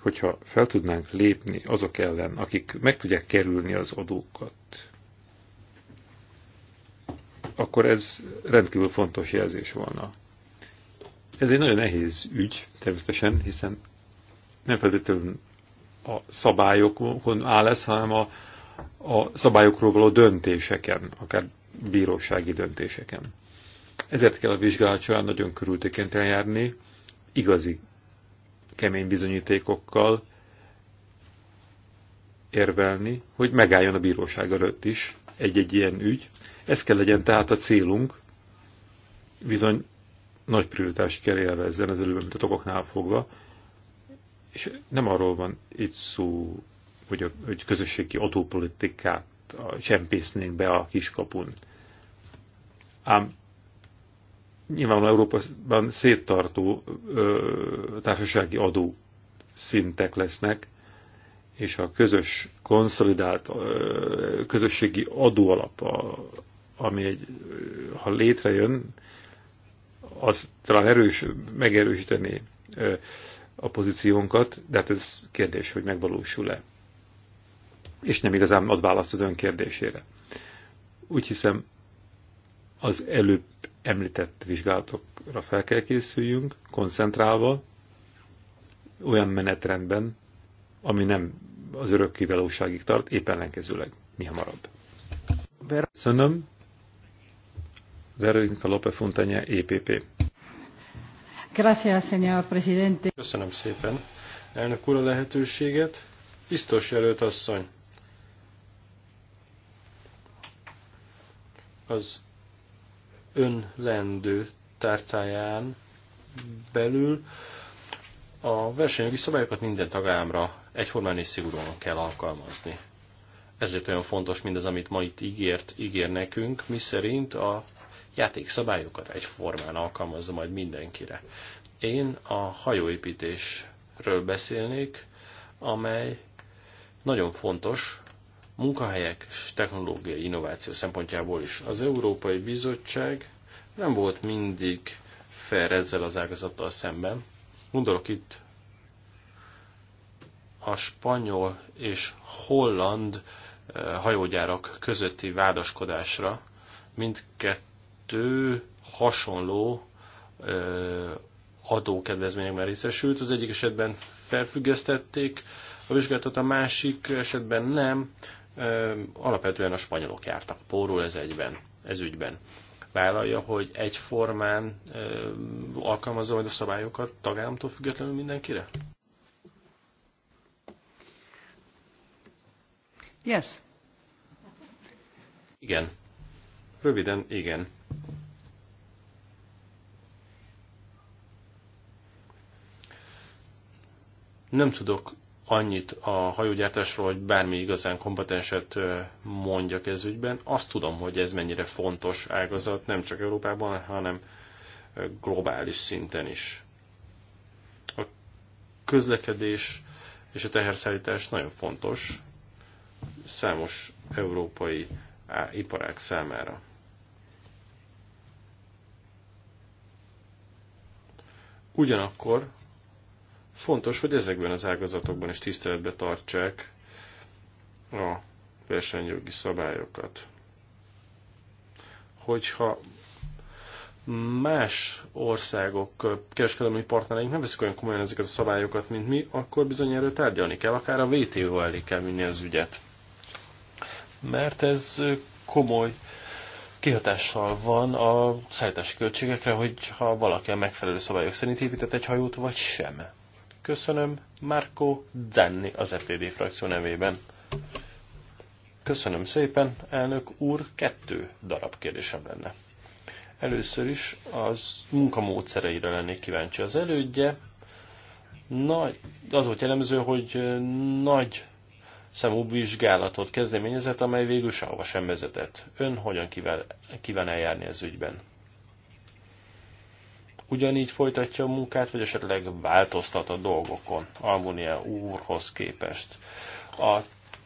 Hogyha fel tudnánk lépni azok ellen, akik meg tudják kerülni az adókat, akkor ez rendkívül fontos jelzés volna. Ez egy nagyon nehéz ügy, természetesen, hiszen nem feltétlenül a szabályokon áll ez, hanem a, a szabályokról való döntéseken, akár bírósági döntéseken. Ezért kell a vizsgálat során nagyon körültekint eljárni, igazi kemény bizonyítékokkal érvelni, hogy megálljon a bíróság előtt is egy-egy ilyen ügy. Ez kell legyen tehát a célunk, bizony nagy prioritást kell élvezzen az előbb, mint a tokoknál fogva, és nem arról van itt szó, hogy a hogy közösségi adópolitikát csempésznénk be a kiskapun. Ám nyilvánvalóan Európában széttartó ö, társasági adó szintek lesznek, és a közös konszolidált ö, közösségi adóalap, a, ami egy, ha létrejön, az talán erős, megerősíteni ö, a pozíciónkat, de hát ez kérdés, hogy megvalósul-e és nem igazán ad választ az ön kérdésére. Úgy hiszem, az előbb említett vizsgálatokra fel kell készüljünk, koncentrálva, olyan menetrendben, ami nem az örökkivalóságig tart, épp ellenkezőleg, mi hamarabb. Köszönöm. a Lope Fontanya, EPP. Gracias, señor presidente. Köszönöm szépen. Elnök úr a lehetőséget. Biztos jelölt asszony. az önlendő tárcáján belül a versenyjogi szabályokat minden tagállamra egyformán és szigorúan kell alkalmazni. Ezért olyan fontos mindaz, amit ma itt ígért, ígér nekünk, mi szerint a játékszabályokat egyformán alkalmazza majd mindenkire. Én a hajóépítésről beszélnék, amely nagyon fontos munkahelyek és technológiai innováció szempontjából is. Az Európai Bizottság nem volt mindig fair ezzel az ágazattal szemben. Gondolok itt a spanyol és holland eh, hajógyárak közötti vádaskodásra. Mindkettő hasonló eh, adókedvezményekben részesült. Az egyik esetben felfüggesztették a vizsgálatot, a másik esetben nem alapvetően a spanyolok jártak pórul ez egyben, ez ügyben. Vállalja, hogy egyformán alkalmazza majd a szabályokat tagállamtól függetlenül mindenkire? Yes. Igen. Röviden, igen. Nem tudok annyit a hajógyártásról, hogy bármi igazán kompetenset mondjak ez ügyben. Azt tudom, hogy ez mennyire fontos ágazat, nem csak Európában, hanem globális szinten is. A közlekedés és a teherszállítás nagyon fontos számos európai iparák számára. Ugyanakkor Fontos, hogy ezekben az ágazatokban is tiszteletbe tartsák a versenyjogi szabályokat. Hogyha más országok kereskedelmi partnereink nem veszik olyan komolyan ezeket a szabályokat, mint mi, akkor bizony erről tárgyalni kell, akár a WTO elé kell vinni az ügyet. Mert ez komoly kihatással van a szállítási költségekre, hogyha valaki a megfelelő szabályok szerint épített egy hajót, vagy sem. Köszönöm Marco Zanni az FTD frakció nevében. Köszönöm szépen, elnök úr, kettő darab kérdésem lenne. Először is az munkamódszereire lennék kíváncsi. Az elődje nagy, az volt jellemző, hogy nagy szemú vizsgálatot kezdeményezett, amely végül sehova sem vezetett. Ön hogyan kíván, kíván eljárni ez ügyben? ugyanígy folytatja a munkát, vagy esetleg változtat a dolgokon Almunia úrhoz képest. A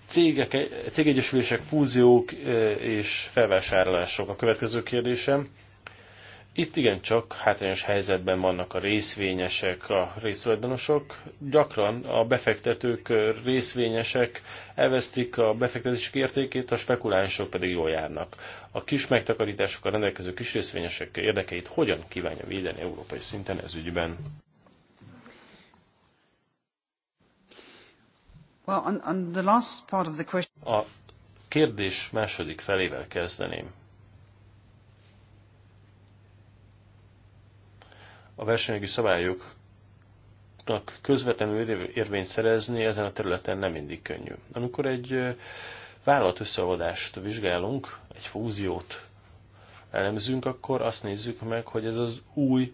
cégek, cégegyesülések, fúziók eh, és felvásárlások a következő kérdésem. Itt igencsak hátrányos helyzetben vannak a részvényesek, a részvényesek. Gyakran a befektetők, részvényesek elvesztik a befektetési értékét, a spekulánsok pedig jól járnak. A kis megtakarításokkal rendelkező kis részvényesek érdekeit hogyan kívánja védeni európai szinten ez ügyben? A kérdés második felével kezdeném. a versenyjogi szabályoknak közvetlenül érvényt szerezni ezen a területen nem mindig könnyű. Amikor egy vállalat összeolvadást vizsgálunk, egy fúziót elemzünk, akkor azt nézzük meg, hogy ez az új,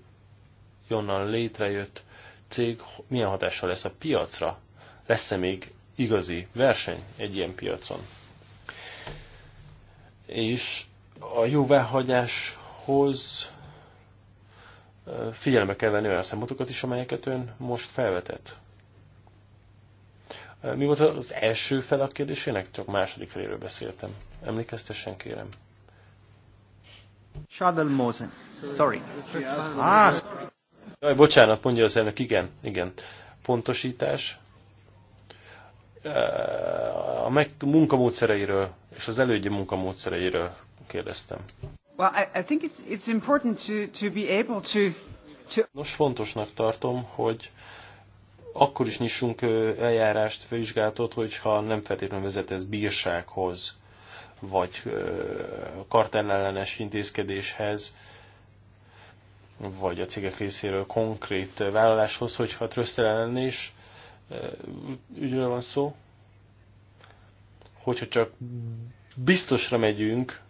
jonnan létrejött cég milyen hatással lesz a piacra. Lesz-e még igazi verseny egy ilyen piacon? És a jóváhagyáshoz figyelembe kell venni olyan szempontokat is, amelyeket ön most felvetett. Mi volt az első fel a kérdésének? Csak második feléről beszéltem. Emlékeztessen, kérem. Shadal Mosen. Sorry. Ah. Jaj, bocsánat, mondja az elnök, igen, igen. Pontosítás. A meg munkamódszereiről és az elődje munkamódszereiről kérdeztem. Nos, fontosnak tartom, hogy akkor is nyissunk eljárást, vizsgálatot, hogyha nem feltétlenül vezet ez bírsághoz, vagy kartellellenes intézkedéshez, vagy a cégek részéről konkrét vállaláshoz, hogyha trösztelenés ügyről van szó, hogyha csak biztosra megyünk,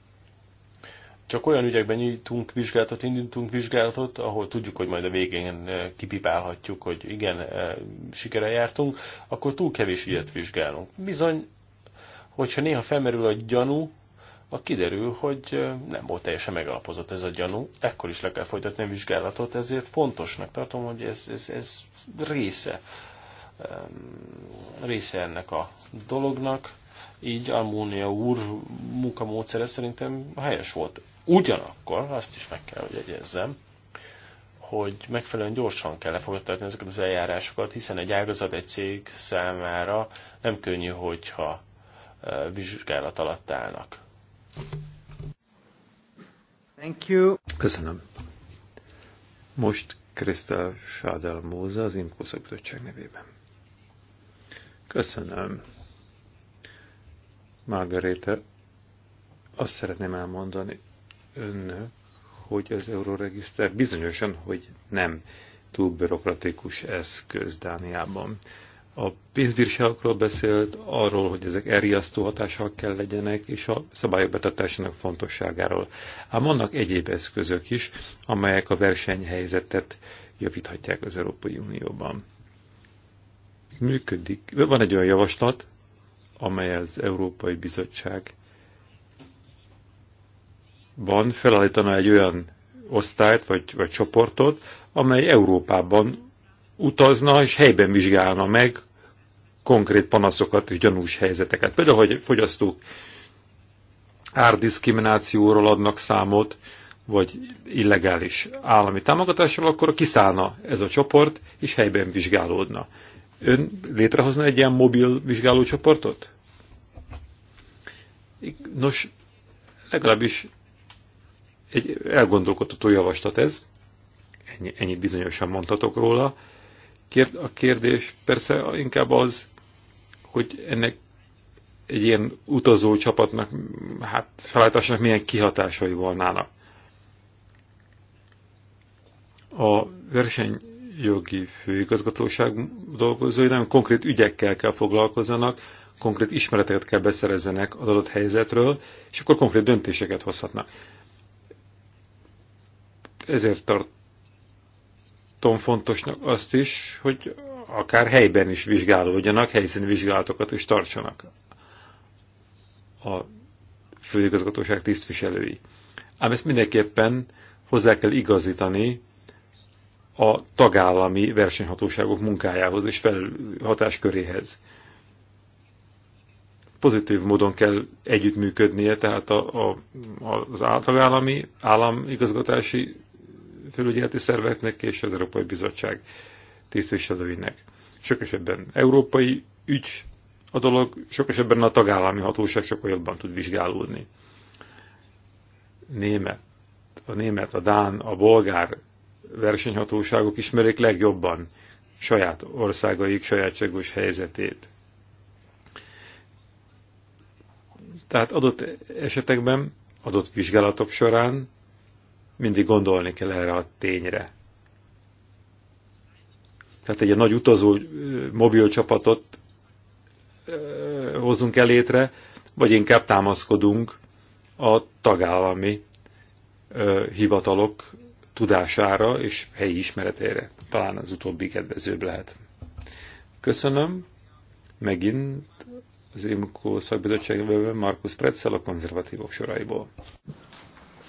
csak olyan ügyekben nyitunk vizsgálatot, indítunk vizsgálatot, ahol tudjuk, hogy majd a végén eh, kipipálhatjuk, hogy igen, eh, sikere jártunk, akkor túl kevés ügyet vizsgálunk. Bizony, hogyha néha felmerül a gyanú, a kiderül, hogy eh, nem volt teljesen megalapozott ez a gyanú, ekkor is le kell folytatni a vizsgálatot, ezért fontosnak tartom, hogy ez, ez, ez része, része ennek a dolognak. Így Almónia úr munkamódszere szerintem helyes volt. Ugyanakkor azt is meg kell, hogy egyezzem, hogy megfelelően gyorsan kell lefogadtatni ezeket az eljárásokat, hiszen egy ágazat, egy cég számára nem könnyű, hogyha vizsgálat alatt állnak. Thank you. Köszönöm. Most Krista Sádel Móza az IMCO szakbizottság nevében. Köszönöm. Margaréta, azt szeretném elmondani, önnek, hogy az Euroregiszter bizonyosan, hogy nem túl bürokratikus eszköz Dániában. A pénzbírságokról beszélt, arról, hogy ezek elriasztó hatással kell legyenek, és a szabályok betartásának fontosságáról. Ám vannak egyéb eszközök is, amelyek a versenyhelyzetet javíthatják az Európai Unióban. Működik. Van egy olyan javaslat, amely az Európai Bizottság Európában felállítana egy olyan osztályt vagy, vagy csoportot, amely Európában utazna és helyben vizsgálna meg konkrét panaszokat és gyanús helyzeteket. Például, hogy fogyasztók árdiszkriminációról adnak számot, vagy illegális állami támogatásról, akkor kiszállna ez a csoport, és helyben vizsgálódna. Ön létrehozna egy ilyen mobil vizsgálócsoportot? Nos, legalábbis egy elgondolkodható javaslat ez, ennyi, ennyit bizonyosan mondhatok róla. A kérdés persze inkább az, hogy ennek egy ilyen utazó csapatnak, hát felállításnak milyen kihatásai volnának. A versenyjogi főigazgatóság dolgozói nagyon konkrét ügyekkel kell foglalkozzanak, konkrét ismereteket kell beszerezzenek az adott helyzetről, és akkor konkrét döntéseket hozhatnak ezért tartom fontosnak azt is, hogy akár helyben is vizsgálódjanak, helyszíni vizsgálatokat is tartsanak a főigazgatóság tisztviselői. Ám ezt mindenképpen hozzá kell igazítani a tagállami versenyhatóságok munkájához és felhatásköréhez hatásköréhez. Pozitív módon kell együttműködnie, tehát a, a, az általállami államigazgatási felügyeleti szerveknek és az Európai Bizottság tisztviselőinek. Sok esetben európai ügy a dolog, sok esetben a tagállami hatóság sokkal jobban tud vizsgálódni. Német, a német, a dán, a bolgár versenyhatóságok ismerik legjobban saját országaik sajátságos helyzetét. Tehát adott esetekben, adott vizsgálatok során mindig gondolni kell erre a tényre. Tehát egy nagy utazó mobil csapatot hozunk elétre, vagy inkább támaszkodunk a tagállami hivatalok tudására és helyi ismeretére. Talán az utóbbi kedvezőbb lehet. Köszönöm. Megint az IMCO szakbizottságban Markus Pretzel a konzervatívok soraiból.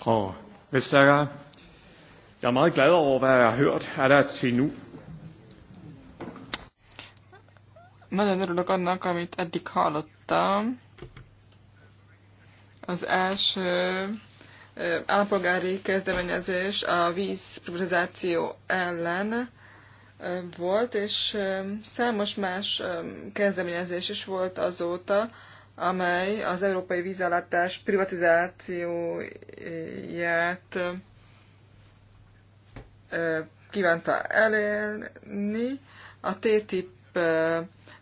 Oh. Hvis jeg er, jeg er meget glad over, hvad jeg har hørt er der til nu. Nagyon örülök annak, amit eddig hallottam. Az első állampolgári kezdeményezés a vízprivatizáció ellen volt, és számos más kezdeményezés is volt azóta, amely az európai vízellátás privatizációját kívánta elérni. A TTIP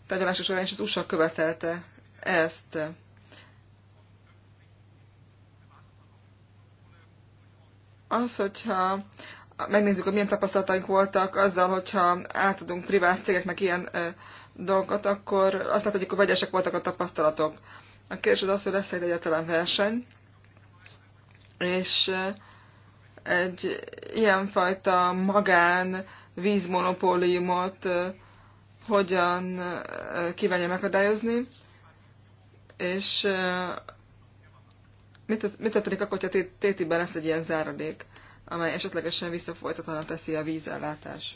tárgyalása során is az USA követelte ezt. Az, hogyha megnézzük, hogy milyen tapasztalataink voltak azzal, hogyha átadunk privát cégeknek ilyen dolgot, akkor azt látod, hogy vegyesek voltak a tapasztalatok. A kérdés az az, hogy lesz egy egyetlen verseny, és egy ilyenfajta magán vízmonopóliumot hogyan kívánja megadályozni, és mit, mit történik akkor, hogyha tétiben lesz egy ilyen záradék, amely esetlegesen visszafolytatlan teszi a vízellátás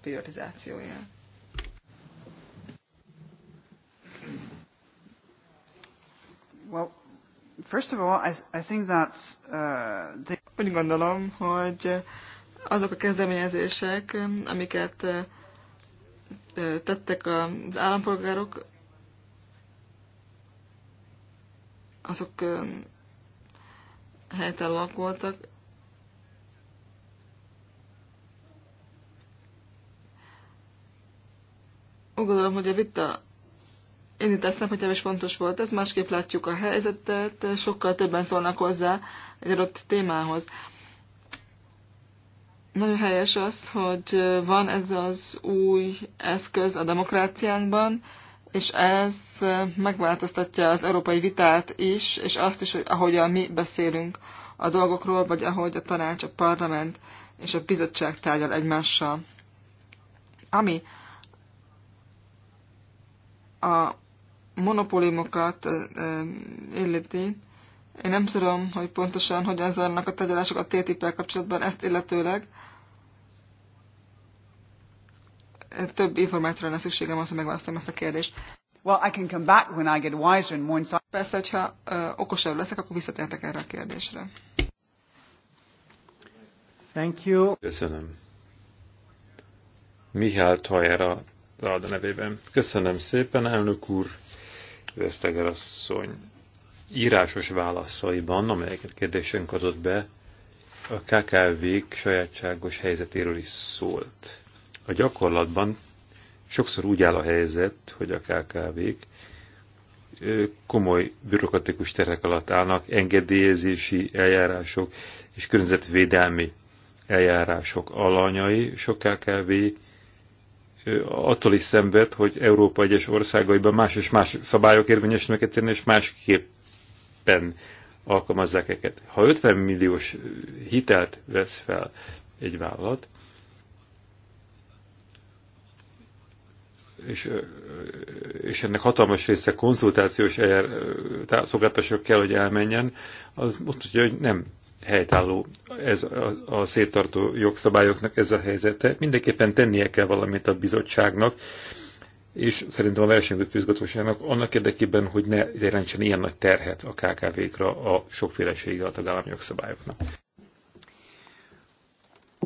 prioritizációját. Úgy gondolom, hogy azok a kezdeményezések, amiket tettek az állampolgárok, azok helytállóak voltak. Úgy gondolom, hogy a vita én itt azt hogy is fontos volt ez, másképp látjuk a helyzetet, sokkal többen szólnak hozzá egy adott témához. Nagyon helyes az, hogy van ez az új eszköz a demokráciánkban, és ez megváltoztatja az európai vitát is, és azt is, hogy ahogyan mi beszélünk a dolgokról, vagy ahogy a tanács, a parlament és a bizottság tárgyal egymással. Ami a monopóliumokat illeti, én nem tudom, hogy pontosan hogyan zajlanak a tegyelások a ttip kapcsolatban ezt illetőleg. Több információra lesz szükségem, azt megválasztom ezt a kérdést. Well, I can come back when I get wiser and more Persze, hogyha uh, okosabb leszek, akkor visszatértek erre a kérdésre. Thank you. Köszönöm. Mihály Tajera Ráda nevében. Köszönöm szépen, elnök úr. Veszteger asszony írásos válaszaiban, amelyeket kérdésenk adott be, a kkv sajátságos helyzetéről is szólt. A gyakorlatban sokszor úgy áll a helyzet, hogy a kkv komoly bürokratikus terek alatt állnak, engedélyezési eljárások és környezetvédelmi eljárások alanyai, sok KKV attól is szenved, hogy Európa egyes országaiban más és más szabályok érvényesülnek érni, és másképpen alkalmazzák eket. Ha 50 milliós hitelt vesz fel egy vállalat, és, és ennek hatalmas része konzultációs szolgáltatások kell, hogy elmenjen, az mondhatja, hogy nem helytálló ez a, a széttartó jogszabályoknak ez a helyzete. Mindenképpen tennie kell valamit a bizottságnak, és szerintem a versenyzőfőzgatóságnak annak érdekében, hogy ne jelentsen ilyen nagy terhet a KKV-kra a sokfélesége a tagállami jogszabályoknak.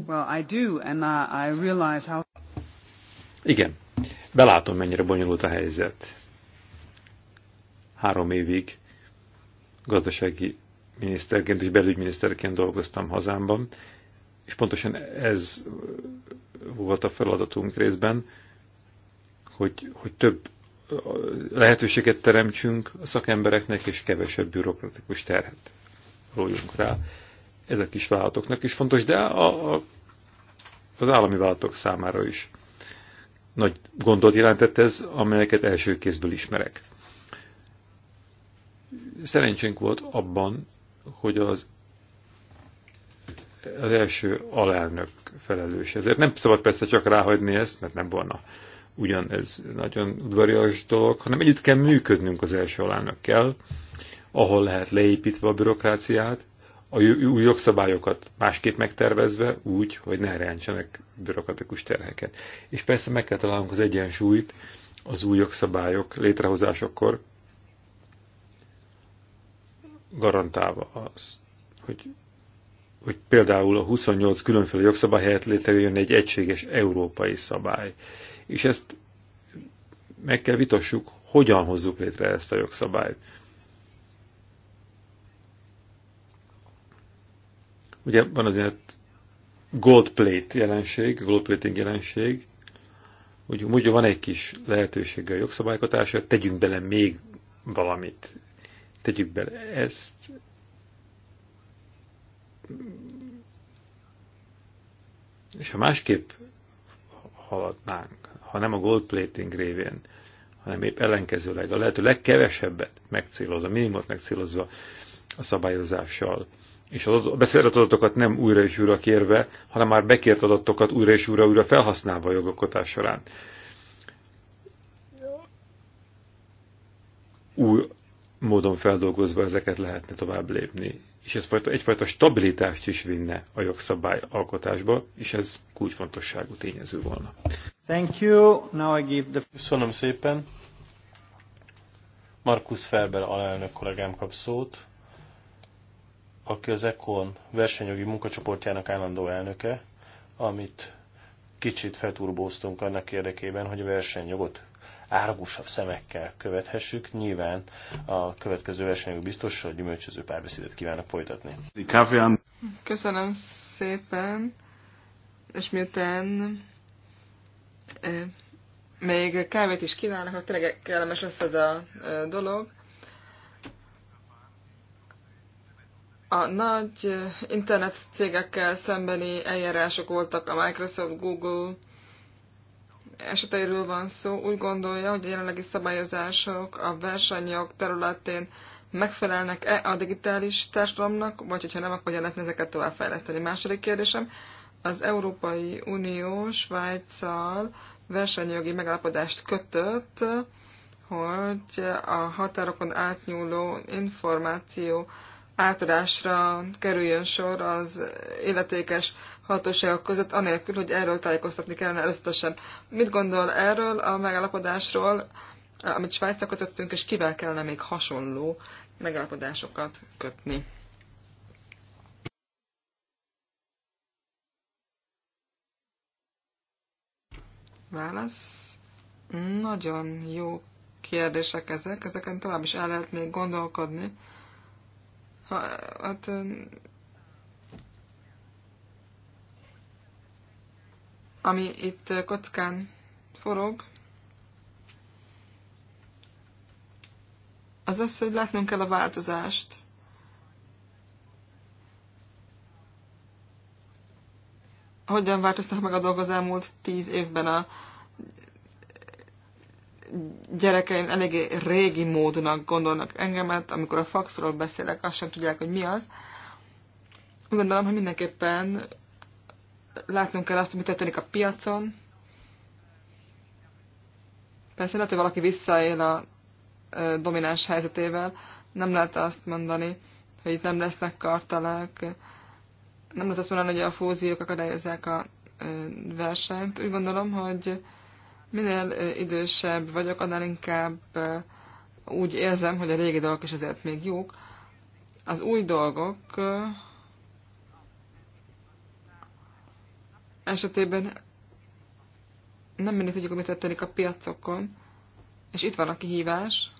Well, I do, and I realize how... Igen, belátom, mennyire bonyolult a helyzet. Három évig gazdasági miniszterként és belügyminiszterként dolgoztam hazámban, és pontosan ez volt a feladatunk részben, hogy, hogy több lehetőséget teremtsünk a szakembereknek, és kevesebb bürokratikus terhet rójunk rá. Ez a kis vállalatoknak is fontos, de a, a, az állami vállalatok számára is nagy gondot jelentett ez, amelyeket első kézből ismerek. Szerencsénk volt abban, hogy az, az első alelnök felelős. Ezért nem szabad persze csak ráhagyni ezt, mert nem volna ugyanez nagyon udvarias dolog, hanem együtt kell működnünk az első alelnökkel, ahol lehet leépítve a bürokráciát, a új jogszabályokat másképp megtervezve úgy, hogy ne rendsenek bürokratikus terheket. És persze meg kell találnunk az egyensúlyt az új jogszabályok létrehozásakor garantálva az, hogy, hogy például a 28 különféle jogszabály helyett létrejön egy egységes európai szabály. És ezt meg kell vitassuk, hogyan hozzuk létre ezt a jogszabályt. Ugye van azért gold plate jelenség, gold plating jelenség, hogy mondjuk van egy kis lehetősége a jogszabálykotásra, tegyünk bele még valamit, tegyük bele ezt, és ha másképp haladnánk, ha nem a gold plating révén, hanem épp ellenkezőleg a lehető legkevesebbet megcélozva, minimumot megcélozva a szabályozással, és az a beszerzett adatokat nem újra és újra kérve, hanem már bekért adatokat újra és újra, újra felhasználva a jogokotás során. Új módon feldolgozva ezeket lehetne tovább lépni. És ez egyfajta stabilitást is vinne a jogszabály alkotásba, és ez kulcsfontosságú tényező volna. Thank you. Now I give the... Köszönöm szépen. Markus Ferber alelnök kollégám kap szót, aki az ECON versenyjogi munkacsoportjának állandó elnöke, amit kicsit felturbóztunk annak érdekében, hogy a versenyjogot árgusabb szemekkel követhessük. Nyilván a következő versenyünk biztos, hogy gyümölcsöző párbeszédet kívánok folytatni. Köszönöm szépen, és miután még kávét is kínálnak, hogy tényleg kellemes lesz ez a dolog. A nagy internet cégekkel szembeni eljárások voltak a Microsoft, Google, eseteiről van szó, úgy gondolja, hogy a jelenlegi szabályozások a versenyjog területén megfelelnek-e a digitális társadalomnak, vagy hogyha nem, akkor lehetne ezeket továbbfejleszteni. Második kérdésem, az Európai Unió Svájccal versenyjogi megállapodást kötött, hogy a határokon átnyúló információ átadásra kerüljön sor az illetékes hatóságok között, anélkül, hogy erről tájékoztatni kellene előzetesen. Mit gondol erről a megállapodásról, amit Svájcra kötöttünk, és kivel kellene még hasonló megállapodásokat kötni? Válasz. Nagyon jó kérdések ezek, ezeken tovább is el lehet még gondolkodni. Ha, hát ami itt kockán forog, az az, hogy látnunk kell a változást. Hogyan változtak meg a dolgok az elmúlt tíz évben a gyerekeim eléggé régi módnak gondolnak engemet, amikor a faxról beszélek, azt sem tudják, hogy mi az. Úgy gondolom, hogy mindenképpen látnunk kell azt, hogy mi történik a piacon. Persze lehet, hogy valaki visszaél a domináns helyzetével. Nem lehet azt mondani, hogy itt nem lesznek kartalák. Nem lehet azt mondani, hogy a fúziók akadályozzák a versenyt. Úgy gondolom, hogy minél idősebb vagyok, annál inkább úgy érzem, hogy a régi dolgok is azért még jók. Az új dolgok esetében nem mindig tudjuk, mit történik a piacokon, és itt van a kihívás.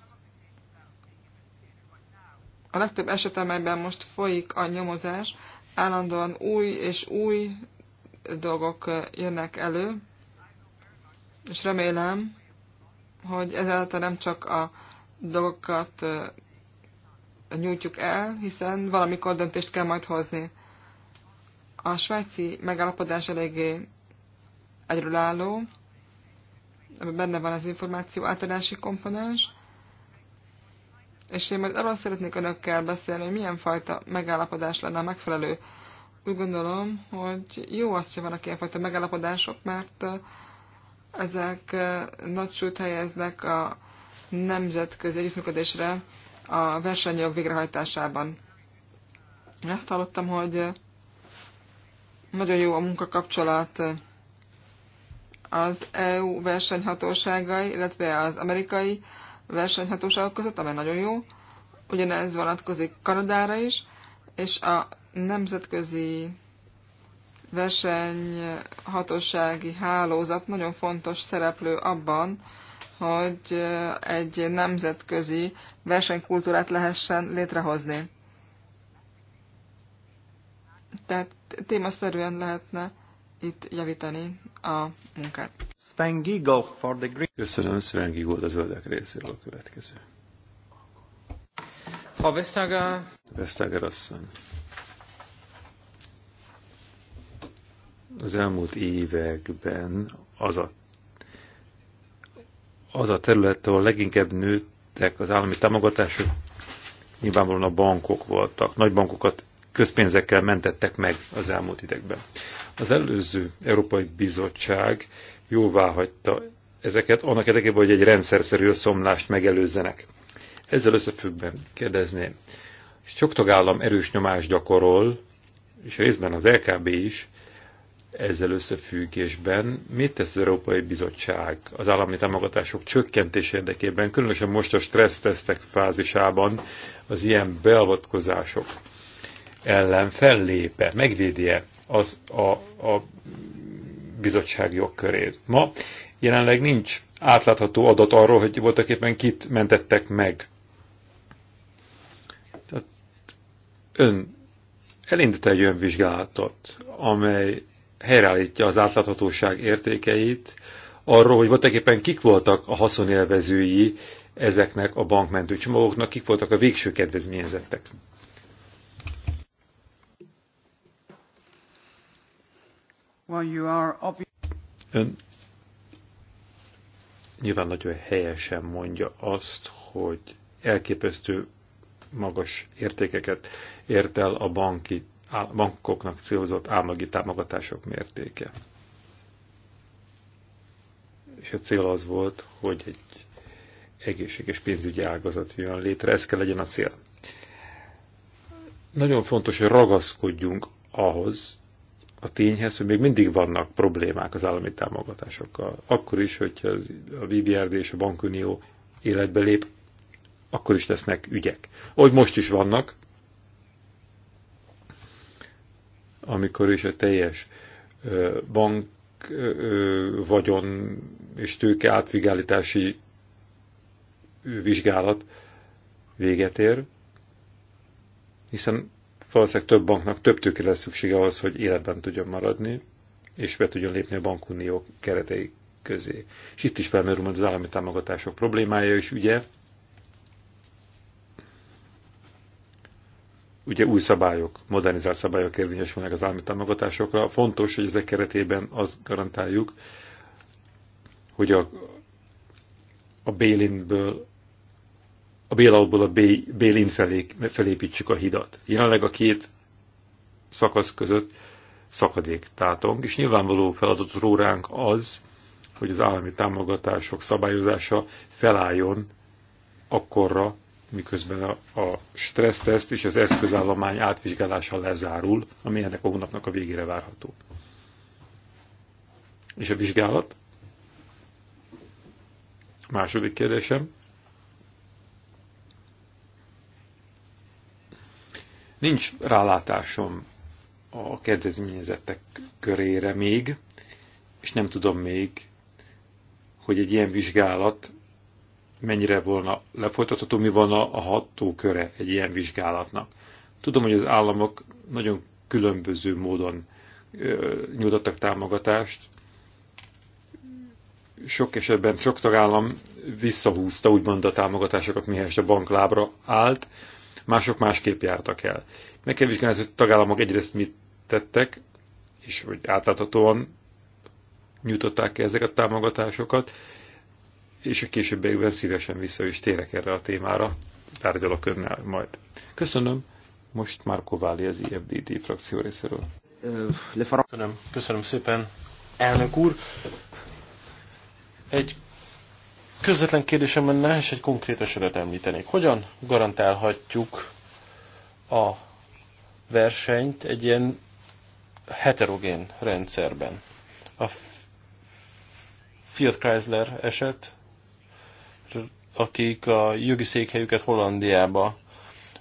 A legtöbb eset, amelyben most folyik a nyomozás, állandóan új és új dolgok jönnek elő, és remélem, hogy ezáltal nem csak a dolgokat nyújtjuk el, hiszen valamikor döntést kell majd hozni. A svájci megállapodás eléggé egyrülálló, benne van az információ átadási komponens, és én majd arról szeretnék önökkel beszélni, hogy milyen fajta megállapodás lenne a megfelelő. Úgy gondolom, hogy jó az, hogy vannak ilyenfajta megállapodások, mert uh, ezek uh, nagy súlyt helyeznek a nemzetközi együttműködésre a versenyjog végrehajtásában. Én azt hallottam, hogy uh, nagyon jó a munkakapcsolat az EU versenyhatóságai, illetve az amerikai versenyhatóságok között, amely nagyon jó. Ugyanez vonatkozik Kanadára is, és a nemzetközi versenyhatósági hálózat nagyon fontos szereplő abban, hogy egy nemzetközi versenykultúrát lehessen létrehozni. Tehát témaszerűen lehetne itt javítani a munkát. Sven Giegel for the Green. Köszönöm Sven Giegel a zöldek részéről a következő. A Vestager. Vestager asszony. Az elmúlt években az a, az a terület, ahol leginkább nőttek az állami támogatások, nyilvánvalóan a bankok voltak. Nagy bankokat közpénzekkel mentettek meg az elmúlt idegben. Az előző Európai Bizottság jóvá hagyta ezeket, annak érdekében, hogy egy rendszerszerű szomlást megelőzzenek. Ezzel összefüggben kérdezném, sok tagállam erős nyomást gyakorol, és részben az LKB is, ezzel összefüggésben mit tesz az Európai Bizottság az állami támogatások csökkentés érdekében, különösen most a stressztesztek fázisában az ilyen beavatkozások ellen fellépe, megvédje az, a, a bizottság jogkörét. Ma jelenleg nincs átlátható adat arról, hogy voltak éppen kit mentettek meg. Tehát ön elindít egy olyan vizsgálatot, amely helyreállítja az átláthatóság értékeit, arról, hogy voltak éppen kik voltak a haszonélvezői ezeknek a bankmentő csomagoknak, kik voltak a végső kedvezményezettek. Ön nyilván nagyon helyesen mondja azt, hogy elképesztő magas értékeket ért el a banki, bankoknak célzott állami támogatások mértéke. És a cél az volt, hogy egy egészséges pénzügyi ágazat jön létre, ez kell legyen a cél. Nagyon fontos, hogy ragaszkodjunk ahhoz, a tényhez, hogy még mindig vannak problémák az állami támogatásokkal. Akkor is, hogyha az, a VBRD és a Bankunió életbe lép, akkor is lesznek ügyek. Ahogy most is vannak, amikor is a teljes bank vagyon és tőke átvigálítási vizsgálat véget ér, hiszen valószínűleg több banknak több tőke lesz szüksége ahhoz, hogy életben tudjon maradni, és be tudjon lépni a bankunió keretei közé. És itt is felmerül az állami támogatások problémája is, ugye? Ugye új szabályok, modernizált szabályok érvényesülnek az állami támogatásokra. Fontos, hogy ezek keretében azt garantáljuk, hogy a, a bélinből a Bélautból a Bélin felé felépítsük a hidat. Jelenleg a két szakasz között szakadék tátong, és nyilvánvaló feladat róránk az, hogy az állami támogatások szabályozása felálljon akkorra, miközben a, a stresszteszt és az eszközállomány átvizsgálása lezárul, ami ennek a hónapnak a végére várható. És a vizsgálat? Második kérdésem. Nincs rálátásom a kedvezményezettek körére még, és nem tudom még, hogy egy ilyen vizsgálat mennyire volna lefolytatható, mi volna a hatóköre egy ilyen vizsgálatnak. Tudom, hogy az államok nagyon különböző módon nyújtottak támogatást. Sok esetben sok tagállam visszahúzta úgymond a támogatásokat, mihez a bank lábra állt, mások másképp jártak el. Meg kell vizsgálni, hogy tagállamok egyrészt mit tettek, és hogy átláthatóan nyújtották ki ezeket a támogatásokat, és a későbbiekben szívesen vissza is térek erre a témára, tárgyalok önnel majd. Köszönöm, most Márko Váli az IFDD frakció részéről. Köszönöm, köszönöm szépen, elnök úr. Egy Közvetlen kérdésem lenne, és egy konkrét esetet említenék. Hogyan garantálhatjuk a versenyt egy ilyen heterogén rendszerben? A Fiat Chrysler eset, akik a jogi székhelyüket Hollandiába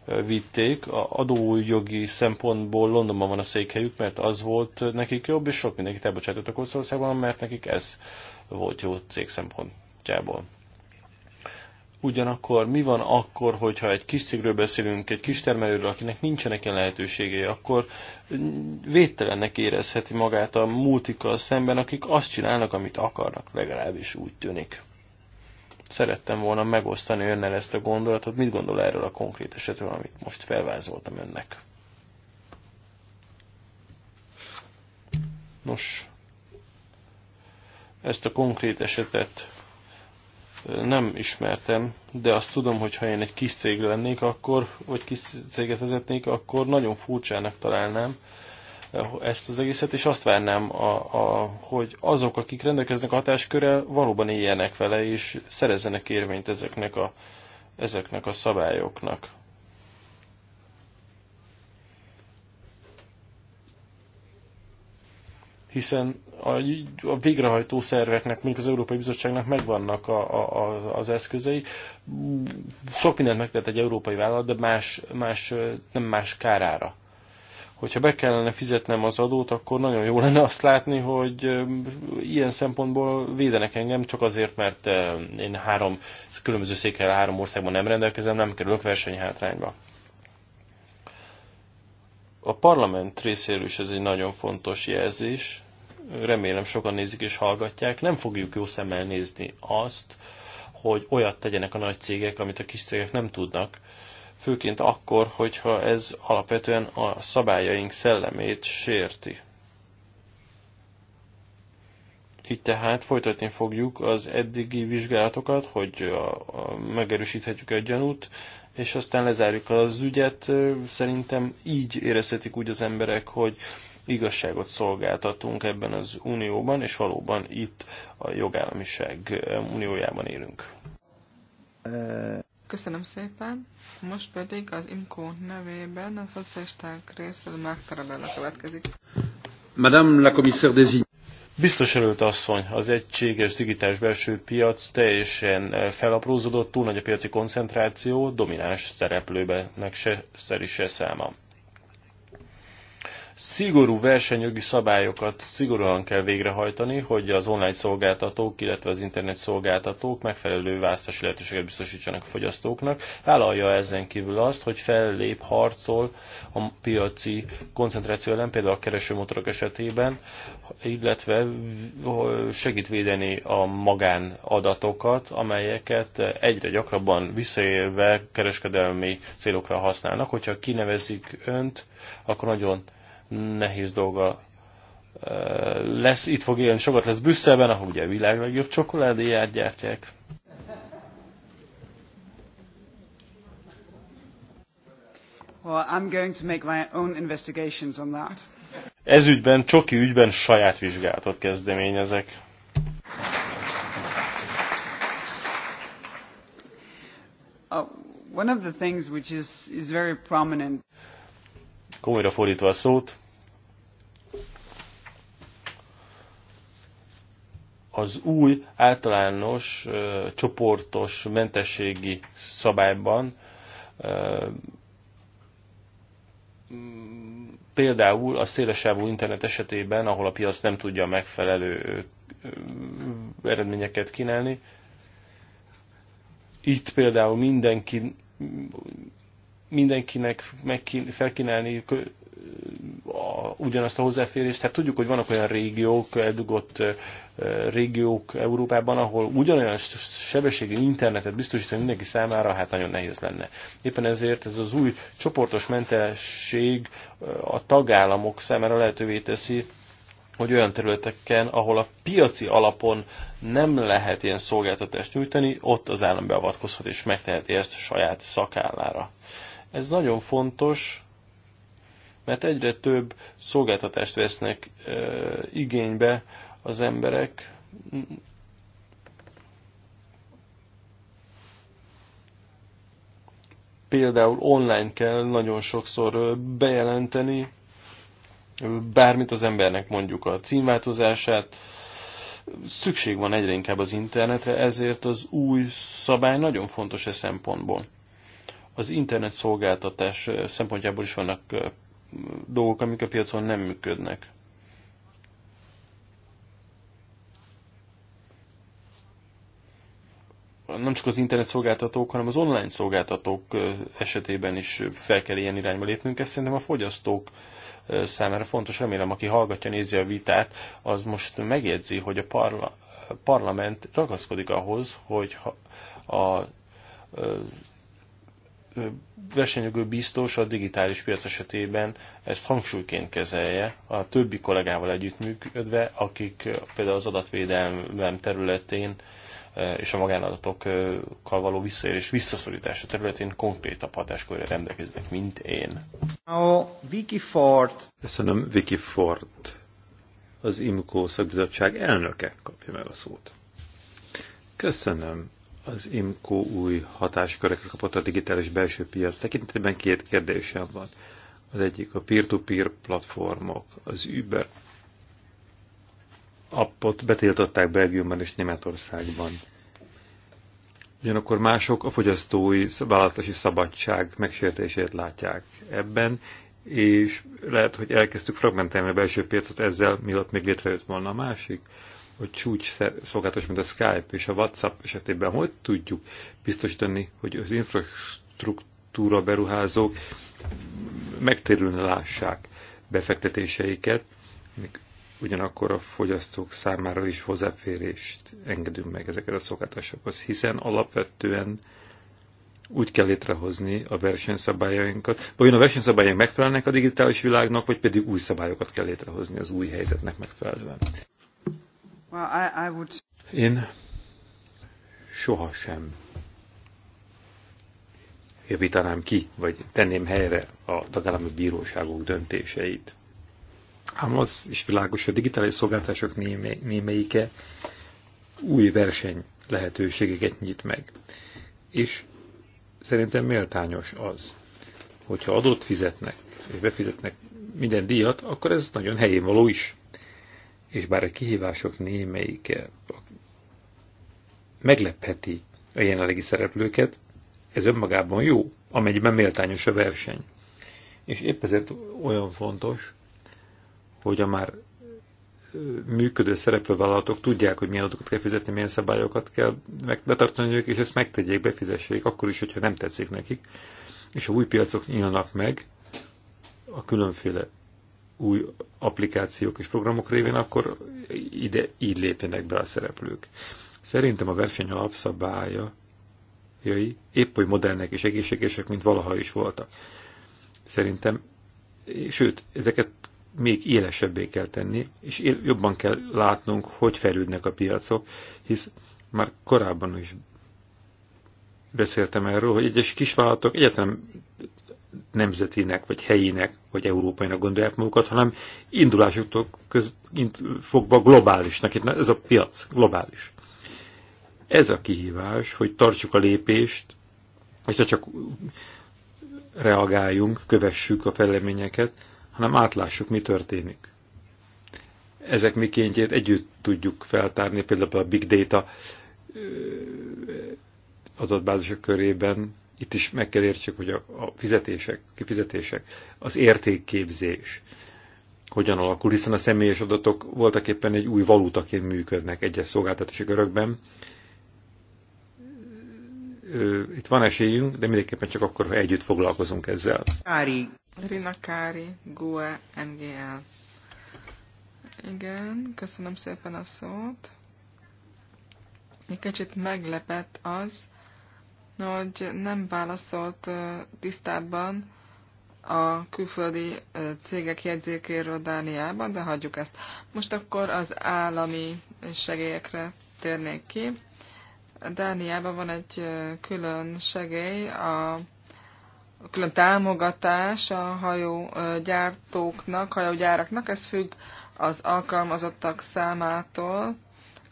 vitték. A adójogi szempontból Londonban van a székhelyük, mert az volt nekik jobb, és sok mindenkit elbocsátottak Olaszországban, mert nekik ez volt jó cég szempont szempontjából. Ugyanakkor mi van akkor, hogyha egy kis cégről beszélünk, egy kis termelőről, akinek nincsenek ilyen lehetőségei, akkor védtelennek érezheti magát a multikkal szemben, akik azt csinálnak, amit akarnak, legalábbis úgy tűnik. Szerettem volna megosztani önnel ezt a gondolatot, mit gondol erről a konkrét esetről, amit most felvázoltam önnek. Nos, ezt a konkrét esetet nem ismertem, de azt tudom, hogy ha én egy kis cég lennék, akkor, vagy kis céget vezetnék, akkor nagyon furcsának találnám eh, ezt az egészet, és azt várnám, a, a, hogy azok, akik rendelkeznek a hatáskörrel, valóban éljenek vele, és szerezzenek érvényt ezeknek a, ezeknek a szabályoknak. hiszen a, a végrehajtó szerveknek, mondjuk az Európai Bizottságnak megvannak a, a, az eszközei. Sok mindent megtett egy európai vállalat, de más, más, nem más kárára. Hogyha be kellene fizetnem az adót, akkor nagyon jó lenne azt látni, hogy um, ilyen szempontból védenek engem, csak azért, mert um, én három különböző székhelyre három országban nem rendelkezem, nem kerülök versenyhátrányba a parlament részéről is ez egy nagyon fontos jelzés remélem sokan nézik és hallgatják, nem fogjuk jó szemmel nézni azt, hogy olyat tegyenek a nagy cégek, amit a kis cégek nem tudnak, főként akkor, hogyha ez alapvetően a szabályaink szellemét sérti. Így tehát folytatni fogjuk az eddigi vizsgálatokat, hogy megerősíthetjük egy gyanút, és aztán lezárjuk az ügyet. Szerintem így érezhetik úgy az emberek, hogy igazságot szolgáltatunk ebben az unióban, és valóban itt a jogállamiság eh, uniójában élünk. Köszönöm szépen. Most pedig az IMCO nevében a szocialisták részéről Mark Tarabella következik. Madame la commissaire des Biztos előtt asszony, az egységes digitális belső piac teljesen eh, felaprózódott, túl nagy a piaci koncentráció, domináns szereplőbenek se, szeri se száma. Szigorú versenyjogi szabályokat szigorúan kell végrehajtani, hogy az online szolgáltatók, illetve az internet szolgáltatók megfelelő választási lehetőséget biztosítsanak a fogyasztóknak. Vállalja ezen kívül azt, hogy fellép, harcol a piaci koncentráció ellen, például a keresőmotorok esetében, illetve segít védeni a magánadatokat, amelyeket egyre gyakrabban visszaélve kereskedelmi célokra használnak. Hogyha kinevezik önt, akkor nagyon nehéz dolga lesz, itt fog élni, sokat lesz Brüsszelben, ahol ugye a világ legjobb csokoládéját gyártják. Well, I'm going to make my own investigations on that. Ez ügyben, csoki ügyben saját vizsgálatot kezdeményezek. Uh, one of the things which is, is very prominent. Komolyra fordítva a szót, az új általános csoportos mentességi szabályban például a szélesávú internet esetében, ahol a piac nem tudja megfelelő eredményeket kínálni, itt például mindenki mindenkinek megkín, felkínálni a, ugyanazt a hozzáférést. Tehát tudjuk, hogy vannak olyan régiók, eldugott régiók Európában, ahol ugyanolyan sebességű internetet biztosítani mindenki számára, hát nagyon nehéz lenne. Éppen ezért ez az új csoportos mentesség a tagállamok számára lehetővé teszi, hogy olyan területeken, ahol a piaci alapon nem lehet ilyen szolgáltatást nyújtani, ott az állam beavatkozhat és megteheti ezt a saját szakállára. Ez nagyon fontos, mert egyre több szolgáltatást vesznek igénybe az emberek. Például online kell nagyon sokszor bejelenteni bármit az embernek, mondjuk a címváltozását, szükség van egyre inkább az internetre, ezért az új szabály nagyon fontos e szempontból az internet szolgáltatás szempontjából is vannak dolgok, amik a piacon nem működnek. nem csak az internet szolgáltatók, hanem az online szolgáltatók esetében is fel kell ilyen irányba lépnünk. Ez szerintem a fogyasztók számára fontos. Remélem, aki hallgatja, nézi a vitát, az most megjegyzi, hogy a parla parlament ragaszkodik ahhoz, hogy a versenyjogő biztos a digitális piac esetében ezt hangsúlyként kezelje, a többi kollégával együttműködve, akik eh, például az adatvédelem területén eh, és a magánadatokkal való visszaélés visszaszorítása területén a hatáskörre rendelkeznek, mint én. A Köszönöm, Vicky Ford, az IMCO szakbizottság elnöke kapja meg a szót. Köszönöm. Az IMCO új hatáskörekre kapott a digitális belső piac tekintetében két kérdésem van. Az egyik a peer-to-peer -peer platformok, az Uber appot betiltották Belgiumban és Németországban. Ugyanakkor mások a fogyasztói választási szabadság megsértését látják ebben, és lehet, hogy elkezdtük fragmentálni a belső piacot ezzel, mielőtt még létrejött volna a másik a csúcs szolgáltatás, mint a Skype és a WhatsApp esetében, hogy tudjuk biztosítani, hogy az infrastruktúra beruházók megtérülne lássák befektetéseiket, ugyanakkor a fogyasztók számára is hozzáférést engedünk meg ezeket a szolgáltatásokhoz, hiszen alapvetően úgy kell létrehozni a versenyszabályainkat, vagy a versenyszabályaink megfelelnek a digitális világnak, vagy pedig új szabályokat kell létrehozni az új helyzetnek megfelelően. Well, I, I would... Én sohasem javítanám ki, vagy tenném helyre a tagállami bíróságok döntéseit. Ám az is világos, hogy a digitális szolgáltások némelyike új verseny lehetőségeket nyit meg. És szerintem méltányos az, hogyha adót fizetnek, és befizetnek minden díjat, akkor ez nagyon helyén való is és bár a kihívások némelyike eh, meglepheti a jelenlegi szereplőket, ez önmagában jó, amelyben méltányos a verseny. És épp ezért olyan fontos, hogy a már működő szereplővállalatok tudják, hogy milyen adatokat kell fizetni, milyen szabályokat kell betartani ők, és ezt megtegyék, befizessék, akkor is, hogyha nem tetszik nekik. És a új piacok nyílnak meg, a különféle új applikációk és programok révén, akkor ide így lépjenek be a szereplők. Szerintem a verseny alapszabályai épp oly modernek és egészségesek, mint valaha is voltak. Szerintem, sőt, ezeket még élesebbé kell tenni, és jobban kell látnunk, hogy fejlődnek a piacok, hisz már korábban is beszéltem erről, hogy egyes kisvállalatok egyetlen nemzetének, vagy helyének, vagy európainak gondolják magukat, hanem indulásuktól köz, ind, fogva globálisnak. Itt ez a piac, globális. Ez a kihívás, hogy tartsuk a lépést, és csak reagáljunk, kövessük a fejleményeket, hanem átlássuk, mi történik. Ezek mikéntjét együtt tudjuk feltárni, például a Big Data adatbázisok körében, itt is meg kell értsük, hogy a, a fizetések, kifizetések, az értékképzés hogyan alakul, hiszen a személyes adatok voltak éppen egy új valutaként működnek egyes szolgáltatási körökben. Itt van esélyünk, de mindenképpen csak akkor, ha együtt foglalkozunk ezzel. Kári. Rina Kári, GUE, NGL. Igen, köszönöm szépen a szót. Egy kicsit meglepett az, nagy nem válaszolt tisztában a külföldi cégek jegyzékéről Dániában, de hagyjuk ezt. Most akkor az állami segélyekre térnék ki. Dániában van egy külön segély, a külön támogatás a hajógyártóknak, hajógyáraknak, ez függ az alkalmazottak számától,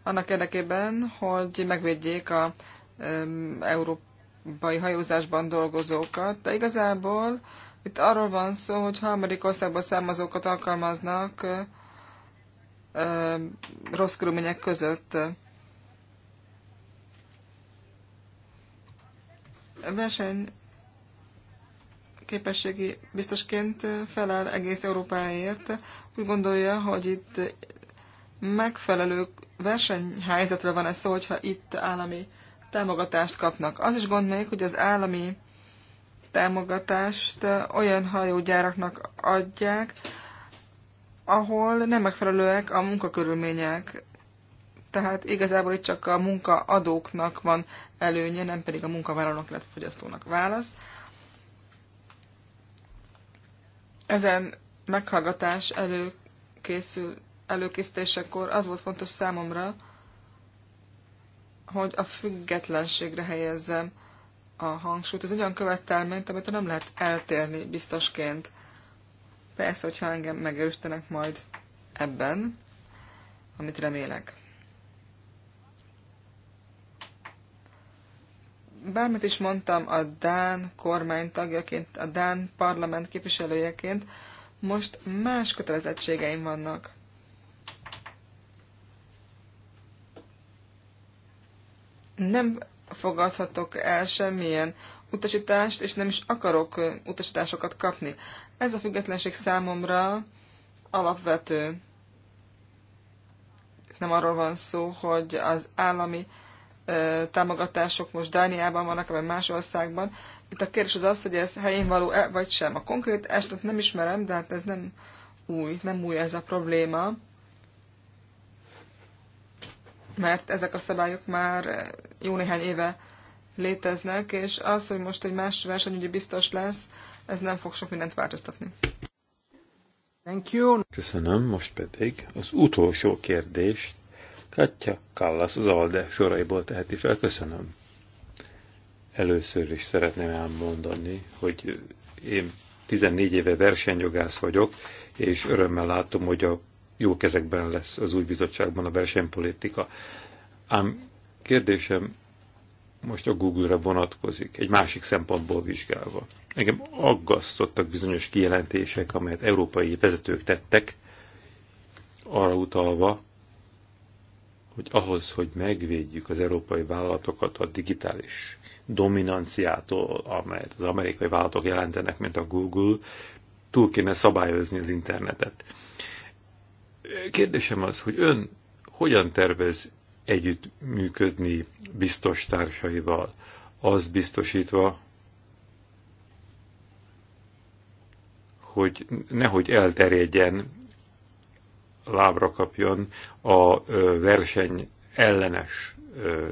annak érdekében, hogy megvédjék a Európa európai hajózásban dolgozókat, de igazából itt arról van szó, hogy harmadik országból származókat alkalmaznak rossz körülmények között. Verseny képességi biztosként felel egész Európáért. Úgy gondolja, hogy itt megfelelő versenyhelyzetre van ez szó, hogyha itt állami támogatást kapnak. Az is gond még, hogy az állami támogatást olyan hajógyáraknak adják, ahol nem megfelelőek a munkakörülmények. Tehát igazából itt csak a munkaadóknak van előnye, nem pedig a munkavállalónak, illetve fogyasztónak válasz. Ezen meghallgatás előkészül, előkészítésekor az volt fontos számomra, hogy a függetlenségre helyezzem a hangsúlyt. Ez egy olyan követelményt, amit nem lehet eltérni biztosként. Persze, hogyha engem megerősítenek majd ebben, amit remélek. Bármit is mondtam a Dán kormánytagjaként, a Dán parlament képviselőjeként, most más kötelezettségeim vannak. nem fogadhatok el semmilyen utasítást, és nem is akarok utasításokat kapni. Ez a függetlenség számomra alapvető. Nem arról van szó, hogy az állami támogatások most Dániában vannak, vagy más országban. Itt a kérdés az az, hogy ez helyén való -e, vagy sem. A konkrét esetet nem ismerem, de hát ez nem új, nem új ez a probléma mert ezek a szabályok már jó néhány éve léteznek, és az, hogy most egy más versenyügyi biztos lesz, ez nem fog sok mindent változtatni. Thank you. Köszönöm, most pedig az utolsó kérdést Katja Kallas az ALDE soraiból teheti fel. Köszönöm. Először is szeretném elmondani, hogy én 14 éve versenyjogász vagyok, és örömmel látom, hogy a jó kezekben lesz az új bizottságban a versenypolitika. Ám kérdésem most a Google-ra vonatkozik, egy másik szempontból vizsgálva. Engem aggasztottak bizonyos kijelentések, amelyet európai vezetők tettek, arra utalva, hogy ahhoz, hogy megvédjük az európai vállalatokat a digitális dominanciától, amelyet az amerikai vállalatok jelentenek, mint a Google, túl kéne szabályozni az internetet. Kérdésem az, hogy ön hogyan tervez együttműködni biztos társaival, az biztosítva, hogy nehogy elterjedjen, lábra kapjon a verseny ellenes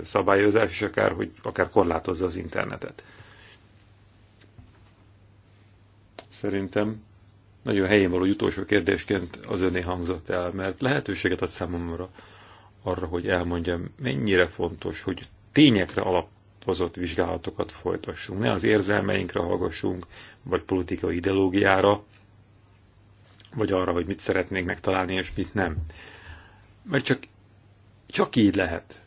szabályozás, és akár, hogy akár korlátozza az internetet. Szerintem nagyon helyén való utolsó kérdésként az öné hangzott el, mert lehetőséget ad számomra arra, hogy elmondjam, mennyire fontos, hogy tényekre alapozott vizsgálatokat folytassunk. Ne az érzelmeinkre hallgassunk, vagy politikai ideológiára, vagy arra, hogy mit szeretnénk megtalálni, és mit nem. Mert csak, csak így lehet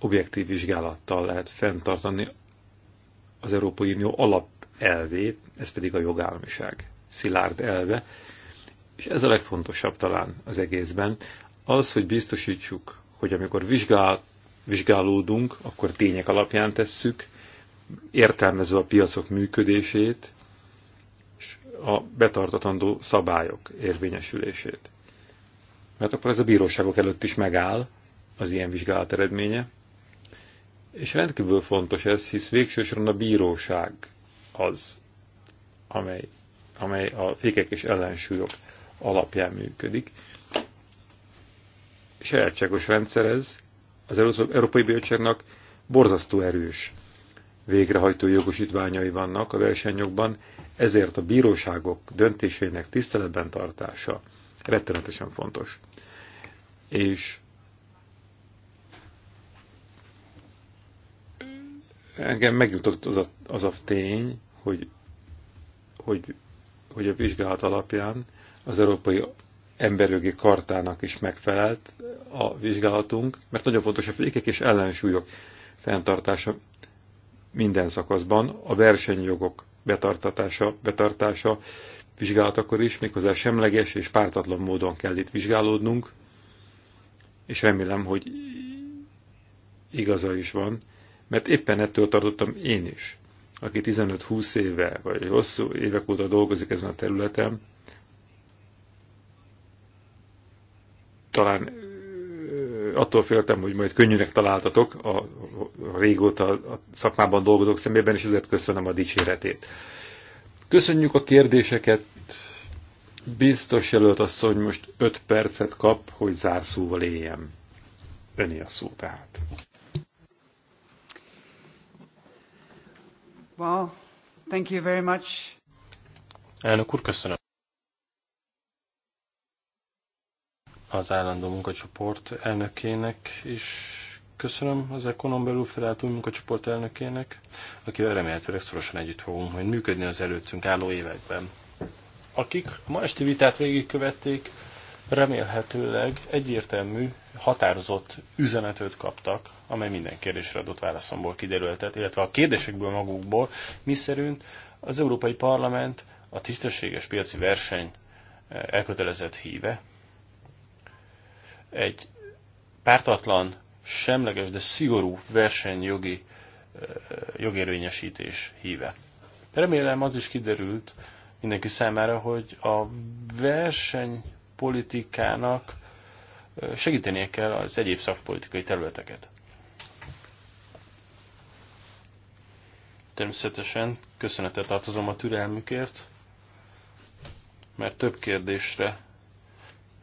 objektív vizsgálattal lehet fenntartani az Európai Unió alapelvét, ez pedig a jogállamiság szilárd elve, és ez a legfontosabb talán az egészben, az, hogy biztosítsuk, hogy amikor vizsgál, vizsgálódunk, akkor tények alapján tesszük, értelmezve a piacok működését, és a betartatandó szabályok érvényesülését. Mert akkor ez a bíróságok előtt is megáll az ilyen vizsgálat eredménye, és rendkívül fontos ez, hisz végsősorban a bíróság az, amely amely a fékek és ellensúlyok alapján működik. Sajátságos rendszer ez, az Európai Bizottságnak borzasztó erős végrehajtó jogosítványai vannak a versenyokban, ezért a bíróságok döntéseinek tiszteletben tartása rettenetesen fontos. És engem megjutott az a, az a tény, hogy, hogy hogy a vizsgálat alapján az Európai Emberjogi Kartának is megfelelt a vizsgálatunk, mert nagyon fontos a fékek és ellensúlyok fenntartása minden szakaszban, a versenyjogok betartatása, betartása vizsgálatakor is, méghozzá semleges és pártatlan módon kell itt vizsgálódnunk, és remélem, hogy igaza is van, mert éppen ettől tartottam én is aki 15-20 éve, vagy hosszú évek óta dolgozik ezen a területen, talán attól féltem, hogy majd könnyűnek találtatok a régóta a szakmában dolgozók szemében, és ezért köszönöm a dicséretét. Köszönjük a kérdéseket. Biztos jelölt asszony most 5 percet kap, hogy zárszóval éljem. Öni a szó tehát. thank you very much. Elnök úr, köszönöm. Az állandó munkacsoport elnökének is köszönöm az Ekonom belül felálltó munkacsoport elnökének, akivel remélhetőleg szorosan együtt fogunk majd működni az előttünk álló években. Akik a ma esti vitát végigkövették, remélhetőleg egyértelmű, határozott üzenetet kaptak, amely minden kérdésre adott válaszomból kiderültet, illetve a kérdésekből magukból, miszerint az Európai Parlament a tisztességes piaci verseny eh, elkötelezett híve, egy pártatlan, semleges, de szigorú versenyjogi eh, jogérvényesítés híve. Remélem az is kiderült mindenki számára, hogy a verseny politikának segítenie kell az egyéb szakpolitikai területeket. Természetesen köszönetet tartozom a türelmükért, mert több kérdésre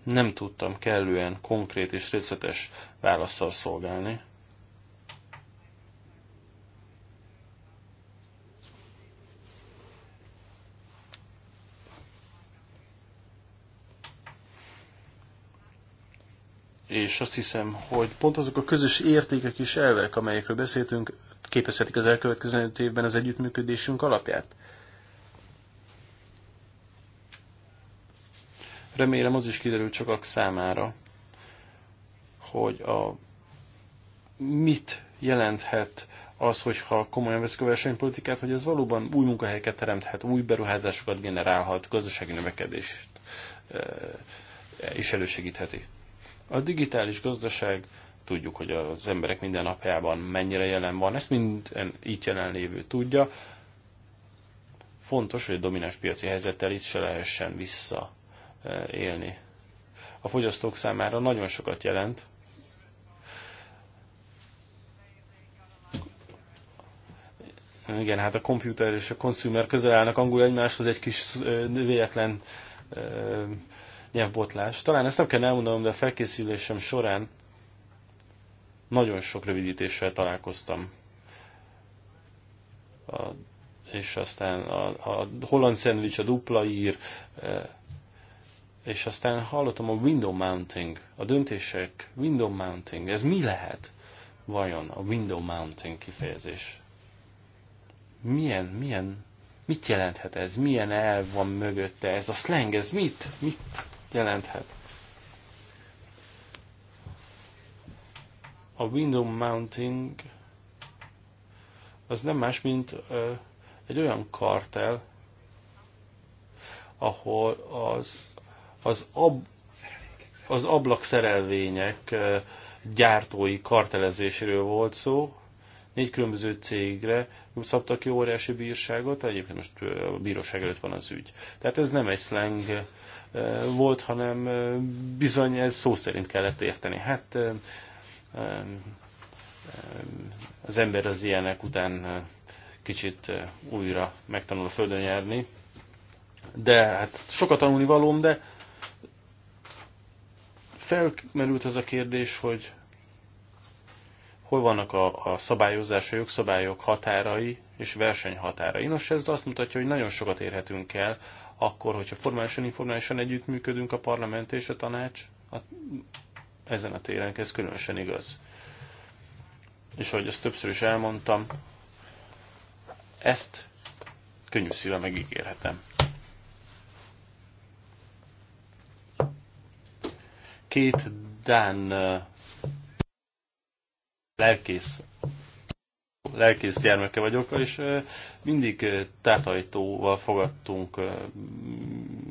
nem tudtam kellően konkrét és részletes válaszsal szolgálni. és azt hiszem, hogy pont azok a közös értékek és elvek, amelyekről beszéltünk, képezhetik az elkövetkező évben az együttműködésünk alapját. Remélem az is kiderült sokak számára, hogy a mit jelenthet az, hogyha komolyan veszik a versenypolitikát, hogy ez valóban új munkahelyeket teremthet, új beruházásokat generálhat, gazdasági növekedést eh, is elősegítheti. A digitális gazdaság, tudjuk, hogy az emberek minden napjában mennyire jelen van, ezt minden itt jelenlévő tudja. Fontos, hogy a domináns piaci helyzettel itt se lehessen visszaélni. E, a fogyasztók számára nagyon sokat jelent, Igen, hát a computer és a consumer közel állnak angol egymáshoz, egy kis e, véletlen e, nyelvbotlás. Talán ezt nem kell elmondanom, de a felkészülésem során nagyon sok rövidítéssel találkoztam. A, és aztán a, a holland szendvics, a dupla ír, e, és aztán hallottam a window mounting, a döntések window mounting. Ez mi lehet vajon a window mounting kifejezés? Milyen, milyen, mit jelenthet ez? Milyen elv van mögötte? Ez a slang, ez mit? Mit jelenthet. A window mounting az nem más, mint egy olyan kartel, ahol az, az, ab, az ablakszerelvények gyártói kartelezéséről volt szó, Négy különböző cégre szabtak ki óriási bírságot, egyébként most a bíróság előtt van az ügy. Tehát ez nem egy slang volt, hanem bizony ez szó szerint kellett érteni. Hát az ember az ilyenek után kicsit újra megtanul a földön járni. De hát sokat tanulni valóm, de felmerült az a kérdés, hogy hol vannak a, a szabályozása, jogszabályok határai és versenyhatárai. Nos, ez azt mutatja, hogy nagyon sokat érhetünk el akkor, hogyha formálisan, informálisan együttműködünk a parlament és a tanács, a, ezen a téren ez különösen igaz. És ahogy ezt többször is elmondtam, ezt könnyű szíve megígérhetem. Két Dán lelkész lelkész gyermeke vagyok, és mindig tártajtóval fogadtunk,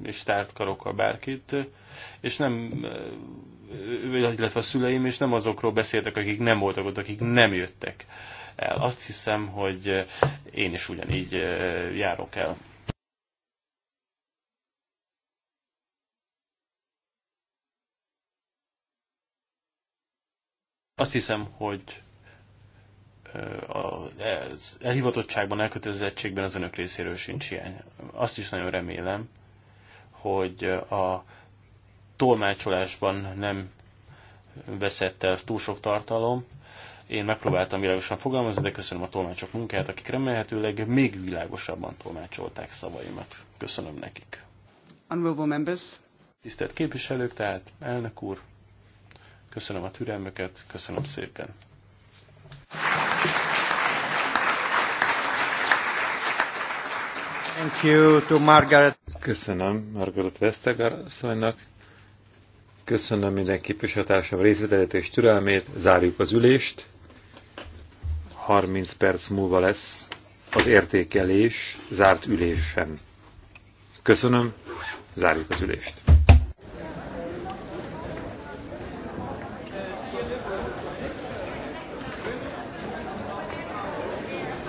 és tártkarokkal bárkit, és nem, illetve a szüleim, és nem azokról beszéltek, akik nem voltak ott, akik nem jöttek el. Azt hiszem, hogy én is ugyanígy járok el. Azt hiszem, hogy az elhivatottságban, elkötelezettségben az önök részéről sincs hiány. Azt is nagyon remélem, hogy a tolmácsolásban nem veszett el túl sok tartalom. Én megpróbáltam világosan fogalmazni, de köszönöm a tolmácsok munkáját, akik remélhetőleg még világosabban tolmácsolták szavaimat. Köszönöm nekik. Honorable members. Tisztelt képviselők, tehát elnök úr, Köszönöm a türelmüket, köszönöm szépen. Thank you to Margaret. Köszönöm Margaret Vesztegasszonynak. Köszönöm minden képviselőtársam részvételét és türelmét. Zárjuk az ülést. 30 perc múlva lesz az értékelés zárt ülésen. Köszönöm, zárjuk az ülést.